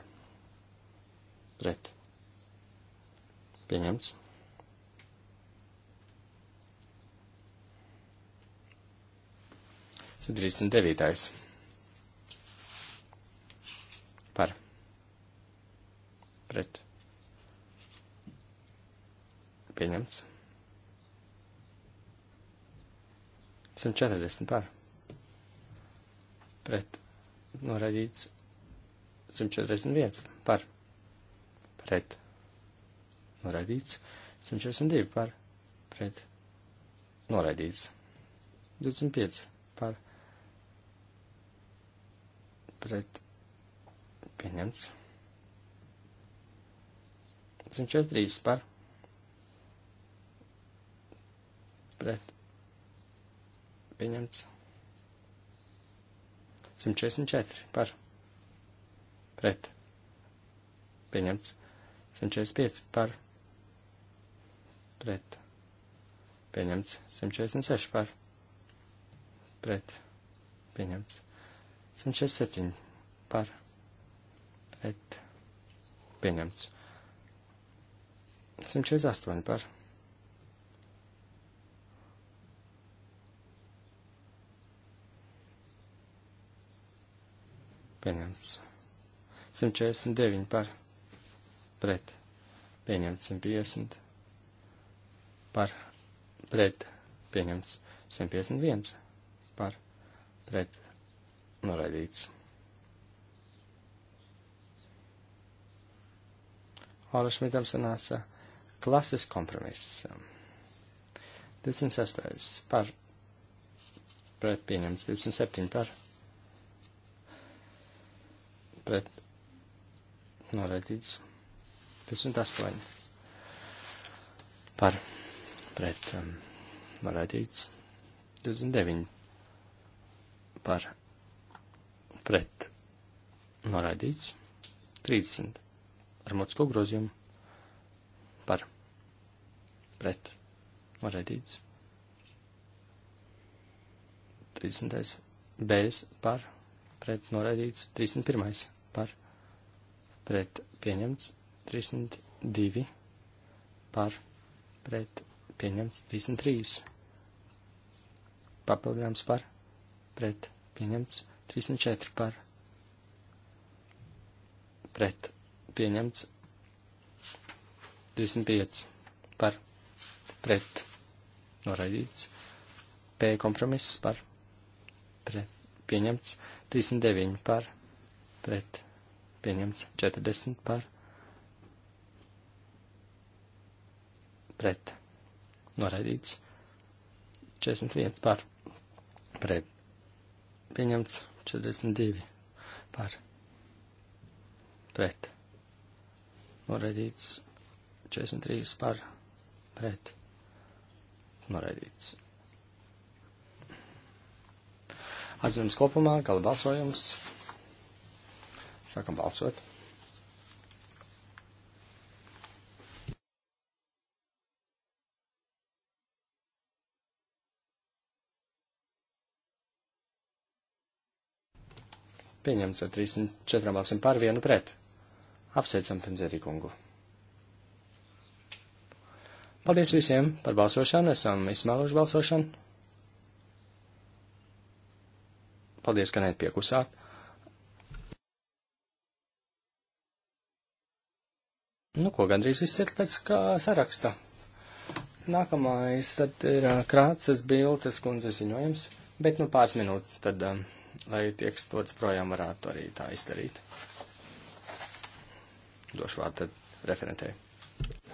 Pret. Pieņemts. Sadrīsim devītais. Par. Pret pieņemts. 140 par. Pret noraidīts 141 par. Pret noraidīts 142 par. Pret noraidīts 25 par. Pret pieņemts 143 par. pret pieņemts 144 par pret pieņemts 145 par pret pieņemts 146 par pret pieņemts 147 par pret pieņemts 148 par pret. Pieņemts. 149 par. Pret. Pieņemts 150 par. Pret. Pieņemts 151 par. Pret. Noraidīts. Olašmitam sanāca klases kompromiss. 26. par pret pieņemts, 27 par pret noraidīts 28 par pret um, noraidīts 29 par pret noraidīts 30 ar mutisko grozījumu par pret noraidīts 30. bez par pret noraidīts 31 pret pieņemts 302 par pret pieņemts 303. Papildinājums par pret pieņemts 304 par pret pieņemts 35 par pret noraidīts P kompromiss par pret pieņemts 39 par pret pieņemts 40 par pret, noraidīts 41 par pret, pieņemts 42 par pret, noraidīts 43 par pret, noraidīts. Atzīmes kopumā, gala balsojums. Sākam balsot. Pieņemts ar 34 balsīm par vienu pret. Apsveicam Penzeri kungu. Paldies visiem par balsošanu. Esam izsmēluši balsošanu. Paldies, ka neatpiekusāt. Nu, ko gandrīz viss ir pēc kā saraksta. Nākamais tad ir krācas bildes kundze ziņojums, bet nu pāris minūtes tad, um, lai tiek stots projām, varētu arī tā izdarīt. Došu vārdu tad referentēju.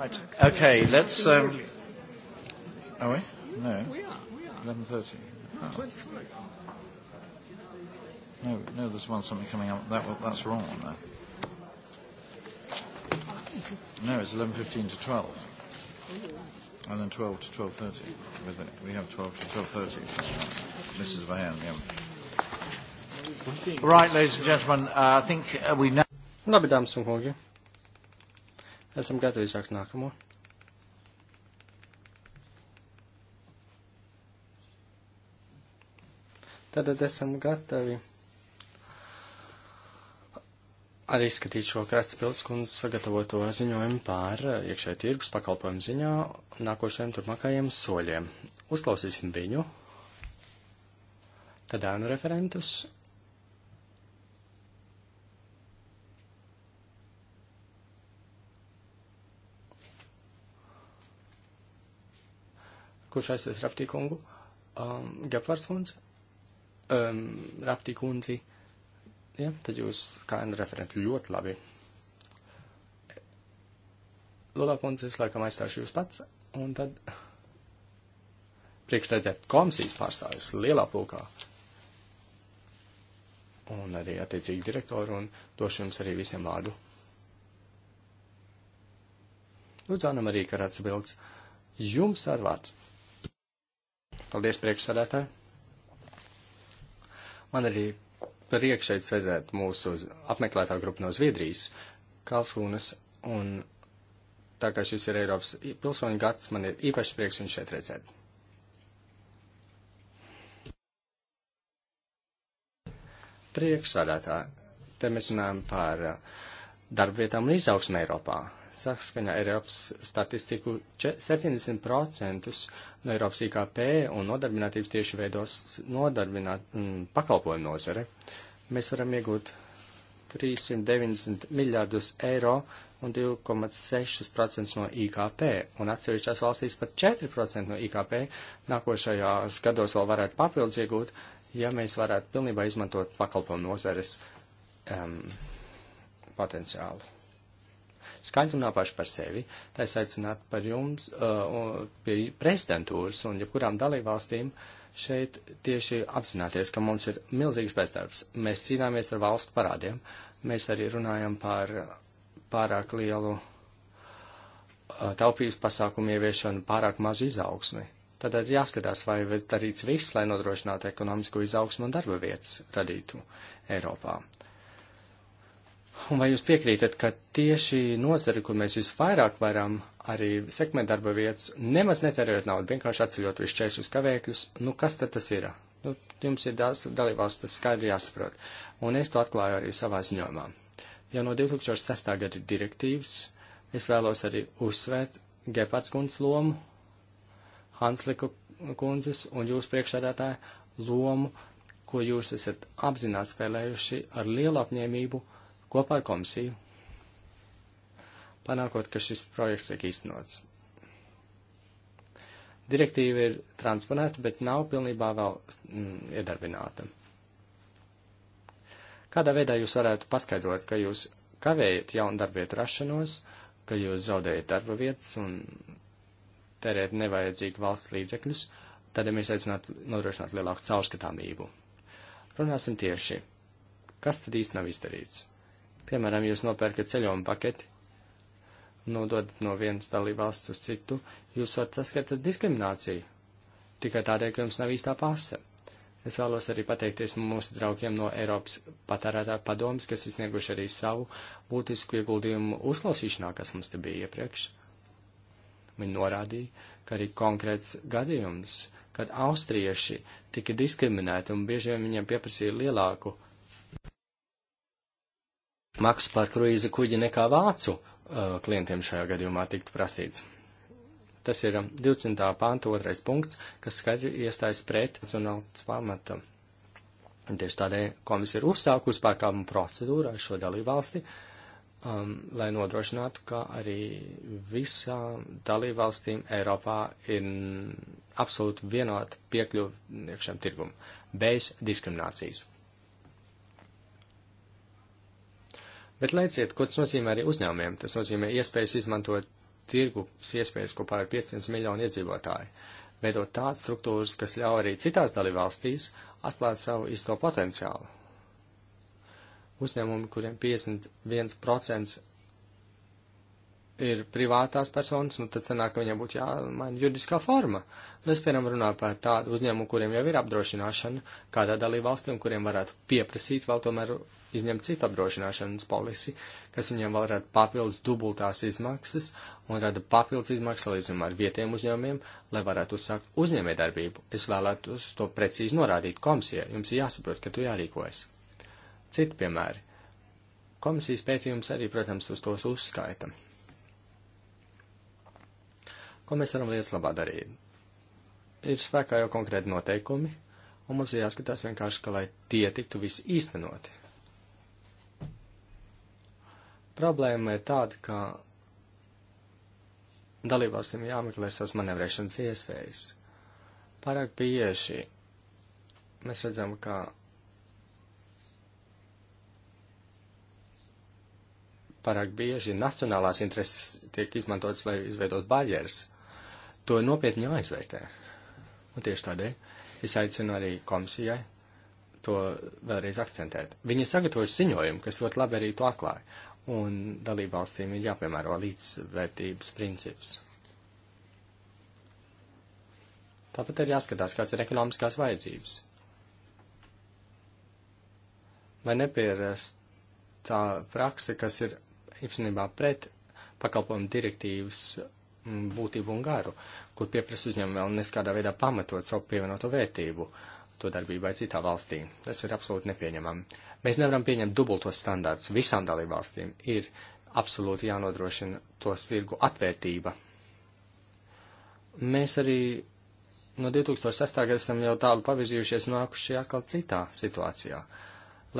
Right. Okay, let's. Um, are we? No. We are. We are. Eleven thirty. No, oh. twenty-five. No, no. There's one something coming up. That that's wrong. No. No, it's eleven fifteen to twelve. And then twelve to twelve thirty. We have twelve to twelve thirty. Mrs. Vahan, yeah. Right, ladies and
gentlemen, uh, I think uh, we now. Labi, dāmas un kungi, Esam gatavi sākt nākamo. Tātad esam gatavi arī skatīt šo Krastpils kundzes sagatavoto ziņojumu pār uh, iekšēju tirgus pakalpojumu ziņā nākošajiem turpmākajiem soļiem. Uzklausīsim viņu, tad ēnu referentus kurš aizsēs Raptīkungu, um, Gepvards kundze, um, Raptī kundzi, ja, tad jūs kā referenti ļoti labi. Lulā kundze, es laikam aizstāšu jūs pats, un tad priekšredzēt komisijas pārstāvjus lielā pulkā. Un arī attiecīgi direktoru, un došu jums arī visiem vārdu. Lūdzu, Anam arī, ka atsebildes. Jums ar vārds. Paldies, priekšsēdētāji. Man arī prieks šeit sēdēt mūsu apmeklētā grupa no Zviedrijas, Kalsūnas, un tā kā šis ir Eiropas pilsoņu gads, man ir īpaši prieks viņu šeit redzēt. Priekšsādātā, te mēs runājam par darbvietām un izaugsmu Eiropā saskaņā ar Eiropas statistiku 70% no Eiropas IKP un nodarbinātības tieši veidos nodarbināt mm, pakalpojumu nozare, mēs varam iegūt 390 miljārdus eiro un 2,6% no IKP, un atsevišķās valstīs pat 4% no IKP nākošajās gados vēl varētu papildus iegūt, ja mēs varētu pilnībā izmantot pakalpojumu nozares um, potenciālu skaidri runā paši par sevi, tā es aicinātu par jums uh, pie prezidentūras un jebkurām dalībvalstīm šeit tieši apzināties, ka mums ir milzīgs bezdarbs. Mēs cīnāmies ar valstu parādiem, mēs arī runājam par pārāk lielu uh, taupības pasākumu ieviešanu, pārāk mazu izaugsmi. Tad ir jāskatās, vai ir darīts viss, lai nodrošinātu ekonomisko izaugsmu un darba vietas radītu Eiropā. Uh, Un vai jūs piekrītat, ka tieši nozari, kur mēs visvairāk varam arī sekmēt darba vietas, nemaz netērējot naudu, vienkārši atceļot visu čēršus kavēkļus, nu kas tad tas ir? Nu, jums ir dalībvalsts, tas skaidri jāsaprot. Un es to atklāju arī savā ziņojumā. Jau no 2006. gada direktīvas es vēlos arī uzsvērt Gepārds kundzes lomu, Hansliku kundzes un jūsu priekšsēdētāju lomu, ko jūs esat apzināti spēlējuši ar lielu apņēmību kopā ar komisiju, panākot, ka šis projekts tiek īstenots. Direktīva ir transponēta, bet nav pilnībā vēl mm, iedarbināta. Kādā veidā jūs varētu paskaidrot, ka jūs kavējat jaunu darbvietu rašanos, ka jūs zaudējat darba vietas un tērēt nevajadzīgu valsts līdzekļus, tad ja mēs aicinātu nodrošināt lielāku caurskatāmību. Runāsim tieši, kas tad īsti nav izdarīts. Piemēram, jūs nopērkat ceļojumu paketi, nododat no vienas dalībvalsts uz citu, jūs varat saskatīt diskrimināciju. Tikai tādēļ, ka jums nav īstā pasa. Es vēlos arī pateikties mūsu draugiem no Eiropas patērētāju padomas, kas izsnieguši arī savu būtisku ieguldījumu uzklausīšanā, kas mums te bija iepriekš. Viņi norādīja, ka arī konkrēts gadījums, kad austrieši tika diskriminēti un bieži vien viņiem pieprasīja lielāku maksu par kruīza kuģi nekā vācu uh, klientiem šajā gadījumā tiktu prasīts. Tas ir 20. Um, pānta otrais punkts, kas skaidri iestājas pret nacionālas pamata. Tieši tādēļ komisija ir uzsākusi pārkāpumu procedūru ar šo dalību valsti, um, lai nodrošinātu, ka arī visām dalību valstīm Eiropā ir mm, absolūti vienota piekļuva iekšējiem tirgumam, bez diskriminācijas. Bet laiciet, ko tas nozīmē arī uzņēmumiem. Tas nozīmē iespējas izmantot tirgus iespējas, ko pār 500 miljonu iedzīvotāji, veidot tādas struktūras, kas ļauj arī citās dalībvalstīs atklāt savu īsto potenciālu. Uzņēmumi, kuriem 51% ir privātās personas, nu tad sanāk, ka viņam būtu jāmaina juridiskā forma. Nu, es, piemēram, runāju par tādu uzņēmumu, kuriem jau ir apdrošināšana, kādā dalībvalstī, un kuriem varētu pieprasīt vēl tomēr izņemt citu apdrošināšanas polisi, kas viņiem vēl rada papildus dubultās izmaksas un rada papildus izmaksas līdzinām ar vietiem uzņēmumiem, lai varētu uzsākt uzņēmē darbību. Es vēlētos to precīzi norādīt komisijai. Jums ir jāsaprot, ka tu jārīkojas. Citi piemēri. Komisijas pētījums arī, protams, uz tos uzskaita. Ko mēs varam lietas labā darīt? Ir spēkā jau konkrēti noteikumi, un mums ir jāskatās vienkārši, ka lai tie tiktu visi īstenoti. Problēma ir tāda, ka dalībvalstīm jāmeklē savas manevrēšanas iespējas. Pārāk bieži mēs redzam, ka pārāk bieži nacionālās intereses tiek izmantotas, lai izveidot barjeras To nopietni jāizvērtē. Un tieši tādēļ es aicinu arī komisijai to vēlreiz akcentēt. Viņi ir sagatavojuši ziņojumu, kas ļoti labi arī to atklāja, un dalību valstīm ir jāpiemēro līdzvērtības princips. Tāpat ir jāskatās, kāds ir ekonomiskās vajadzības. Vai nepierast tā praksa, kas ir īstenībā pret pakalpojumu direktīvas Mm, būtību un garu, kur pieprasa uzņēmumu vēl neskādā veidā pamatot savu pievienoto vērtību to darbībai citā valstī. Tas ir absolūti nepieņemami. Mēs nevaram pieņemt dubultos standārtus. Visām dalībvalstīm ir absolūti jānodrošina to tirgu atvērtība. Mēs arī no 2006. gada esam jau tālu pavirzījušies nākuši atkal citā situācijā.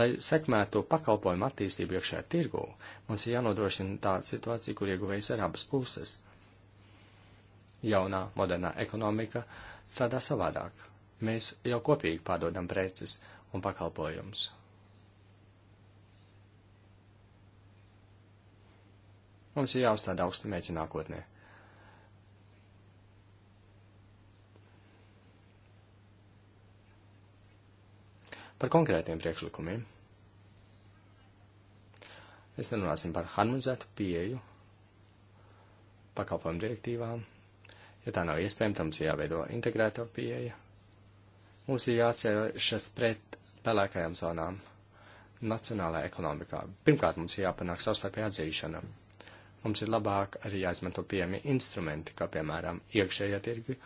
Lai sekmētu pakalpojumu attīstību iekšējā tirgū, mums ir jānodrošina tāda situācija, kur ieguvējs ir abas puses jaunā, modernā ekonomika strādā savādāk. Mēs jau kopīgi pārdodam preces un pakalpojumus. Mums ir jāuzstāda augsta mērķa nākotnē. Par konkrētiem priekšlikumiem. Mēs nerunāsim par harmonizētu pieeju pakalpojumu direktīvām, Ja tā nav iespējama, tad mums ir jāveido integrēta pieeja. Mums ir jāatceršas pret pelēkajām zonām nacionālajā ekonomikā. Pirmkārt, mums ir jāpanāk savstarpēja atzīšana. Mums ir labāk arī jāizmanto pieejami instrumenti, kā piemēram iekšējā tirgi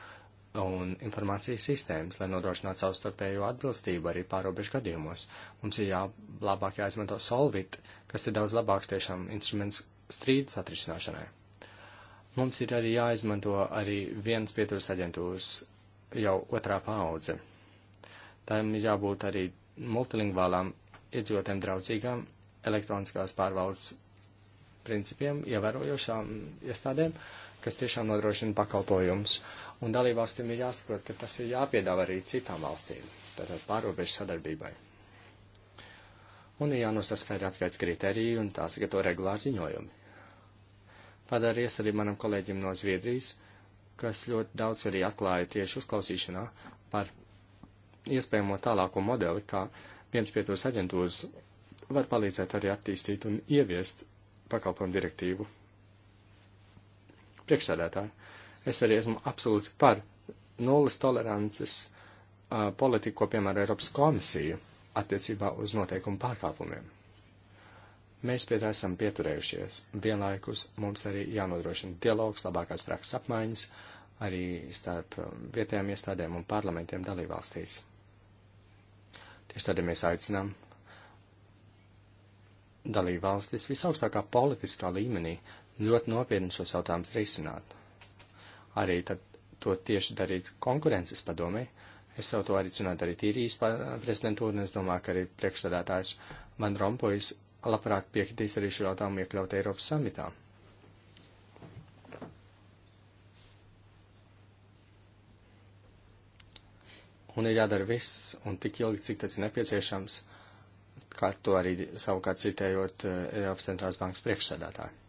un informācijas sistēmas, lai nodrošinātu savstarpējo atbilstību arī pārobežu gadījumos. Mums ir jā, labāk jāizmanto Solvit, kas ir daudz labāks tiešām instruments strīdus atrisināšanai. Mums ir arī jāizmanto arī viens pieturas aģentūras jau otrā paudze. Tām ir jābūt arī multilingvālām, iedzīvotēm draudzīgām, elektroniskās pārvaldes principiem ievērojošām iestādēm, kas tiešām nodrošina pakalpojumus. Un dalībvalstīm ir jāsaprot, ka tas ir jāpiedāvā arī citām valstīm, tātad pārobežu sadarbībai. Un ir jānosaka skaidri atskaits kriteriji un tās gatavo regulāri ziņojumi padarījies arī manam kolēģim no Zviedrijas, kas ļoti daudz arī atklāja tieši uzklausīšanā par iespējamo tālāko modeli, kā viens pie tos aģentūras var palīdzēt arī attīstīt un ieviest pakalpojumu direktīvu. Priekšsēdētāji, es arī esmu absolūti par nulles tolerances uh, politiku, ko piemēra Eiropas komisija attiecībā uz noteikumu pārkāpumiem. Mēs pie tā esam pieturējušies. Vienlaikus mums arī jānodrošina dialogs, labākās prakses apmaiņas arī starp um, vietējām iestādēm un parlamentiem dalībvalstīs. Tieši tādēļ mēs aicinām dalībvalstis visaugstākā politiskā līmenī ļoti nopietni šos jautājumus risināt. Arī tad to tieši darīt konkurences padomē. Es jau to aicinātu arī tīrijas prezidentūru, un es domāju, ka arī priekšstādātājs Van Rompuis labprāt piekritīs arī šo jautājumu iekļaut Eiropas samitā. Un ir jādara viss, un tik ilgi, cik tas ir nepieciešams, kā to arī savukārt citējot eh, Eiropas centrālās bankas priekšsēdētāju.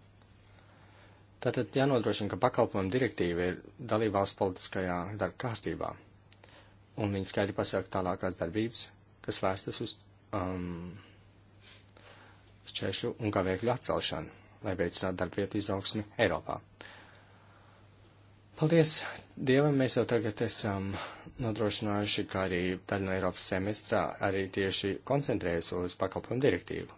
Tātad jānodrošina, ka pakalpojumu direktīva ir dalībvalsts politiskajā darba kārtībā, un viņi skaidri pasaka tālākās darbības, kas vērstas uz um, šķēršļu un kavēkļu atcelšanu, lai veicinātu darbvietu izaugsmi Eiropā. Paldies Dievam, mēs jau tagad esam nodrošinājuši, ka arī daļa no Eiropas semestrā arī tieši koncentrējas uz pakalpojumu direktīvu.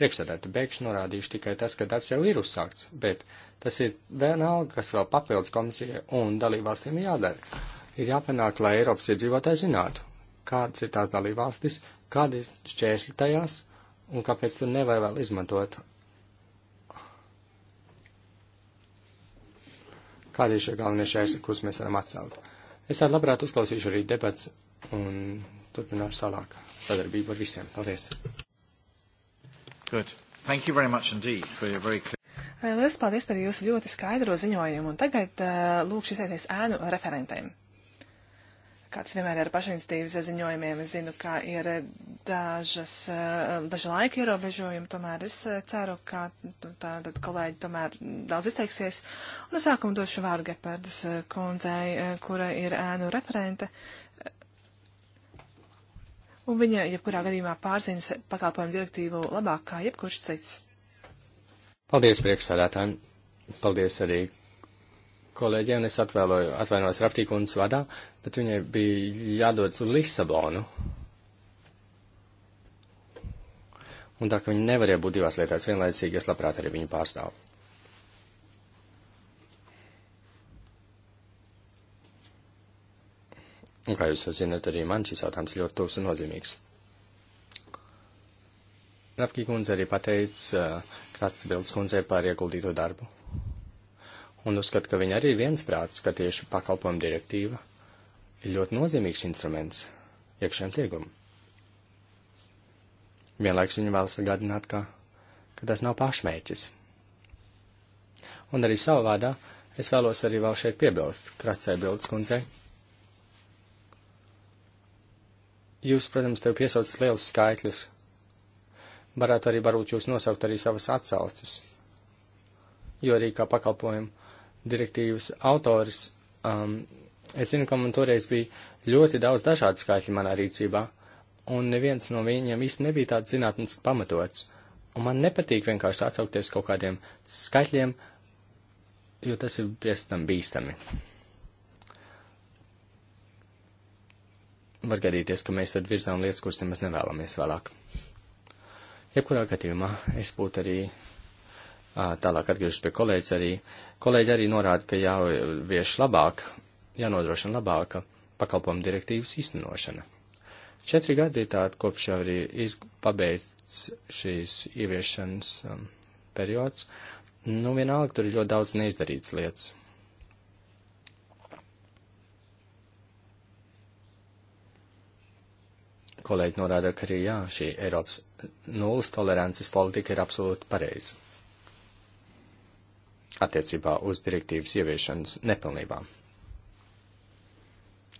Priekšsēdētāji beigšu norādīšu tikai tas, ka darbs jau ir uzsākts, bet tas ir vienalga, kas vēl papildus komisija un dalībvalstīm jādara. Ir jāpanāk, lai Eiropas iedzīvotāji zinātu, kādas ir tās dalībvalstis, kādi ir šķēršļi tajās un kāpēc to nevar vēl izmantot. Kādi ir šie galvenie šķērsi, kurus mēs varam atcelt? Es tādu labprāt uzklausīšu arī debats un turpināšu tālāk sadarbību ar visiem. Paldies!
Good. Thank you very much indeed for your very clear.
Lielas paldies par jūsu ļoti skaidro ziņojumu, un tagad uh, eh, lūkšu izteikties ēnu referentiem kā tas vienmēr ir pašinstīvas ziņojumiem. Es zinu, ka ir dažas, eh, daži laika ierobežojumi, tomēr es eh, ceru, ka tātad kolēģi tomēr daudz izteiksies. Un no sākuma došu vārdu Gepardas eh, kundzei, kura ir ēnu referente. Un viņa, jebkurā gadījumā, pārzinas pakalpojumu direktīvu labāk kā jebkurš cits.
Paldies priekšsādātājiem! Paldies arī kolēģiem, es atvēloju, atvainojos Raptīkundas vadā, bet viņai bija jādodas uz Lisabonu. Un tā, ka viņi nevarēja būt divās lietās vienlaicīgi, es labprāt arī viņu pārstāvu. Un kā jūs zinat, arī man šis jautājums ļoti tuvs un nozīmīgs. Rapkī kundze arī pateica uh, Kratas Bildes kundzei par ieguldīto darbu un uzskatu, ka viņi arī ir viensprāts, ka tieši pakalpojuma direktīva ir ļoti nozīmīgs instruments iekšējiem tirgumam. Vienlaiks viņi vēlas atgādināt, ka, ka tas nav pašmērķis. Un arī savā vārdā es vēlos arī vēl šeit piebilst Kracē Bildes kundzei. Jūs, protams, tev piesaucat lielus skaitļus. Varētu arī varbūt jūs nosaukt arī savas atsauces, jo arī kā pakalpojumu direktīvas autors, um, es zinu, ka man toreiz bija ļoti daudz dažādu skaitļu manā rīcībā, un neviens no viņiem īsti nebija tāds zinātniski pamatots. Un man nepatīk vienkārši atsaukties kaut kādiem skaitļiem, jo tas ir pēc tam bīstami. Var gadīties, ka mēs tad virzām lietas, kuras nemaz nevēlamies vēlāk. Jebkurā gadījumā es būtu arī Tālāk atgriežas pie kolēģis arī. Kolēģi arī norāda, ka jāvieš labāk, jānodrošina labāka pakalpojuma direktīvas īstenošana. Četri gadi ir tāda, kopš jau arī ir pabeigts šīs ieviešanas um, periods. Nu, vienalga, tur ir ļoti daudz neizdarītas lietas. Kolēģi norāda, ka arī jā, šī Eiropas nulles tolerances politika ir absolūti pareiza attiecībā uz direktīvas ieviešanas nepilnībām.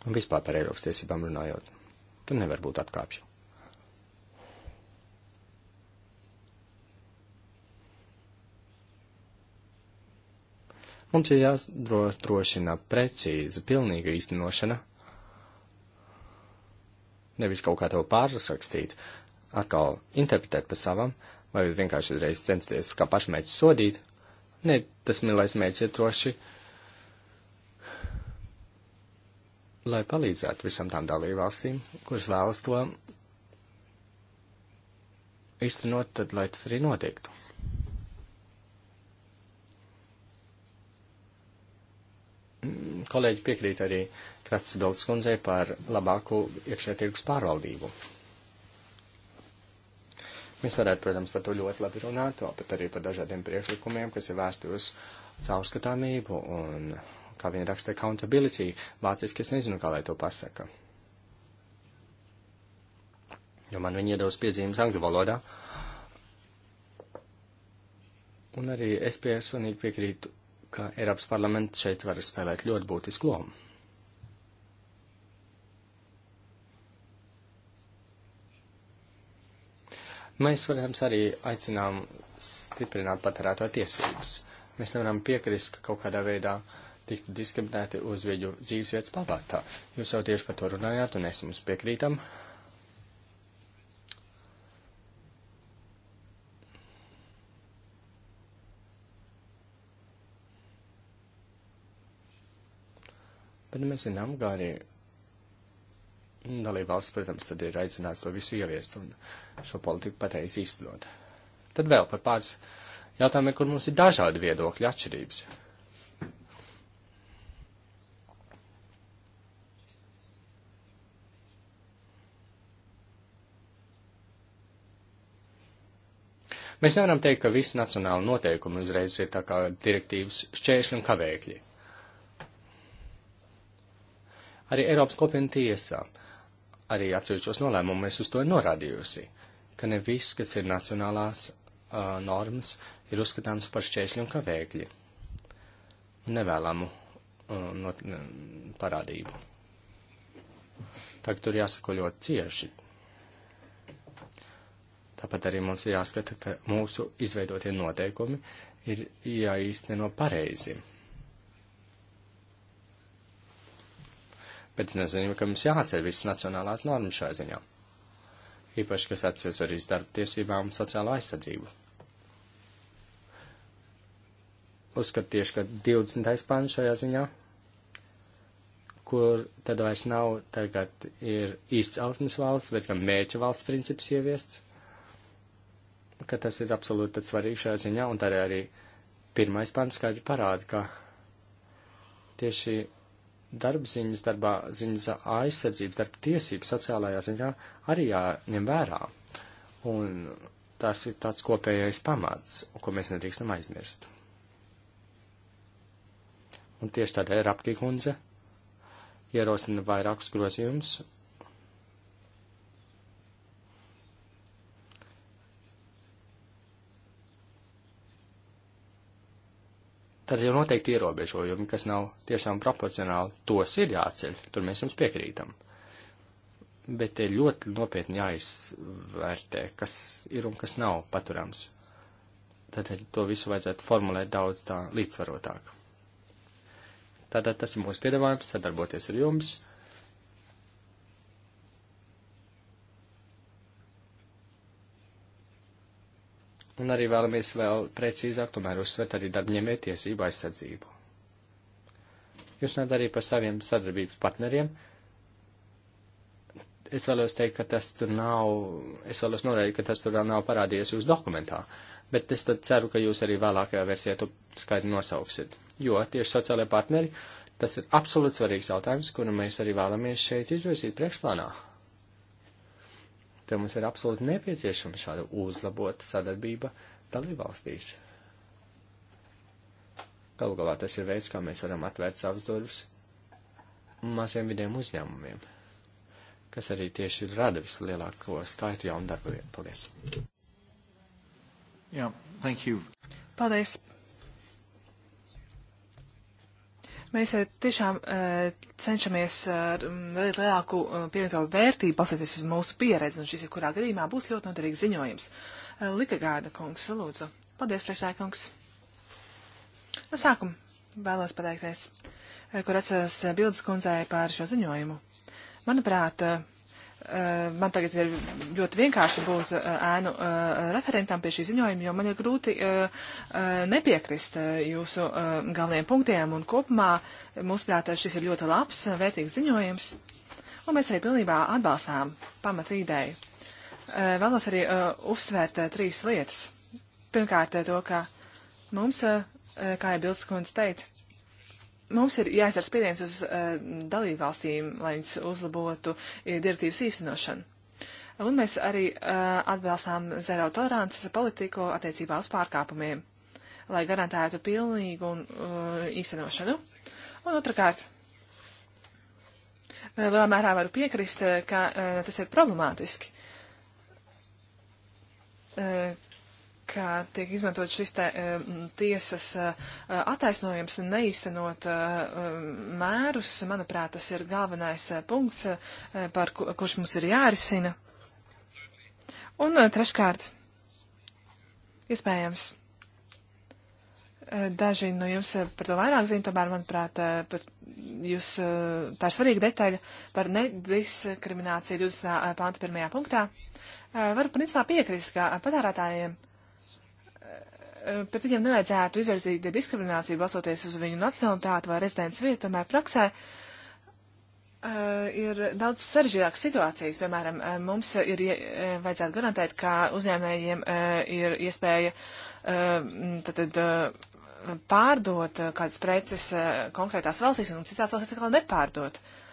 Un vispār par Eiropas tiesībām runājot, tur nevar būt atkāpju. Mums ir jāsdrošina precīza, pilnīga īstenošana, nevis kaut kā to pārrakstīt, atkal interpretēt pa savam, vai vienkārši reiz censties kā pašmērķis sodīt, Ne, tas mīlais mērķis ir droši, lai palīdzētu visam tām dalībvalstīm, kuras vēlas to īstenot, tad lai tas arī notiektu. Mm, kolēģi piekrīt arī Kratsidovs kundzei par labāku iekšē tirgus pārvaldību. Mēs varētu, protams, par to ļoti labi runāt, bet arī par dažādiem priekšlikumiem, kas ir vēsti uz caurskatāmību un, kā viņi raksta, accountability. Vāciski es nezinu, kā lai to pasaka. Jo man viņi iedos piezīmes angļu valodā. Un arī es personīgi piekrītu, ka Eiropas parlaments šeit var spēlēt ļoti būtisku lomu. Mēs, protams, arī aicinām stiprināt patērētāju tiesības. Mēs nevaram piekrist, ka kaut kādā veidā tiktu diskriminēti uz viņu dzīvesvietas pamatā. Jūs jau tieši par to runājāt, un es jums piekrītam. Bet mēs zinām, kā arī dalība valsts, protams, tad ir aicināts to visu ieviest un šo politiku patreiz īstenot. Tad vēl par pāris jautājumiem, kur mums ir dažādi viedokļi atšķirības. Mēs nevaram teikt, ka visi nacionāli noteikumi uzreiz ir tā kā direktīvas šķēršļi un kavēkļi. Arī Eiropas kopiena tiesā arī atsevišķos nolēmumos uz to ir norādījusi, ka ne viss, kas ir nacionālās uh, normas, ir uzskatāms par šķēršļu un kavēkļi un nevēlamu uh, not, ne, parādību. Tagad tur jāsako ļoti cieši. Tāpat arī mums ir jāskata, ka mūsu izveidotie noteikumi ir jāīsteno pareizi. bet es nezinu, ka mums jāatcer visas nacionālās normas šajā ziņā. Īpaši, kas atcels arī uz darba tiesībām un sociālo aizsardzību. Uzskat tieši, ka 20. pāns šajā ziņā, kur tad vairs nav tagad ir izcelsmes valsts, bet gan mērķa valsts princips ieviests, ka tas ir absolūti svarīgi šajā ziņā, un tad arī pirmais pāns skaidri parāda, ka tieši darbziņas, darbā ziņas aizsardzība, darba tiesības sociālajā ziņā arī jāņem vērā. Un tas ir tāds kopējais pamats, ko mēs nedrīkstam aizmirst. Un tieši tādēļ Raptīkundze ierosina vairākus grozījumus tad jau noteikti ierobežojumi, kas nav tiešām proporcionāli, tos ir jāceļ, tur mēs jums piekrītam. Bet te ļoti nopietni jāizvērtē, kas ir un kas nav paturams. Tad to visu vajadzētu formulēt daudz tā līdzsvarotāk. Tātad tas ir mūsu piedāvājums sadarboties ar jums un arī vēlamies vēl precīzāk tomēr uzsvērt arī darbņēmē tiesību aizsardzību. Jūs runājat arī par saviem sadarbības partneriem. Es vēlos teikt, ka tas tur nav, es vēlos norādīt, ka tas tur nav parādījies jūsu dokumentā, bet es tad ceru, ka jūs arī vēlākajā versijā to skaidri nosauksiet. Jo tieši sociālajie partneri, tas ir absolūti svarīgs jautājums, kuru mēs arī vēlamies šeit izvirzīt priekšplānā Te mums ir absolūti nepieciešama šāda uzlabota sadarbība dalībvalstīs. Galu galā tas ir veids, kā mēs varam atvērt savus durvis maziem vidiem uzņēmumiem, kas arī tieši rada vislielāko skaitu jaunu darbu vietu. Paldies!
Jā, yeah, thank you! Paldies! Mēs eh, tiešām eh, cenšamies eh, radīt lielāku pievienoto vērtību, paskatīties uz mūsu pieredzi, un šis, kurā gadījumā, būs ļoti noderīgs ziņojums. Lika gāda, kungs, lūdzu. Paldies, priekšsēkungs. No sākuma vēlos pateikties, kur atceras bildes kundzei par šo ziņojumu. Manuprāt, uh, Eh, man tagad ir ļoti vienkārši būt eh, ēnu eh, referentam pie šī ziņojuma, jo man ir grūti nepiekrist jūsu galvenajiem punktiem. Un kopumā, mūsuprāt, šis ir ļoti labs, vērtīgs ziņojums. Un mēs arī pilnībā atbalstām pamat ideju. Vēlos arī uzsvērt trīs lietas. Pirmkārt, to, ka mums, kā jau Bilskundze teica, mums ir jāizdara spiediens uz uh, dalībvalstīm, lai viņas uzlabotu eh, direktīvas īstenošanu. Un mēs arī uh, atbalstām zero tolerances politiku attiecībā uz pārkāpumiem, lai garantētu pilnīgu un, uh, īstenošanu. Un otrkārt, lielā mērā varu piekrist, ka uh, tas ir problemātiski. Uh, ka tiek izmantot šis te, eh, tiesas eh, attaisnojums neīstenot eh, mērus, manuprāt, tas ir galvenais punkts, par ku, kurš mums ir jārisina. Un treškārt, iespējams, daži no jums par to vairāk zina, tomēr, manuprāt, par jūs, tā ir svarīga detaļa par nediskrimināciju 20. pānta pirmajā punktā. Varu principā piekrist, ka patērētājiem Eh, pēc viņiem nevajadzētu izvirzīt diskrimināciju balsoties uz viņu nacionalitāti vai rezidents vietu, tomēr praksē eh, ir daudz sarežģītākas situācijas. Piemēram, eh, mums ir vajadzētu garantēt, ka uzņēmējiem ir iespēja tad, pārdot kādas preces konkrētās valstīs un citās valstīs atkal nepārdot. Uh,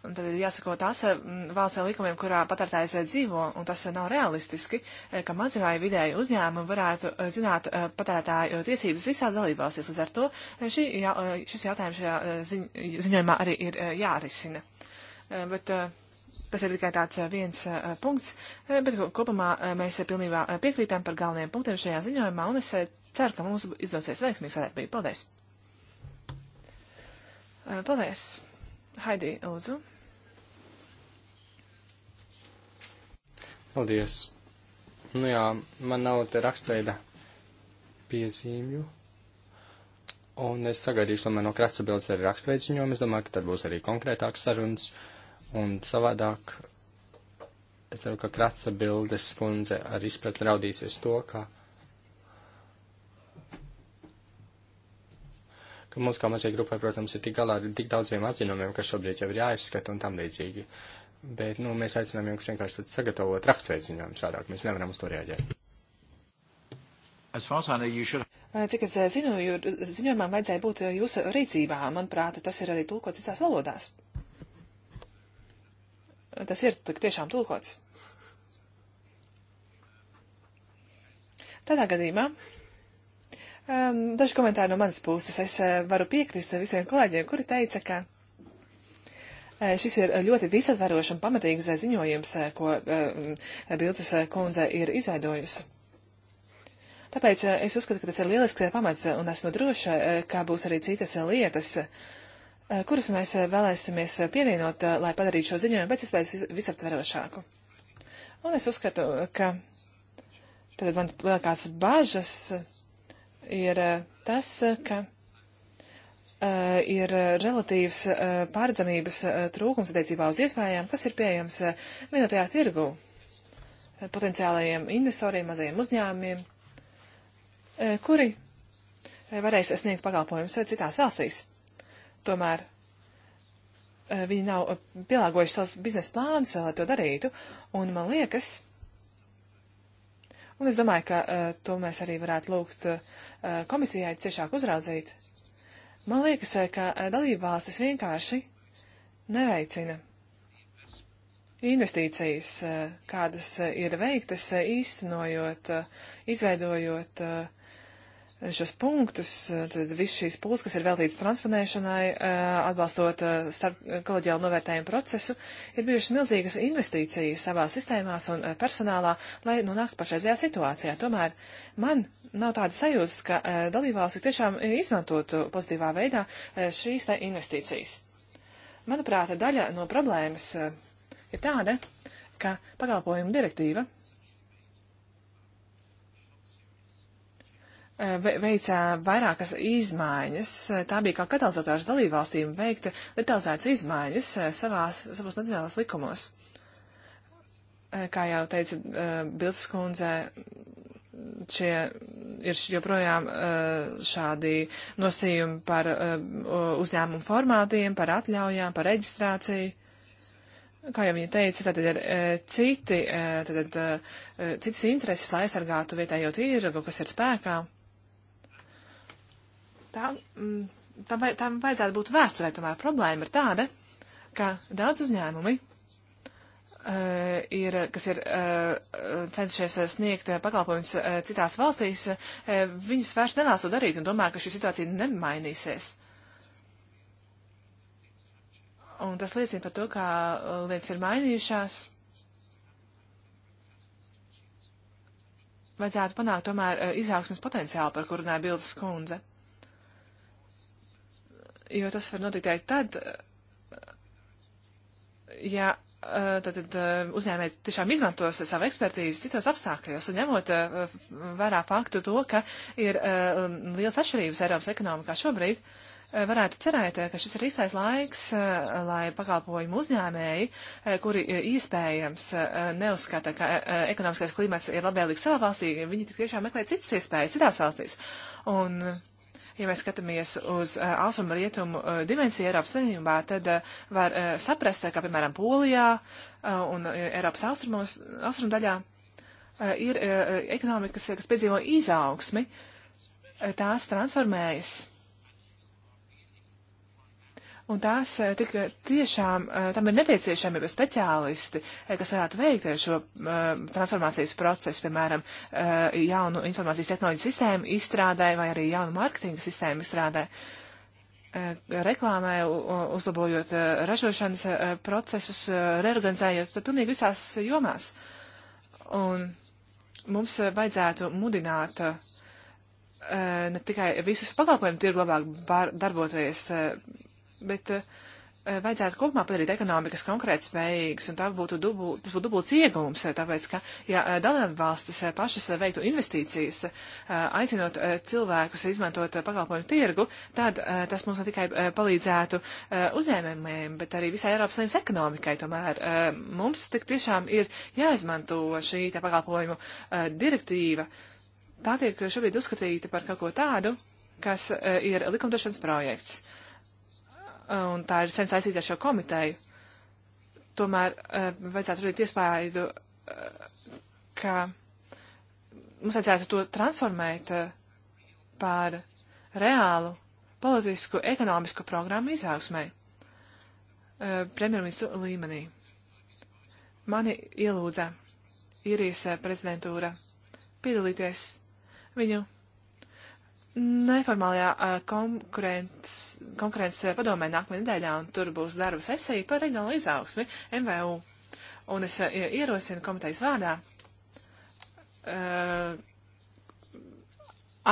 Un tad ir jāsako tās eh, valsts likumiem, kurā patērtājs eh, dzīvo, un tas eh, nav realistiski, ka mazie vai vidēji uzņēmumi varētu zināt patērtāju tiesības visās dalībvalstīs. Līdz ar to šī, jā, šis jautājums šajā ziņ, ziņojumā arī ir jārisina. Bet tas ir tikai tāds viens punkts, bet kopumā mēs pilnībā piekrītām par galvenajiem punktiem šajā ziņojumā, un es ceru, ka mums izdosies veiksmīgi sadarbība. Paldies! Paldies! Haidī, lūdzu.
Paldies. Nu jā, man nav te rakstveida piezīmju. Un es sagaidīšu, tomēr no Kratsabildes arī rakstveidus ziņojumu. Es domāju, ka tad būs arī konkrētāks sarunas un savādāk. Es ceru, ka Kratsabildes kundze ar izpratni raudīsies to, ka ka mums kā mazai grupai, protams, ir tik galā ar tik daudziem atzinumiem, kas šobrīd jau ir jāizskata un tam līdzīgi. Bet, nu, mēs aicinām jums vienkārši sagatavot rakstveiciņojumu sādāk, mēs nevaram uz to reaģēt.
As far as I know, you should.
Cik es zinu, ziņojumam vajadzēja būt jūsu rīcībā. Manuprāt, tas ir arī tulkots visās valodās. Tas ir tiešām tulkots. Tādā gadījumā Um, daži komentāri no manas puses. Es uh, varu piekrist visiem kolēģiem, kuri teica, ka uh, šis ir ļoti visatvarošs un pamatīgs uh, ziņojums, uh, ko uh, Bilces uh, kundze ir izveidojusi. Tāpēc uh, es uzskatu, ka tas ir lielisks pamats un esmu droša, uh, kā būs arī citas uh, lietas, uh, kuras mēs uh, vēlēsimies uh, pievienot, uh, lai padarītu šo ziņojumu pēc iespējas visaptverošāku. Un es uzskatu, ka tad mans lielākās bažas. Uh, ir eh, tas, ka eh, ir relatīvs eh, pārdzamības trūkums attiecībā uz iespējām, kas ir pieejams vienotajā tirgu potenciālajiem investoriem, mazajiem uzņēmumiem, kuri varēs sniegt pakalpojumus citās valstīs. Tomēr viņi nav pielāgojuši savus biznesa plānus, lai to darītu, un man liekas, Un es domāju, ka uh, to mēs arī varētu lūgt uh, komisijai ciešāk uzraudzīt. Man liekas, eh, ka uh, dalībvalstis vienkārši neveicina investīcijas, kādas ir veiktas, īstenojot, izveidojot uh, šos punktus, tad viss šīs pūles, kas ir veltīts transponēšanai, eh, atbalstot eh, starp kolēģiālu novērtējumu procesu, ir bijušas milzīgas investīcijas savā sistēmās un eh, personālā, lai nonāktu pašreizajā situācijā. Tomēr man nav tādas sajūtas, ka dalībvalsts tiešām izmantotu pozitīvā veidā šīs tā investīcijas. Manuprāt, daļa no problēmas ir tāda, ka pakalpojumu direktīva veica vairākas izmaiņas. Tā bija kā katalizators dalībvalstīm veikt detalizētas izmaiņas eh, savās, savos nacionālos likumos. Eh, kā jau teica eh, Bildes kundze, šie ir joprojām šādi nosījumi par uzņēmumu formātiem, par atļaujām, par reģistrāciju kā jau viņa teica, tad ir citi, tad, citas intereses, lai aizsargātu vietējo tīrgu, kas ir spēkā tā, mm, tam, tam vajadzētu būt vēsturē, tomēr problēma ir tāda, ka daudz uzņēmumi, uh, ir, kas ir uh, cenšies sniegt pakalpojumus uh, citās valstīs, uh, viņas vairs nevēlas to darīt un domā, ka šī situācija nemainīsies. Un tas liecina par to, kā lietas ir mainījušās. Vajadzētu panākt tomēr izaugsmas potenciālu, par kuru runāja Bildes kundze jo tas var notikt tikai tad, ja tātad eh, eh, uzņēmēji tiešām izmantos savu ekspertīzi citos apstākļos un ņemot eh, vērā faktu to, ka ir liels atšķirības Eiropas ekonomikā šobrīd, varētu cerēt, ka šis ir īstais laiks, lai pakalpojumu uzņēmēji, kuri iespējams neuzskata, ka ekonomiskais klimats ir labvēlīgs savā valstī, viņi tiešām meklē citas iespējas citās valstīs. Un Ja mēs skatāmies uz uh, austrumu rietumu uh, dimensiju Eiropas Savienībā, tad uh, var uh, saprast, ka, piemēram, Polijā uh, un uh, Eiropas austrumos, austrumu daļā uh, ir uh, ekonomikas, kas piedzīvo izaugsmi, uh, tās transformējas Un tās eh, tik tiešām, eh, tam ir nepieciešami speciālisti, eh, kas varētu veikt šo transformācijas procesu, piemēram, jaunu informācijas tehnoloģiju sistēmu izstrādē vai arī jaunu mārketinga sistēmu izstrādē reklāmai, uzlabojot ražošanas procesus, reorganizējot pilnīgi visās jomās. Un mums vajadzētu mudināt ne tikai visus pakalpojumu tirgu labāk darboties bet uh, vajadzētu kopumā padarīt ekonomikas konkrēt spējīgas, un tā būtu dubul, tas būtu dubults iegums, eh, tāpēc, ka, ja dalībvalstis pašas veiktu investīcijas, aicinot cilvēkus izmantot pakalpojumu tirgu, tad tas mums ne tikai palīdzētu uzņēmējiem, bet arī visai Eiropas Savienības ekonomikai. Tomēr mums tik tiešām ir jāizmanto šī pakalpojumu direktīva. Tā tiek šobrīd uzskatīta par kaut ko tādu, kas ir likumdošanas projekts. Uh, un tā ir sen saistīta ar šo komiteju. Tomēr eh, vajadzētu radīt iespēju, eh, ka mums vajadzētu to transformēt eh, par reālu politisku, ekonomisku programmu izaugsmai premjerministru līmenī. Mani ielūdza īrijas prezidentūra piedalīties viņu neformālajā konkurences padomē nākamajā nedēļā, un tur būs darba sesija par reģionālu izaugsmi MVU. Un es ierosinu komitejas vārdā uh,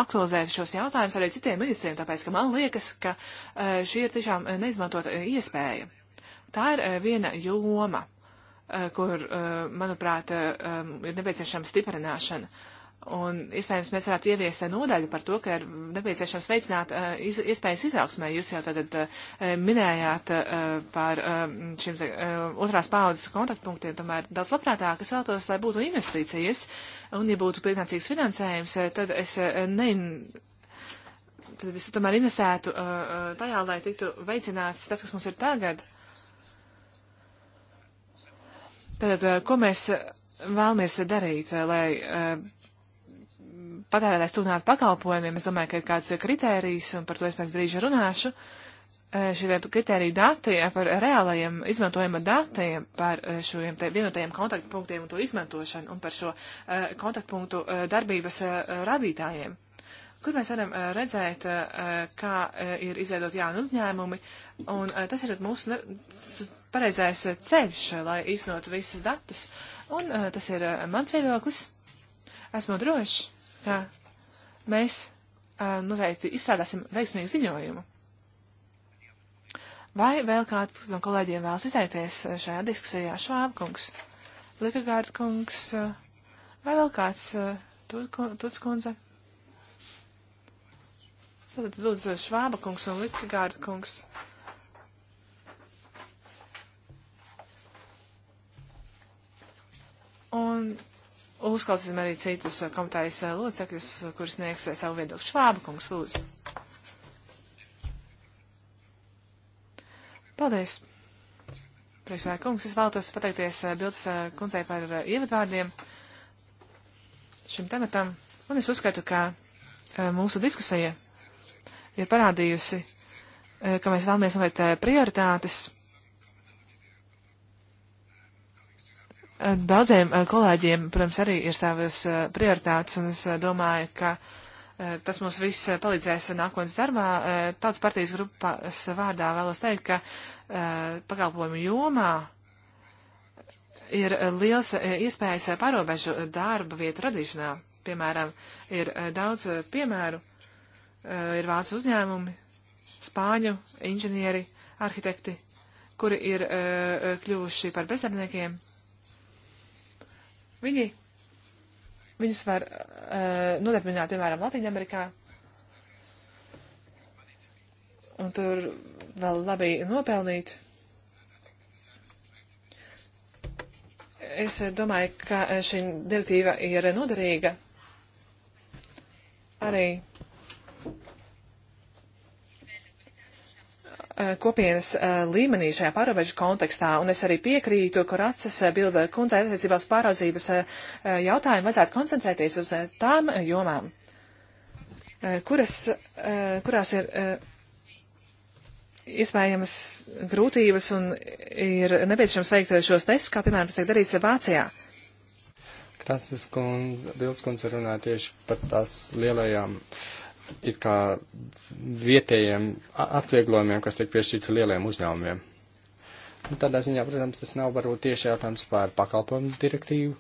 aktualizēt šos jautājumus arī citiem ministriem, tāpēc, ka man liekas, ka uh, šī ir tiešām neizmantota iespēja. Tā ir uh, viena joma, kur, manuprāt, um, ir nepieciešama stiprināšana Un, iespējams, mēs varētu ieviest uh, nodaļu par to, ka ir nepieciešams veicināt uh, iz, iespējas izaugsmē. Jūs jau tad uh, minējāt par um, šiem te, otrās paudzes kontaktpunktiem, tomēr daudz labprātāk es vēlētos, lai būtu investīcijas, un ja būtu pienācīgs finansējums, tad es nein tad es tomēr investētu uh, tajā, lai tiktu veicināts tas, kas mums ir tagad. Tad, uh, ko mēs vēlamies darīt, lai uh, patērētājs tūnāt pakalpojumiem, es domāju, ka ir kāds kritērijs, un par to es pēc brīža runāšu. Šie kritēriju dati par reālajiem izmantojuma datiem, par šiem vienotajiem kontaktpunktiem un to izmantošanu, un par šo kontaktpunktu darbības radītājiem kur mēs varam uh, redzēt, uh, kā uh, ir izveidot jaunu uzņēmumi. Un tas ir mūsu pareizais ceļš, lai iznotu visus datus. Un tas ir mans viedoklis. Esmu drošs, ka mēs noteikti izstrādāsim veiksmīgu ziņojumu. Vai vēl kāds no kolēģiem vēlas izteikties šajā diskusijā? Švābkungs, Likagārdkungs, vai vēl kāds Tutskundze? Tad lūdzu Švābakungs un Likagārdkungs. Un Uzklausīsim arī citus eh, komitājas eh, locekļus, eh, kurus sniegs savu viedokli. Švāba kungs, lūdzu. Paldies. Priekšsēdētāj kungs, es vēlētos pateikties Bildes kundzei par ievadvārdiem šim tematam. Un es uzskatu, ka mūsu diskusija ir parādījusi, ka mēs vēlamies nolikt prioritātes Eh, daudziem eh, kolēģiem, protams, arī ir savas eh, prioritātes, un es domāju, ka tas mums viss palīdzēs nākotnes darbā. Tautas partijas grupas vārdā vēlos teikt, ka pakalpojumu jomā ir liels iespējas pārobežu darba vietu radīšanā. Piemēram, ir daudz piemēru, ir vācu uzņēmumi, spāņu inženieri, arhitekti, kuri ir kļuvuši par bezdarbniekiem Viņi, viņus var uh, nodarbināt, piemēram, Latvijā-Amerikā. Un tur vēl labi nopelnīt. Es domāju, ka eh, šī direktīva ir noderīga arī Eh, kopienas eh, līmenī šajā pārobežu kontekstā, un es arī piekrītu, kur atsas eh, bilda kundzei attiecībās pārauzības jautājumu vajadzētu koncentrēties uz tām jomām, kuras, kurās ir iespējamas grūtības un ir nepieciešams veikt šos testus, kā piemēram tas tiek darīts Vācijā.
Krasnes kundze, Bilskundze runāja tieši par tās lielajām uh, it kā vietējiem atvieglojumiem, kas tiek piešķirts lieliem uzņēmumiem. Nu, tādā ziņā, protams, tas nav varbūt tieši jautājums par pakalpojumu direktīvu.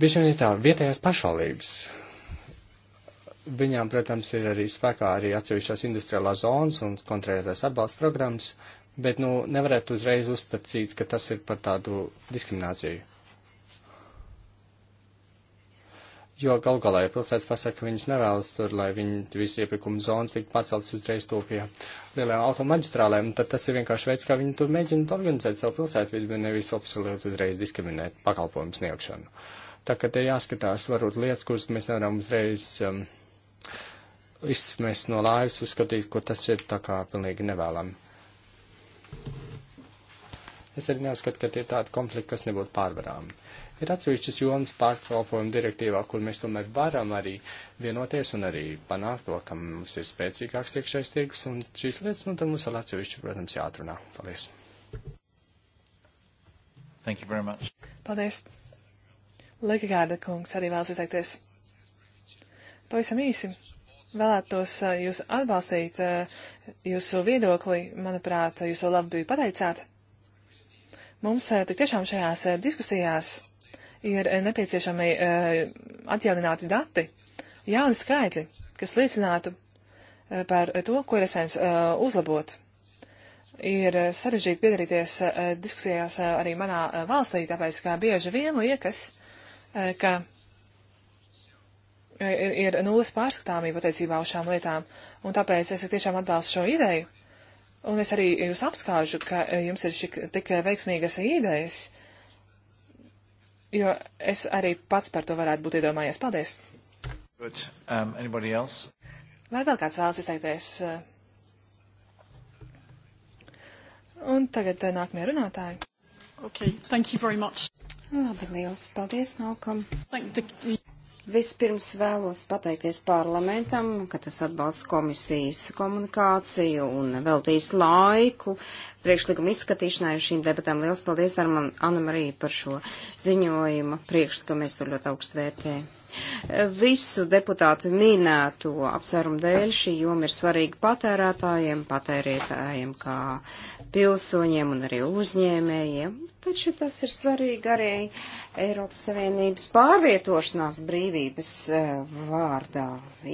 Bieži vien ir tā vietējās pašvaldības. Viņām, protams, ir arī spēkā arī atsevišķās industriālās zonas un kontrētās atbalsta programmas, bet, nu, nevarētu uzreiz uzstacīt, ka tas ir par tādu diskrimināciju. jo gal galā, ja pilsētas pasaka, ka viņas nevēlas tur, lai viņu visu iepirkumu zonas tiktu paceltas uzreiz to pie lielajām automaģistrālēm, tad tas ir vienkārši veids, kā viņi tur mēģina organizēt savu pilsētvidu, bet nevis absolūti uzreiz diskriminēt pakalpojumu sniegšanu. Tā kā te jāskatās, varbūt lietas, kuras mēs nevaram uzreiz um, izsmēst no lājas, uzskatīt, ko tas ir tā kā pilnīgi nevēlami. Es arī neuzskatu, ka tie ir tādi konflikti, kas nebūtu pārvarāmi. Uh, Ir atsevišķas jomas pārkalpojumu direktīvā, kur mēs tomēr varam arī vienoties un arī panākt to, ka mums ir spēcīgāks iekšējais tirgus un šīs lietas, nu, tad mums vēl atsevišķi, protams, jāatrunā. Paldies.
Thank you very much.
Paldies. Lekagārda kungs arī vēlas izteikties. Pavisam īsi vēlētos eh, jūs atbalstīt, eh, jūsu viedokli, manuprāt, jūs jau labi pateicāt. Mums eh, tik tiešām šajās diskusijās ir eh, nepieciešami eh, atjaunināti dati, jauni skaitļi, kas liecinātu eh, par to, ko ir iespējams uzlabot. Ir sarežģīti piedalīties diskusijās arī manā valstī, tāpēc, ka bieži vien liekas, ka ir, ir nulles pārskatāmība attiecībā uz šām lietām, un tāpēc es tiešām atbalstu šo ideju. Un es arī jūs apskāžu, ka jums ir šik, tik veiksmīgas idejas, jo es arī pats par to varētu būt iedomājies. Paldies!
But, um, Vai
vēl kāds vēlas izteikties? Un tagad uh, nākamie runātāji. Okay, thank you very much. Labi, liels paldies, Malcolm. Thank the... Vispirms
vēlos pateikties parlamentam, ka tas atbalsta komisijas komunikāciju un veltīs laiku priekšlikumu izskatīšanai šīm debatām. Liels paldies ar man, Anna Marija, par šo ziņojumu priekšlikumu. Mēs to ļoti augstu vērtējam. Visu deputātu minēto apsvērumu dēļ šī joma ir svarīga patērētājiem, patērētājiem kā pilsoņiem un arī uzņēmējiem, taču tas ir svarīgi arī Eiropas Savienības pārvietošanās brīvības eh, vārdā,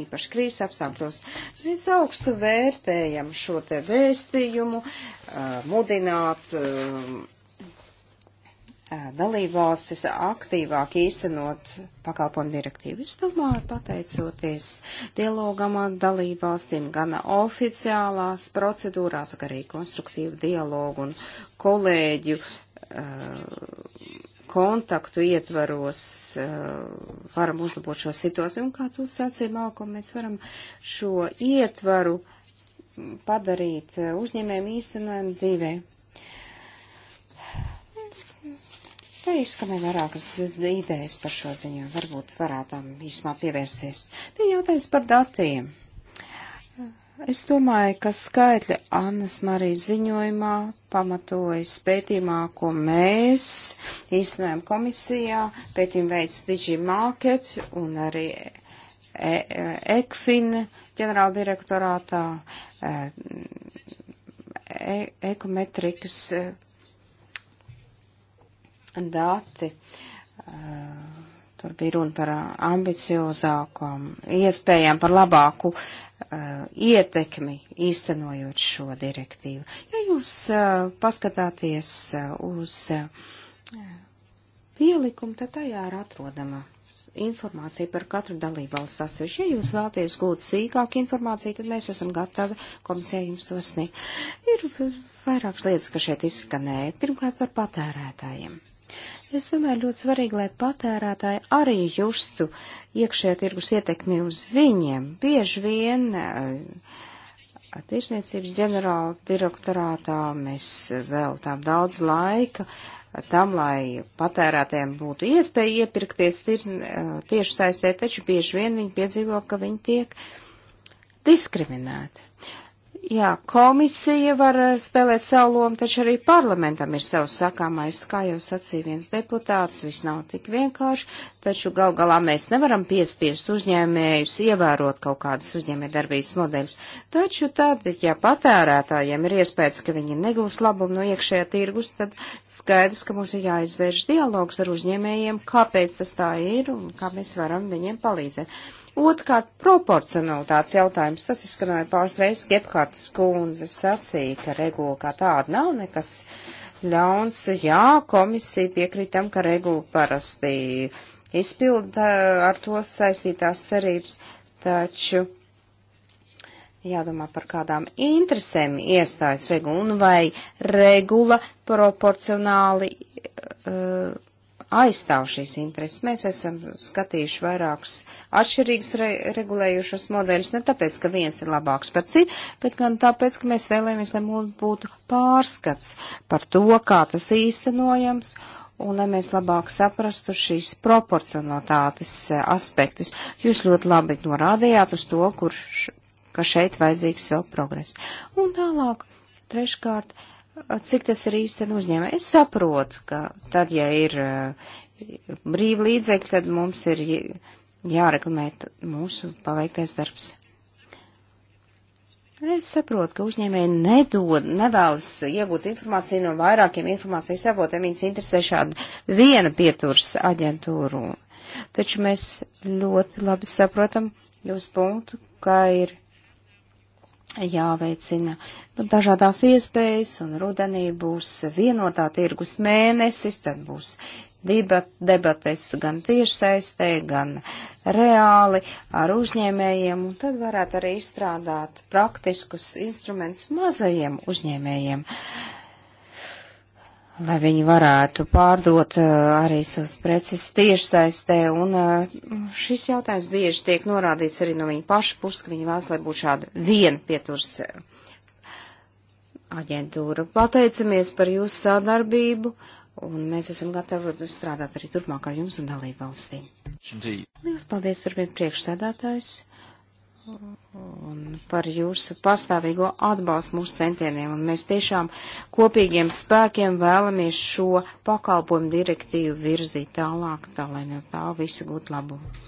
īpaši krīzes apstākļos. Mēs augstu vērtējam šo te vēstījumu, eh, mudināt eh, dalībvalstis aktīvāk īstenot pakalpojumu direktīvu. Es domāju, pateicoties dialogam ar dalībvalstīm, gan oficiālās procedūrās, gan arī konstruktīvu dialogu un kolēģu uh, kontaktu ietvaros uh, varam uzlabot šo situāciju. Un kā tu sacīji, Malko, mēs varam šo ietvaru padarīt uzņēmējiem īstenojumu dzīvēm Te izskanēja vairākas idejas par šo ziņu, varbūt varētām īsumā pievērsties. Te jautājums par datiem. Es domāju, ka skaitļi Annas Marijas ziņojumā pamatojas pētījumā, ko mēs īstenojam komisijā, pētījumu veids Digimarket un arī e, e, ECFIN ģenerāldirektorātā, e, ekometrikas e, dati. Eh, tur bija runa par ambiciozākām iespējām, par labāku eh, ietekmi īstenojot šo direktīvu. Ja jūs eh, paskatāties uz pielikumu, tad tajā ir atrodama informācija par katru dalībvalsts atsevišķi. Ja jūs vēlaties gūt sīkāku informāciju, tad mēs esam gatavi komisijai jums to sniegt. Ir vairākas lietas, kas šeit izskanēja. Pirmkārt par patērētājiem. Es domāju, ļoti svarīgi, lai patērētāji arī justu iekšējā tirgus ietekmi uz viņiem. Bieži vien eh, tirsniecības ģenerāla direktorātā mēs veltām daudz laika tam, lai patērētājiem būtu iespēja iepirkties eh, tieši saistē, taču bieži vien viņi piedzīvo, ka viņi tiek diskriminēti. Jā, komisija var eh, spēlēt savu lomu, taču arī parlamentam ir savs sakāmais, kā jau sacīja viens deputāts, viss nav tik vienkārši, taču gal galā mēs nevaram piespiest uzņēmējus ievērot kaut kādas uzņēmējdarbības modeļus. Taču tad, ja patērētājiem ir iespējas, ka viņi negūs labumu no iekšējā tirgus, tad skaidrs, ka mums ir jāizvērš dialogs ar uzņēmējiem, kāpēc tas tā ir un kā mēs varam viņiem palīdzēt. Otkārt, proporcionalitātes jautājums, tas izskanēja pāris reizes, Gebhardas kundze sacīja, ka regula kā tāda nav nekas ļauns. Jā, komisija piekrītam, ka regula parasti izpilda ar to saistītās cerības, taču jādomā par kādām interesēm iestājas regula un vai regula proporcionāli uh, aizstāv šīs intereses. Mēs esam skatījuši vairākus atšķirīgus re regulējušos modeļus, ne tāpēc, ka viens ir labāks par citu, bet gan tāpēc, ka mēs vēlējamies, lai mums būtu pārskats par to, kā tas īstenojams, un lai mēs labāk saprastu šīs proporcionalitātes eh, aspektus. Jūs ļoti labi norādījāt uz to, kur, š, ka šeit vajadzīgs vēl progress. Un tālāk, treškārt, uh, cik tas ir īsten uzņēmē. Es saprotu, ka tad, ja ir uh, brīvi līdzekļi, tad mums ir jāreklamē mūsu paveiktais darbs. Es saprotu, ka uzņēmēji nedod, nevēlas iegūt informāciju no vairākiem informācijas avotiem. Viņas interesē šādu viena pieturs aģentūru. Taču mēs ļoti labi saprotam jūsu punktu, ka ir jāveicina Nu, dažādās iespējas, un rudenī būs vienotā tirgus mēnesis, tad būs debat, debates gan tiešsaistē, gan reāli ar uzņēmējiem, un tad varētu arī izstrādāt praktiskus instrumentus mazajiem uzņēmējiem lai viņi varētu pārdot uh, arī savas preces tiešsaistē. Un uh, šis jautājums bieži tiek norādīts arī no viņa paša puses, ka viņi vēlas, lai būtu šāda viena pieturs uh, aģentūru. Pateicamies par jūsu sadarbību, un mēs esam gatavi strādāt arī turpmāk ar jums un dalību valstīm.
Lielas
paldies, turpin priekšsēdētājs, un par jūsu pastāvīgo atbalstu mūsu centieniem, un mēs tiešām kopīgiem spēkiem vēlamies šo pakalpojumu direktīvu virzīt tālāk, tā lai no tā visi gūtu labumu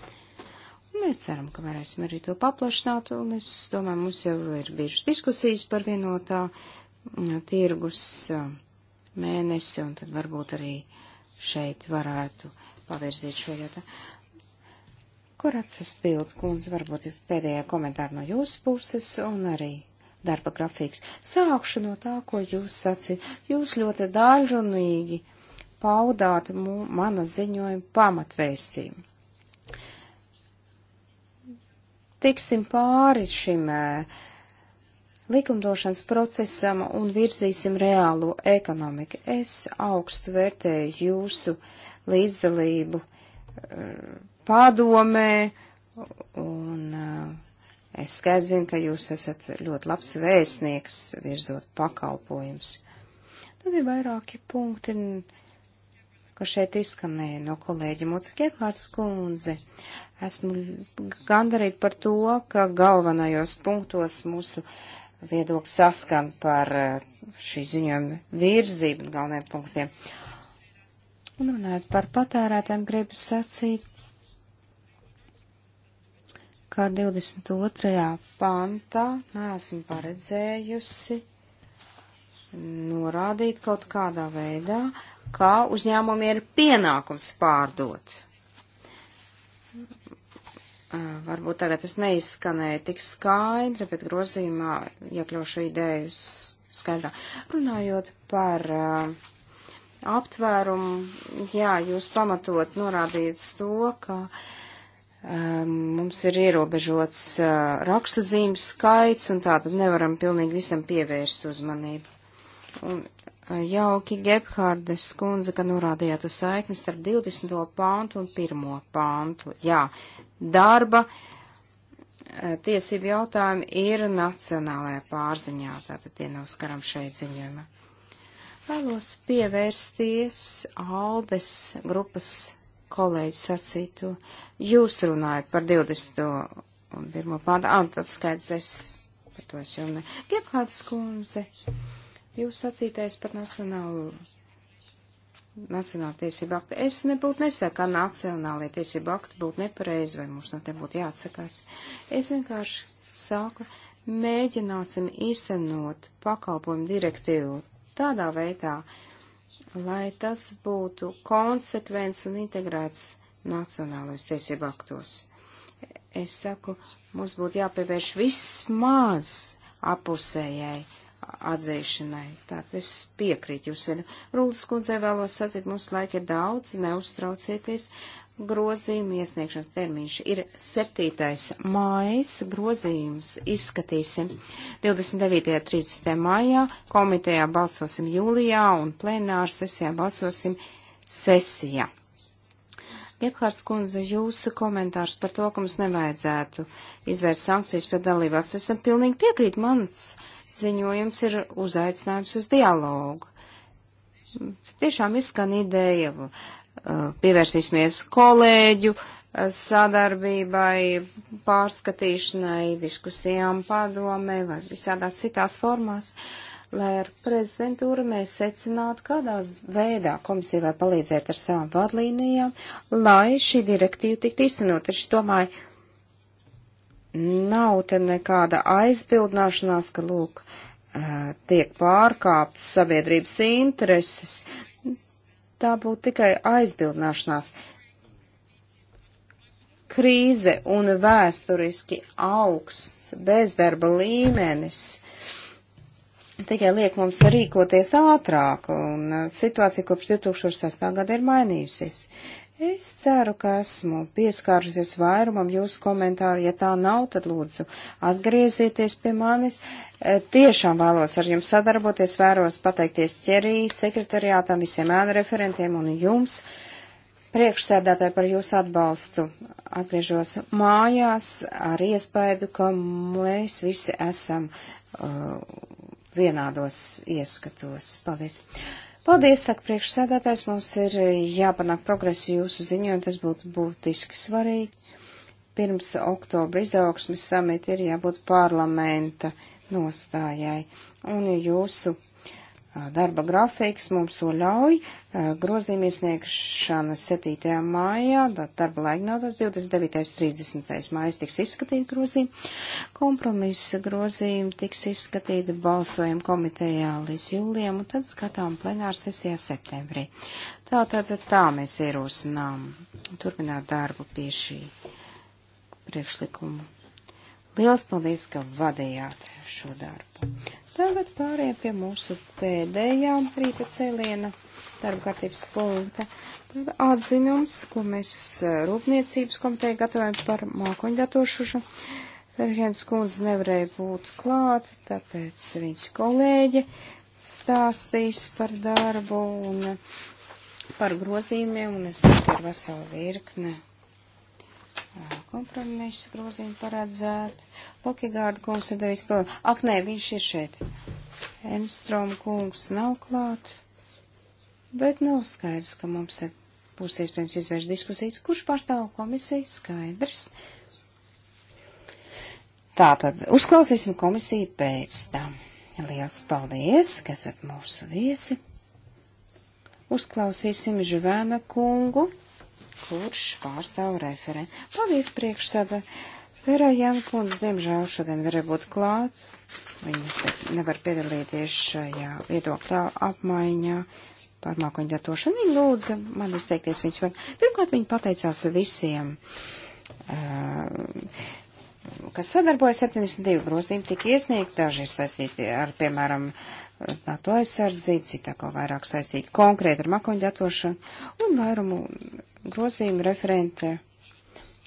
mēs ceram, ka varēsim arī to paplašināt, un es domāju, mums jau ir bijušas diskusijas par vienotā tirgus mēnesi, un tad varbūt arī šeit varētu pavirzīt šo jautājumu. Kur atsaspild, kundze, varbūt pēdējā komentāra no jūsu puses un arī darba grafiks. Sākšu no tā, ko jūs sacījāt. Jūs ļoti daļrunīgi paudāt mana ziņojuma pamatvēstījumu. Tiksim pāri šim uh, likumdošanas procesam un virzīsim reālo ekonomiku. Es augstu vērtēju jūsu līdzdalību eh, pārdomē, un eh, es skaidri zinu, ka jūs esat ļoti labs vēstnieks virzot pakalpojums. Tad ir vairāki punkti, kas šeit izskanēja no kolēģa Mucekēpārs kundze. Esmu gandarīt par to, ka galvenajos punktos mūsu uh, viedokļi saskan par eh, šī ziņojuma virzību un galvenajiem punktiem. Un runājot par patērētēm, gribu sacīt, ka 22. pantā neesmu paredzējusi norādīt kaut kādā veidā, kā uzņēmumi ir pienākums pārdot varbūt tagad es neizskanēju tik skaidri, bet grozījumā iekļaušu ideju skaidrā. Runājot par aptvērumu, jā, jūs pamatot norādījat to, ka mums ir ierobežots rakstuzīmes skaits, un tātad nevaram pilnīgi visam pievērst uzmanību. Un jauki Gebhārdes kundze, ka norādījāt uz saikni starp 20. pāntu un 1. pāntu. Jā, darba e, tiesību jautājumi ir nacionālajā pārziņā, tātad tie nav skaram šeit ziņojumā. Vēlos pievērsties Aldes grupas kolēģi sacīto. Jūs runājat par 20. un 1. pāntu. Ah, nu, tad skaidrs, es par to es jau ne. Gebhārdes kundze. Uh, Jūs sacītais par nacionālo nacionāla tiesība akta. Es nebūtu nesaku, ka nacionālajie tiesība akti būtu nepareizi vai mums no tiem būtu jāatsakās. Es vienkārši saku, mēģināsim īstenot pakalpojumu direktīvu tādā veidā, lai tas būtu konsekvents un integrēts nacionālajos tiesību aktos. Es saku, mums būtu jāpievērš vismaz apusējai atzīšanai. Tātad es piekrītu jūs vienu. Rūlis kundzei vēlos sacīt, mums laika ir daudz, neuztraucieties. Grozījuma iesniegšanas termiņš ir 7. mājas, grozījums izskatīsim 29. un 30. mājā, komitejā balsosim jūlijā un plenāru sesijā balsosim sesijā. Gebhārs kundze, jūsu komentārs par to, ka mums nevajadzētu izvērst sankcijas pret dalībās, es tam pilnīgi piekrītu mans. Uh, ziņojums ir uzaicinājums uz dialogu. Tiešām izskan ideja, uh, pievērsīsimies kolēģu uh, sadarbībai, pārskatīšanai, diskusijām padomē vai visādās citās formās, lai ar prezidentūru mēs secinātu, kādā veidā komisija var palīdzēt ar savām vadlīnijām, lai šī direktīva tiktu izsanot. Es domāju, Nav te nekāda aizbildināšanās, ka, lūk, eh, tiek pārkāptas sabiedrības intereses. Tā būtu tikai aizbildināšanās. Krīze un vēsturiski augsts bezdarba līmenis tikai liek mums rīkoties ātrāk, un eh, situācija kopš 2006. gada ir mainījusies. Es ceru, ka esmu pieskārusies vairumam jūsu komentāru. Ja tā nav, tad lūdzu atgriezieties pie manis. E, tiešām vēlos ar jums sadarboties, vēros pateikties ķerī, sekretariātam, visiem ēna referentiem un jums. Priekšsēdētāji par jūsu atbalstu atgriežos mājās ar iespaidu, ka mēs visi esam uh, vienādos ieskatos. Paldies! Paldies, saka priekšsēdētājs, mums ir eh, jāpanāk progresu jūsu ziņojumu, tas būtu būtiski svarīgi. Pirms oktobra izaugsmes samita ir jābūt parlamenta nostājai, un jūsu darba grafiks mums to ļauj. Grozījuma iesniegšana 7. mājā, darba laiknātos 29. 30. mājas tiks izskatīta grozījuma. Kompromisa grozījuma tiks izskatīta balsojuma komitejā līdz jūlijam un tad skatām plenāra sesijā septembrī. Tā tad tā, tā mēs ierosinām turpināt darbu pie šī priekšlikuma. Liels paldies, ka vadījāt šo darbu. Tagad pārējām pie mūsu pēdējā rīta cēliena darba kārtības punkta. Tad atzinums, ko mēs uz eh, Rūpniecības komiteju gatavojam par mākoņdatošušu. Ferhens kundze nevarēja būt klāt, tāpēc viņas kolēģi stāstīs par darbu un par grozījumiem, un es ar veselu virkni kompromisu grozījumu paredzēt. Lokigārda kungs ir devis prom. Ak, nē, viņš ir šeit. Enstrom kungs nav klāt, bet nav nu, skaidrs, ka mums ir būs iespējams izvērst diskusijas, kurš pārstāv komisiju, skaidrs. Tātad, uzklausīsim komisiju pēc tam. Liels paldies, ka esat mūsu viesi. Uzklausīsim Žvēna kungu kurš pārstāv referentu. Paldies priekšsēdā. Vera Jankundze, diemžēl, šodien varēja būt klāt. Viņas nevar piedalīties šajā viedokļā apmaiņā par mākoņu datošanu. Viņa lūdza man izteikties viņas var. Pirmkārt, viņa pateicās visiem. Uh, kas sadarbojas 72 grozījumi, tika iesniegti, daži ir saistīti ar, piemēram, NATO aizsardzību, citā ko vairāk saistīti konkrēti ar makoņu datošanu, un vairumu grozījumu referente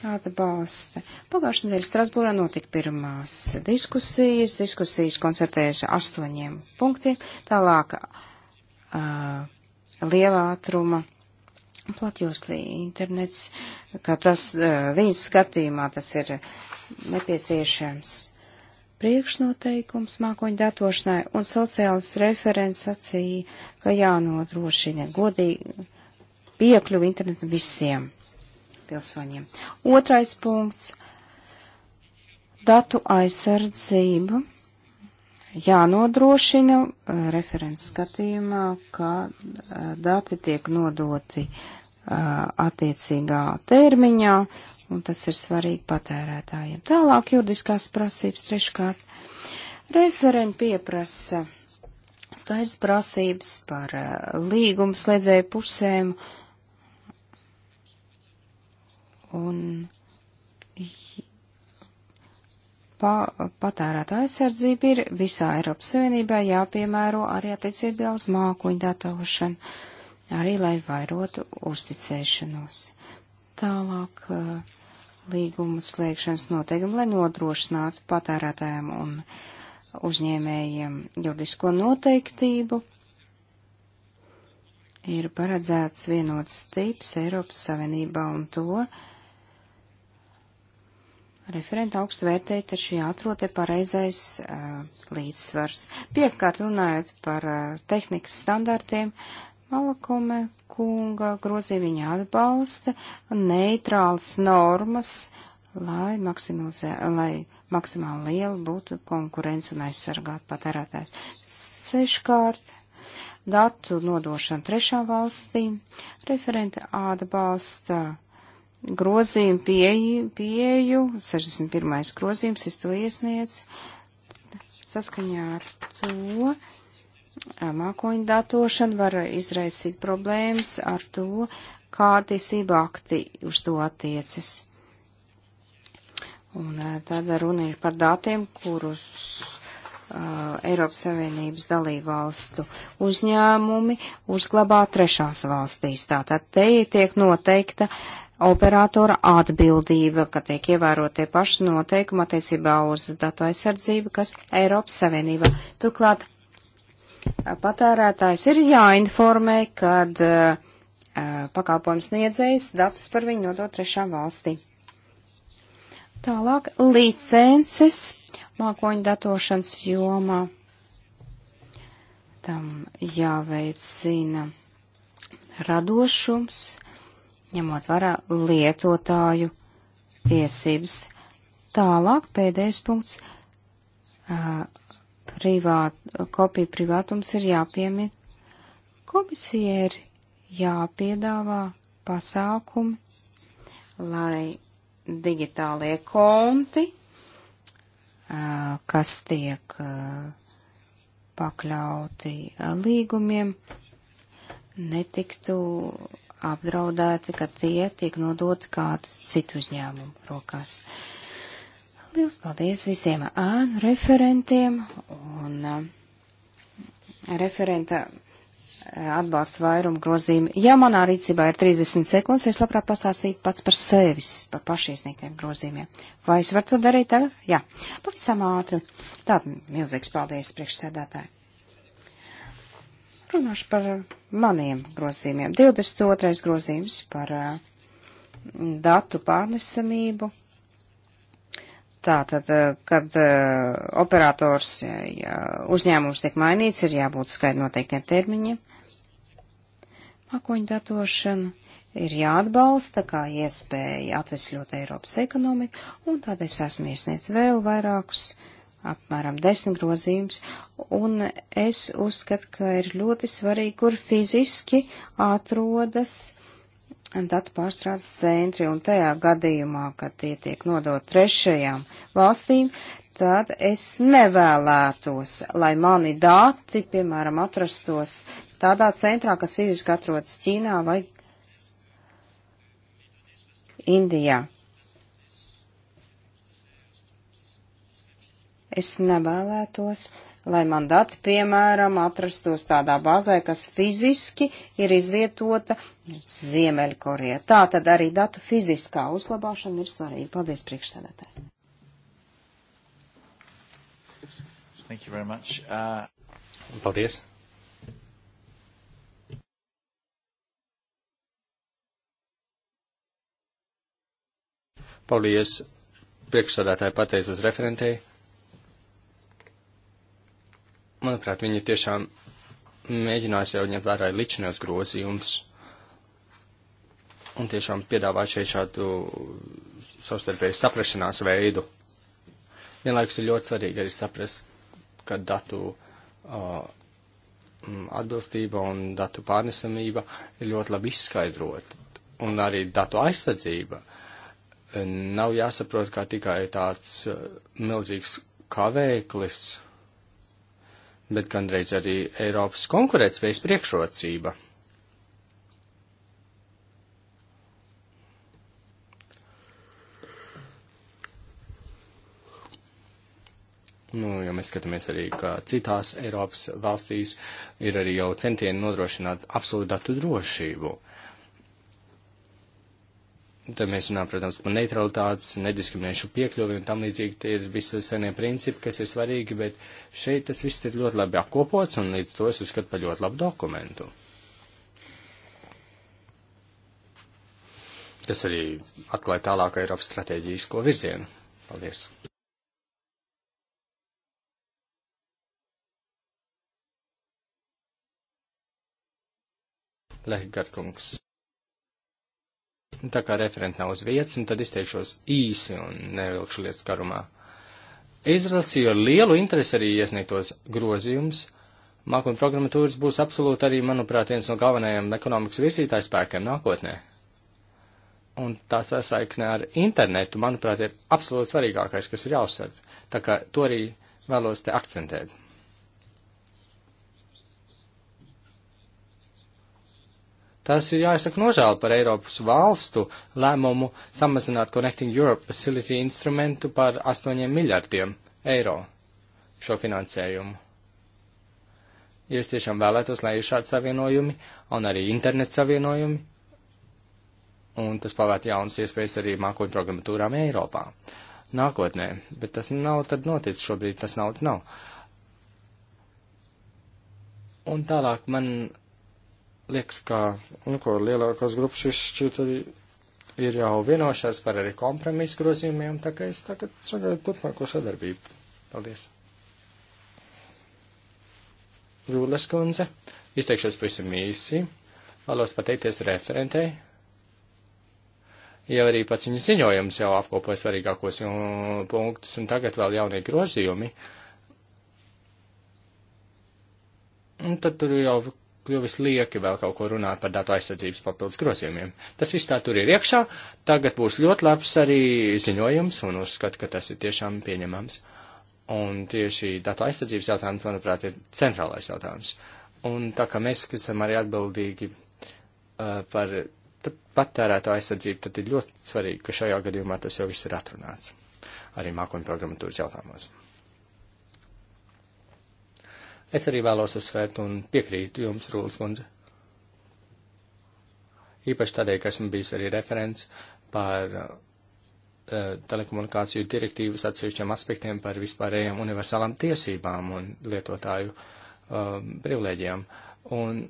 atbalsta. Pagājušajā nedēļā Strasbūrā notika pirmās diskusijas. Diskusijas koncertējas astoņiem punktiem. Tālāk uh, lielā ātruma platjoslī internets, ka tas uh, viņas skatījumā tas ir nepieciešams priekšnoteikums mākoņu datošanai un sociālas referents sacīja, ka jānodrošina godīgi piekļuvi internetu visiem pilsoņiem. Otrais punkts - datu aizsardzība. Jānodrošina eh, referents skatījumā, ka eh, dati tiek nodoti eh, attiecīgā termiņā, un tas ir svarīgi patērētājiem. Tālāk juridiskās prasības treškārt. Referenti pieprasa skaidrs prasības par līgumslēdzēju pusēm un pa, patērēta aizsardzība ir visā Eiropas Savienībā jāpiemēro arī attiecībā uz mākoņu datavošanu, arī lai vairotu uzticēšanos. Tālāk eh, līgumu slēgšanas noteikumi, lai nodrošinātu patērētājiem un uzņēmējiem juridisko noteiktību, ir paredzēts vienots tips Eiropas Savienībā un to, Referenta augstu vērtēja, taču jāatrote pareizais uh, līdzsvars. Piekārt runājot par uh, tehnikas standartiem, Malakome kunga grozīja viņa atbalsta neitrāls normas, lai, lai maksimāli liela būtu konkurence un aizsargāt patērētājs. Seškārt datu nodošana trešām valstīm, referente atbalsta grozījumu pieeju, pieeju 61. grozījums, es to iesniedzu, saskaņā ar to mākoņu datošana var izraisīt problēmas ar to, kā tiesība akti uz to attiecas. Un tad runa ir par datiem, kurus uh, Eiropas Savienības dalībvalstu uzņēmumi uzglabā trešās valstīs. Tātad te tiek noteikta uh, operatora atbildība, ka tiek ievērot tie paši noteikumi attiecībā uz datu aizsardzību, kas Eiropas Savienībā. Turklāt patērētājs ir jāinformē, kad uh, pakalpojums sniedzējs datus par viņu nodot trešām valstīm. Tālāk licences mākoņu datošanas jomā. Tam jāveicina radošums, ņemot vērā lietotāju tiesības. Tālāk pēdējais punkts. Uh, privāt, kopija privātums ir jāpiemīt. Komisija ir jāpiedāvā pasākumi, lai digitālie konti, uh, kas tiek uh, pakļauti līgumiem, netiktu apdraudēti, ka tie tiek nodoti kādas citu uzņēmumu rokās. Liels paldies visiem ēnu referentiem un referenta atbalsta vairumu grozījumu. Ja manā rīcībā ir 30 sekundes, es labprāt pastāstītu pats par sevis, par pašiesniegtiem grozījumiem. Vai es varu to darīt tagad? Jā, pavisam ātri. Tātad milzīgs paldies priekšsēdētāji. Runāšu par eh, maniem grozījumiem. 22. grozījums par eh, datu pārnesamību. Tātad, eh, kad operators ja uzņēmums tiek mainīts, ir jābūt skaidri noteiktiem termiņiem. Mākoņu datošana ir jāatbalsta kā iespēja atvesļot Eiropas ekonomiku, un tādēļ esmu iesniedz vēl vairākus uh, apmēram desmit grozījums, un es uzskatu, ka ir ļoti svarīgi, kur fiziski atrodas datu pārstrādes centri, un tajā gadījumā, kad tie tiek nodot trešajām valstīm, tad es nevēlētos, lai mani dati, piemēram, atrastos tādā centrā, kas fiziski atrodas Ķīnā vai Indijā. Es nevēlētos, lai man dati, piemēram, atrastos tādā bāzē, kas fiziski ir izvietota Ziemeļkorejā. Tā tad arī datu fiziskā uzglabāšana ir svarīga. Paldies, priekšsēdētāji.
Thank you very much. Uh... Paldies.
Paldies, priekšsādātāji pateicos referentei manuprāt, viņi tiešām mēģinās jau ņemt vērā ličinās grozījums un tiešām piedāvāt šeit šādu savstarpēju saprašanās veidu. Vienlaikus ir ļoti svarīgi arī saprast, ka datu uh, atbilstība un datu pārnesamība ir ļoti labi izskaidrota. Un arī datu aizsardzība nav jāsaprot kā tikai tāds milzīgs kavēklis bet gandrīz arī Eiropas konkurētspējas priekšrocība. Nu, ja mēs skatāmies arī, ka citās Eiropas valstīs ir arī jau centieni nodrošināt absolūtu datu drošību. Tad mēs runājam, protams, par neutralitātes, nediskriminēšu piekļuvi un tam līdzīgi tie ir visi senie principi, kas ir svarīgi, bet šeit tas viss ir ļoti labi apkopots un līdz to es uzskatu par ļoti labu dokumentu. Tas arī atklāja tālāku Eiropas stratēģisko virzienu.
Paldies! Lehgard kungs.
Tā kā referenti nav uz vietas, nu tad izteikšos īsi un nevilkšu lietas garumā. Izlasīju ar lielu interesi arī iesniegtos grozījumus. Mākuma programmatūras būs absolūti arī, manuprāt, viens no galvenajiem ekonomikas virzītāju spēkiem nākotnē. Un tā sasaikne ar internetu, manuprāt, ir absolūti svarīgākais, kas ir jāuzsver. Tā kā to arī vēlos te akcentēt. Tas ir jāizsaka nožēla par Eiropas valstu lēmumu samazināt Connecting Europe Facility instrumentu par 8 miljardiem eiro šo finansējumu. Ja es tiešām vēlētos, lai ir šādi savienojumi un arī internets savienojumi, un tas pavērtu jaunas iespējas arī mākoņu programmatūrām Eiropā nākotnē, bet tas nav tad noticis šobrīd, tas naudas nav. Un tālāk man liekas, ka, nu, ko lielākos grupas šķiet arī ir jau vienošās par arī kompromisu grozījumiem, tā kā es tagad sagaidu turpmāko sadarbību. Paldies. Rūles kundze, izteikšos pavisam īsi, vēlos pateikties referentei, jau arī pats viņa ziņojums jau apkopoja svarīgākos uh, punktus, un tagad vēl jaunie grozījumi. Un tad tur jau kļuvis lieki vēl kaut ko runāt par datu aizsardzības papildus grozījumiem. Tas viss tā tur ir iekšā, tagad būs ļoti labs arī ziņojums, un uzskatu, ka tas ir tiešām pieņemams. Un tieši datu aizsardzības jautājums, manuprāt, ir centrālais jautājums. Un tā kā mēs, kas esam arī atbildīgi uh, par patērēto aizsardzību, tad ir ļoti svarīgi, ka šajā gadījumā tas jau viss ir atrunāts. Arī mākoņu programmatūras jautājumos. Es arī vēlos uzsvērt un piekrītu jums, Rūlis kundze. Īpaši tādēļ, ka esmu bijis arī referents par uh, telekomunikāciju direktīvas atsevišķiem aspektiem par vispārējām universālām tiesībām un lietotāju uh, privilēģijām. Un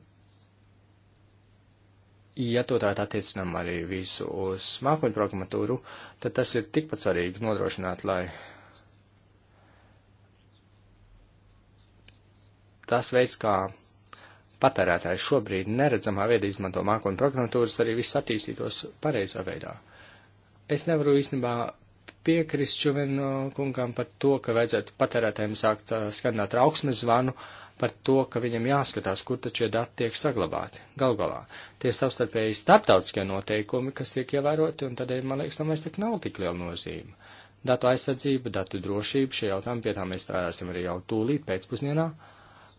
ja to tādā attiecinām arī visu uz mākoņu programmatūru, tad tas ir tikpat svarīgi nodrošināt, lai tas veids, kā patērētāji šobrīd neredzamā veidā izmanto mākoņu programmatūras, arī viss attīstītos pareizā veidā. Es nevaru īstenībā piekrist Čuveno uh, kungam par to, ka vajadzētu patērētājiem sākt uh, skandināt trauksmes zvanu par to, ka viņam jāskatās, kur taču šie dati tiek saglabāti. Galgalā tie savstarpēji starptautiskie noteikumi, kas tiek ievēroti, un tādēļ, man liekas, tam vairs tik nav tik liela nozīme. Datu aizsardzība, datu drošība, šie jautājumi pie tā mēs strādāsim arī jau tūlīt pēcpusdienā. Uh,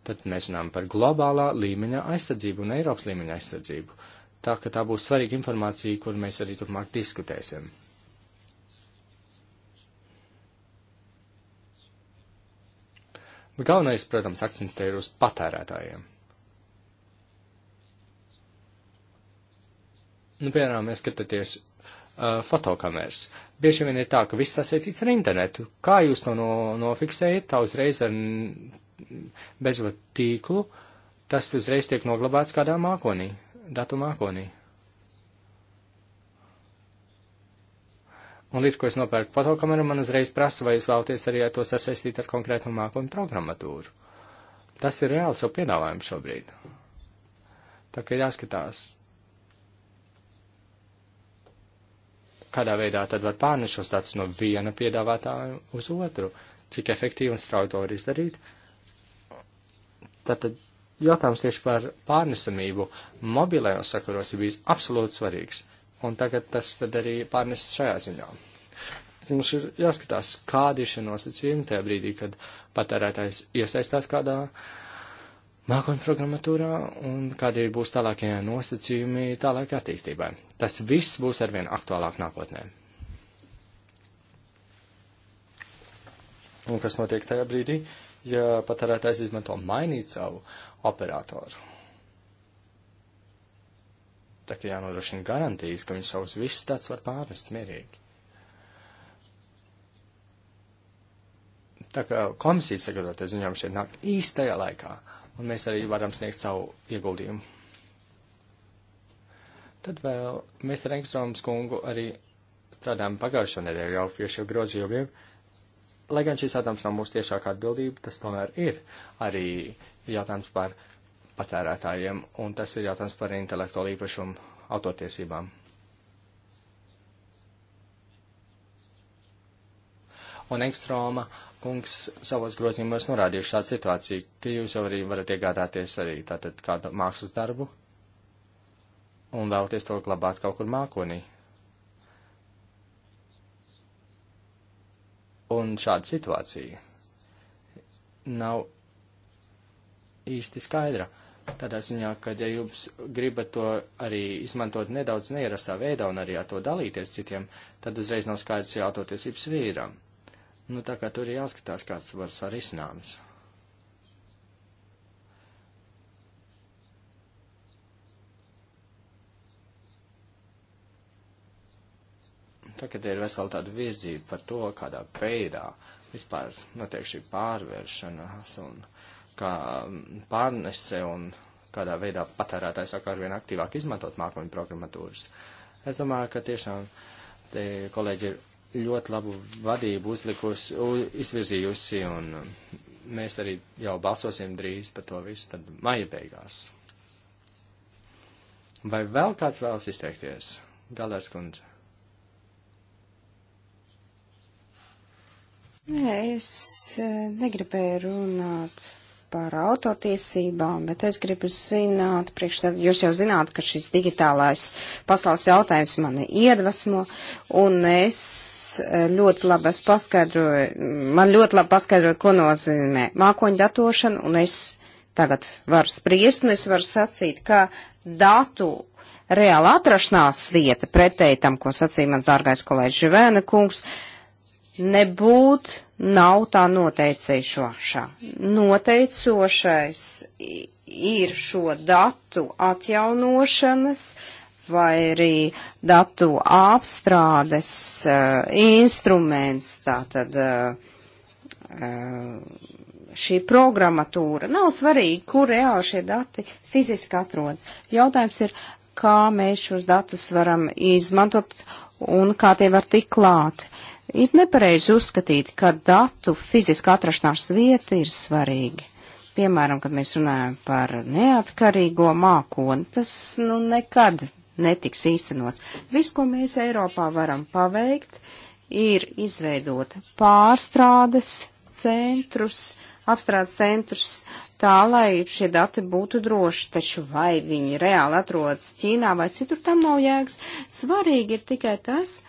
Tad mēs runājam par globālā līmeņa aizsardzību un Eiropas līmeņa aizsardzību. Tā ka tā būs svarīga informācija, kur mēs arī turpmāk diskutēsim. Bet galvenais, protams, akcents te ir uz patērētājiem. Nu, piemēram, mēs skatāties uh, fotokameras. Bieži vien ir tā, ka viss sasaistīts ar internetu. Kā jūs to no, nofiksējat? Tā uzreiz ar bezvadu tīklu, tas uzreiz tiek noglabāts kādā mākonī, datu mākonī. Un līdz ko es nopērku fotokameru, man uzreiz prasa, vai jūs vēlaties arī to sasaistīt ar konkrētu mākonu programmatūru. Tas ir reāls jau piedāvājums šobrīd. Tā kā jāskatās, kādā veidā tad var pārnešos datus no viena piedāvātāja uz otru, cik efektīvi un strauji to var izdarīt, Tātad jautājums tieši par pārnesamību mobilajos sakaros ir bijis absolūti svarīgs. Un tagad tas tad arī pārnes šajā ziņā. Mums ir jāskatās, kādi ir šie nosacījumi tajā brīdī, kad patērētājs iesaistās kādā mākoņu programmatūrā un kādi būs tālākie nosacījumi tālāk attīstībai. Tas viss būs arvien aktuālāk nākotnē. Un kas notiek tajā brīdī? Uh, ja patērētājs izmanto mainīt savu operatoru. Tā kā jānodrošina garantijas, ka viņš savus visus datus var pārnest mierīgi. Tā kā komisija sagatavoties viņam šeit nāk īstajā laikā, un mēs arī varam sniegt savu ieguldījumu. Tad vēl mēs ar Engstroms kungu arī strādājam pagājušo nedēļu jau pie šo grozījumiem. Ja lai gan šis jautājums nav mūsu tiešākā atbildība, tas tomēr ir arī jautājums par patērētājiem, un tas ir jautājums par intelektuālu īpašumu autotiesībām. Un Engstroma kungs savos grozījumos norādīja šādu situāciju, ka jūs jau arī varat iegādāties arī tātad kādu mākslas darbu un vēlties to glabāt kaut kur mākonī. Un šāda situācija nav īsti skaidra. Tādā ziņā, ka ja jums gribat to arī izmantot nedaudz neierastā veidā un arī ar to dalīties citiem, tad uzreiz nav skaidrs jautoties vīram. Nu, tā kā tur ir jāskatās, kāds var sarisināms. tagad ir vesela tāda virzība par to, kādā veidā vispār notiek šī pārvēršanās un kā pārnese un kādā veidā patērētājs sāk arvien aktīvāk izmantot mākoņu programmatūras. Es domāju, ka tiešām te kolēģi ir ļoti labu vadību uzlikusi, u, izvirzījusi, un mēs arī jau balsosim drīz par to visu, tad maija beigās. Vai vēl kāds vēlas izteikties? Galērs kundze.
Nē, es eh, negribēju runāt par autortiesībām, bet es gribu zināt, priekšstādā, jūs jau zināt, ka šis digitālais pasaules jautājums mani iedvesmo, un es eh, ļoti labi es paskaidroju, man ļoti labi paskaidroju, ko nozīmē mākoņu datošana, un es tagad varu spriest, un es varu sacīt, ka datu reāla atrašanās vieta pretēji tam, ko sacīja mans dārgais kolēģis Živēna kungs, uh, nebūt nav tā noteicējošā. Noteicošais ir šo datu atjaunošanas vai arī datu apstrādes uh, instruments, tātad uh, šī programmatūra. Nav svarīgi, kur reāli šie dati fiziski atrodas. Jautājums ir, kā mēs šos datus varam izmantot un kā tie var tik klāt. Ir nepareizi uzskatīt, ka datu fiziska atrašanās vieta ir svarīga. Piemēram, kad mēs runājam par neatkarīgo mākoni, tas nu nekad netiks īstenots. Viss, ko mēs Eiropā varam paveikt, ir izveidot pārstrādes centrus, apstrādes centrus, tā lai šie dati būtu droši, taču vai viņi reāli atrodas Ķīnā vai citur, tam nav jēgas. Svarīgi ir tikai tas,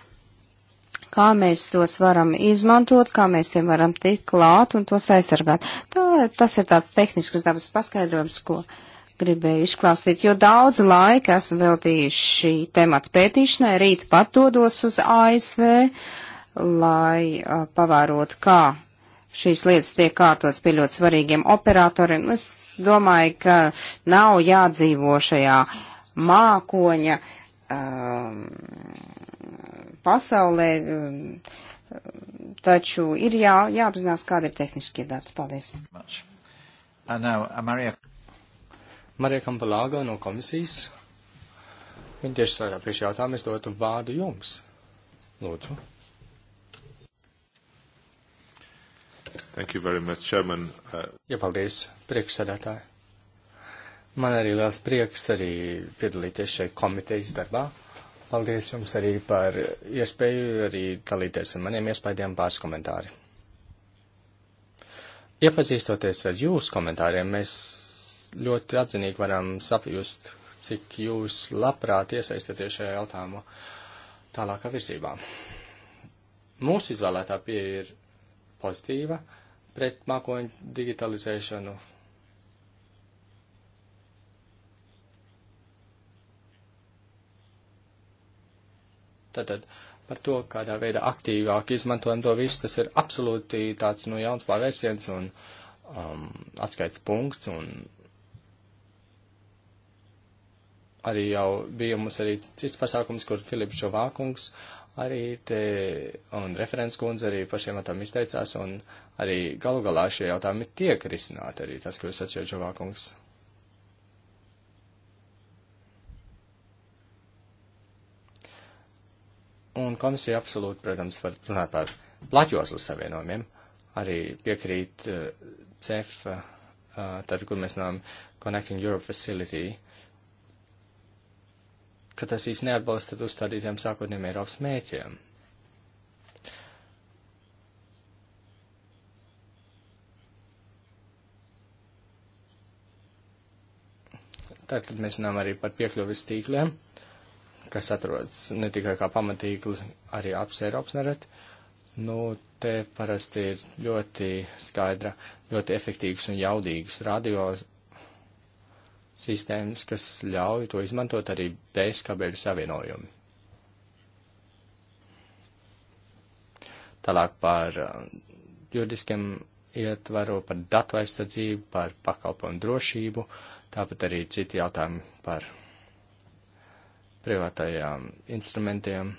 kā mēs tos varam izmantot, kā mēs tiem varam tikt klāt un tos aizsargāt. Tā, tas ir tāds tehnisks dabas paskaidrojums, ko gribēju izklāstīt, jo daudz laika esmu veltījuši šī temata pētīšanai, rīt pat dodos uz ASV, lai uh, pavērotu, kā šīs lietas tiek kārtotas pie ļoti svarīgiem operatoriem. Es domāju, ka nav jādzīvo šajā mākoņa um, pasaulē, taču ir jā, jāapzinās, kāda ir tehniskie dati. Paldies.
Uh,
Marija Kampalāga no komisijas. Viņa tieši strādā pie šī jautājuma. Es dotu vārdu jums. Lūdzu. Thank you very much, Chairman. Uh... Ja, paldies, priekšsēdētāji. Man arī liels prieks arī piedalīties šeit komitejas darbā. Paldies jums arī par iespēju arī dalīties ar maniem iespējām pāris komentāri. Iepazīstoties ar jūsu komentāriem, mēs ļoti atzinīgi varam sapjust, cik jūs labprāt iesaistāties šajā jautājumā tālākā virzībā. Mūsu izvēlētā pieeja ir pozitīva pret mākoņu digitalizēšanu Tātad par to, kādā veidā aktīvāk izmantojam to visu, tas ir absolūti tāds, nu, jauns pārvērsiens un um, atskaits punkts un arī jau bija mums arī cits pasākums, kur Filips Šovākungs arī te, un referents kundze arī par šiem jautājumiem izteicās, un arī galu galā šie jautājumi tiek risināti, arī tas, ko jūs atšķiet Šovākungs. Un komisija absolūti, protams, var runāt par plaķoslas savienojumiem. Arī piekrīt uh, eh, CEF, uh, eh, tad, kur mēs nām Connecting Europe Facility, ka tas īsti neatbalsta uzstādītiem sākotniem Eiropas mēķiem. Tātad mēs runājam arī par piekļuvis tīkliem kas atrodas ne tikai kā pamatīglis, arī apus Eiropas nereti. Nu, te parasti ir ļoti skaidra, ļoti efektīvas un jaudīgas radio sistēmas, kas ļauj to izmantot arī bez kabeļu savienojumi. Tālāk par uh, juridiskiem ietvaru, par datu aizsardzību, par pakalpojumu drošību, tāpat arī citi jautājumi par privātajām instrumentiem.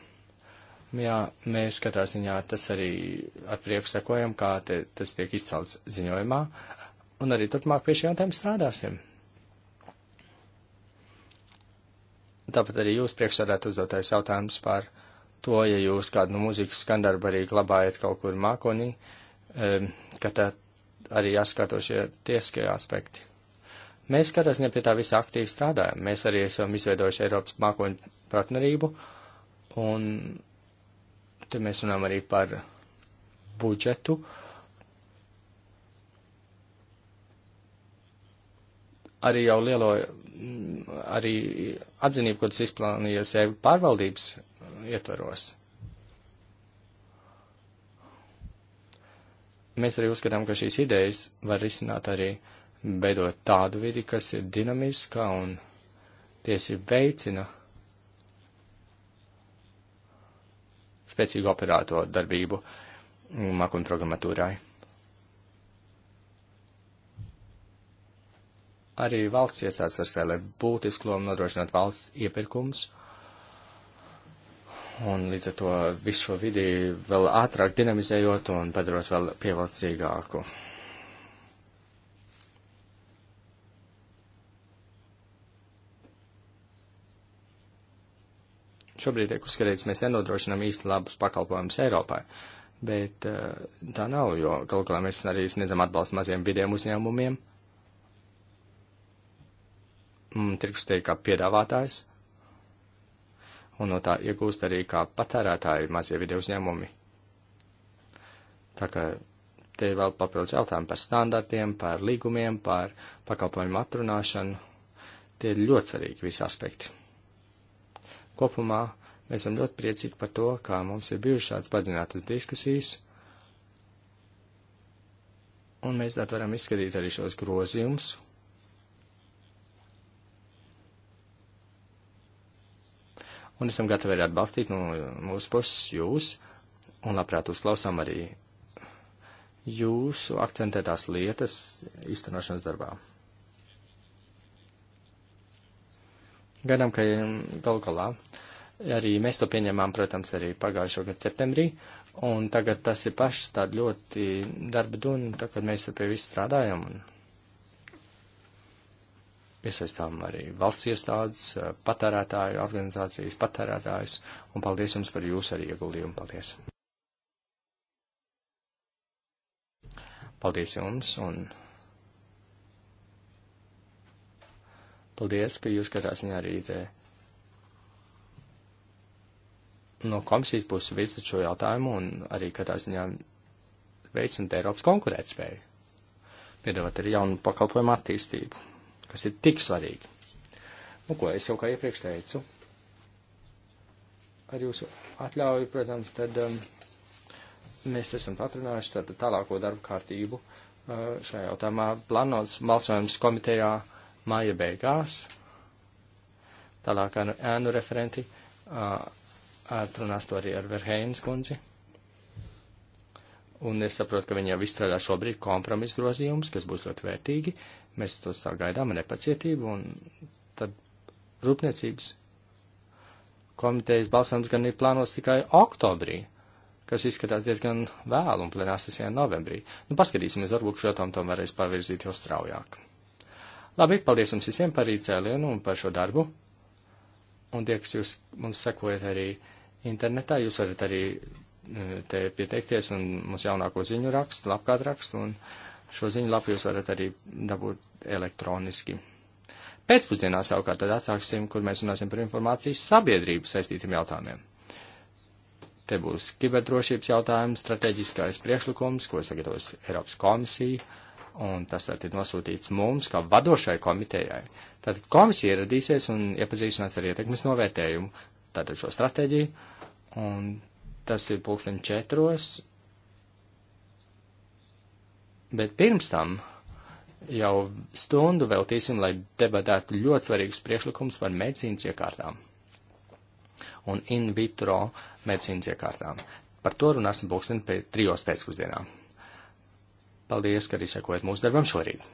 Jā, mēs katrā ziņā tas arī ar prieku sekojam, kā te, tas tiek izcelts ziņojumā, un arī turpmāk pie šī jautājuma strādāsim. Tāpat arī jūs priekšsādāt uzdotais jautājums par to, ja jūs kādu nu, mūzikas skandarbu arī glabājat kaut kur mākonī, ehm, ka tad arī jāskato šie tieskie aspekti. Mēs katrā ziņā pie tā visā aktīvi strādājam. Mēs arī esam izveidojuši Eiropas mākoņu partnerību, un te mēs runājam arī par budžetu. Arī jau lielo, arī atzinību, ko tas izplānījies jau pārvaldības ietvaros. Mēs arī uzskatām, ka šīs idejas var risināt arī uh, veidot tādu vidi, kas ir dinamiska un tiesi veicina spēcīgu operāto darbību mākuma programmatūrai. Arī valsts iestādes var spēlēt būtisku lomu nodrošināt valsts iepirkums, un līdz ar to visu šo vidi vēl ātrāk dinamizējot un padarot vēl pievilcīgāku. šobrīd tiek uzskatīts, mēs nenodrošinām īsti labus pakalpojumus Eiropai. Bet eh, tā nav, jo galu galā mēs arī sniedzam atbalstu maziem vidiem uzņēmumiem. Mm, tirgus tiek kā piedāvātājs, un no tā iegūst arī kā patērētāji mazie video uzņēmumi. Tā kā te ir vēl papildus jautājumi par standartiem, par līgumiem, par pakalpojumu atrunāšanu. Tie ir ļoti svarīgi visi aspekti. Kopumā mēs esam ļoti priecīgi par to, kā mums ir bijušās padziļinātas diskusijas, un mēs tad varam izskatīt arī šos grozījumus. Un esam gatavi arī atbalstīt no mūsu puses jūs, un labprāt uzklausām arī jūsu akcentētās lietas īstenošanas darbā. Gaidām, ka mm, gal galā arī mēs to pieņemām, protams, arī pagājušo gadu septembrī, un tagad tas ir pašs tāda ļoti darba duna, tā kad mēs pie visu strādājam un iesaistām arī valsts iestādes, patērētāju organizācijas, patērētājus, un paldies jums par jūsu arī ieguldījumu. Paldies! Paldies jums! Un Paldies, ka jūs katrā ziņā arī te no komisijas puses virzat šo jautājumu un arī katrā ziņā veicināt Eiropas konkurētspēju, piedāvāt arī jaunu pakalpojumu attīstību, kas ir tik svarīgi. Nu, ko es jau kā iepriekš teicu, ar jūsu atļauju, protams, tad um, mēs esam patrunājuši tādu tālāko darbu kārtību uh, šajā jautājumā plānots balsojums komitejā. Uh, māja beigās. Tālāk ar ēnu referenti atrunās to arī ar Verheinas kundzi. Un es saprotu, ka viņi jau izstrādā šobrīd kompromisu grozījumus, kas būs ļoti vērtīgi. Mēs tos tā gaidām ar nepacietību, un tad rūpniecības komitejas balsojums gan ir plānos tikai oktobrī, kas izskatās diezgan vēlu un plenās tas jau novembrī. Nu, paskatīsimies, varbūt šo tom tomēr varēs pavirzīt jau straujāk. Labi, paldies jums visiem par rīcēlienu un par šo darbu. Un tie, kas jūs mums sekojat arī internetā, jūs varat arī e, te pieteikties un mums jaunāko ziņu rakstu, labkārt rakstu, un šo ziņu lapu jūs varat arī dabūt elektroniski. Pēcpusdienā savukārt tad atsāksim, kur mēs runāsim par informācijas sabiedrību saistītiem jautājumiem. Te būs kiberdrošības jautājums, strateģiskais priekšlikums, ko sagatavos Eiropas komisija un tas tātad nosūtīts mums, kā vadošai komitejai. Tātad komisija ieradīsies un iepazīstinās ar ietekmes novērtējumu, tātad šo stratēģiju, un tas ir pulksten četros, bet pirms tam jau stundu veltīsim, lai debatētu ļoti svarīgus priekšlikumus par medicīnas iekārtām un in vitro medicīnas iekārtām. Par to runāsim pulksten pēc trijos pēcpusdienām. Paldies, ka arī sekojat mūsu darbam šorīt.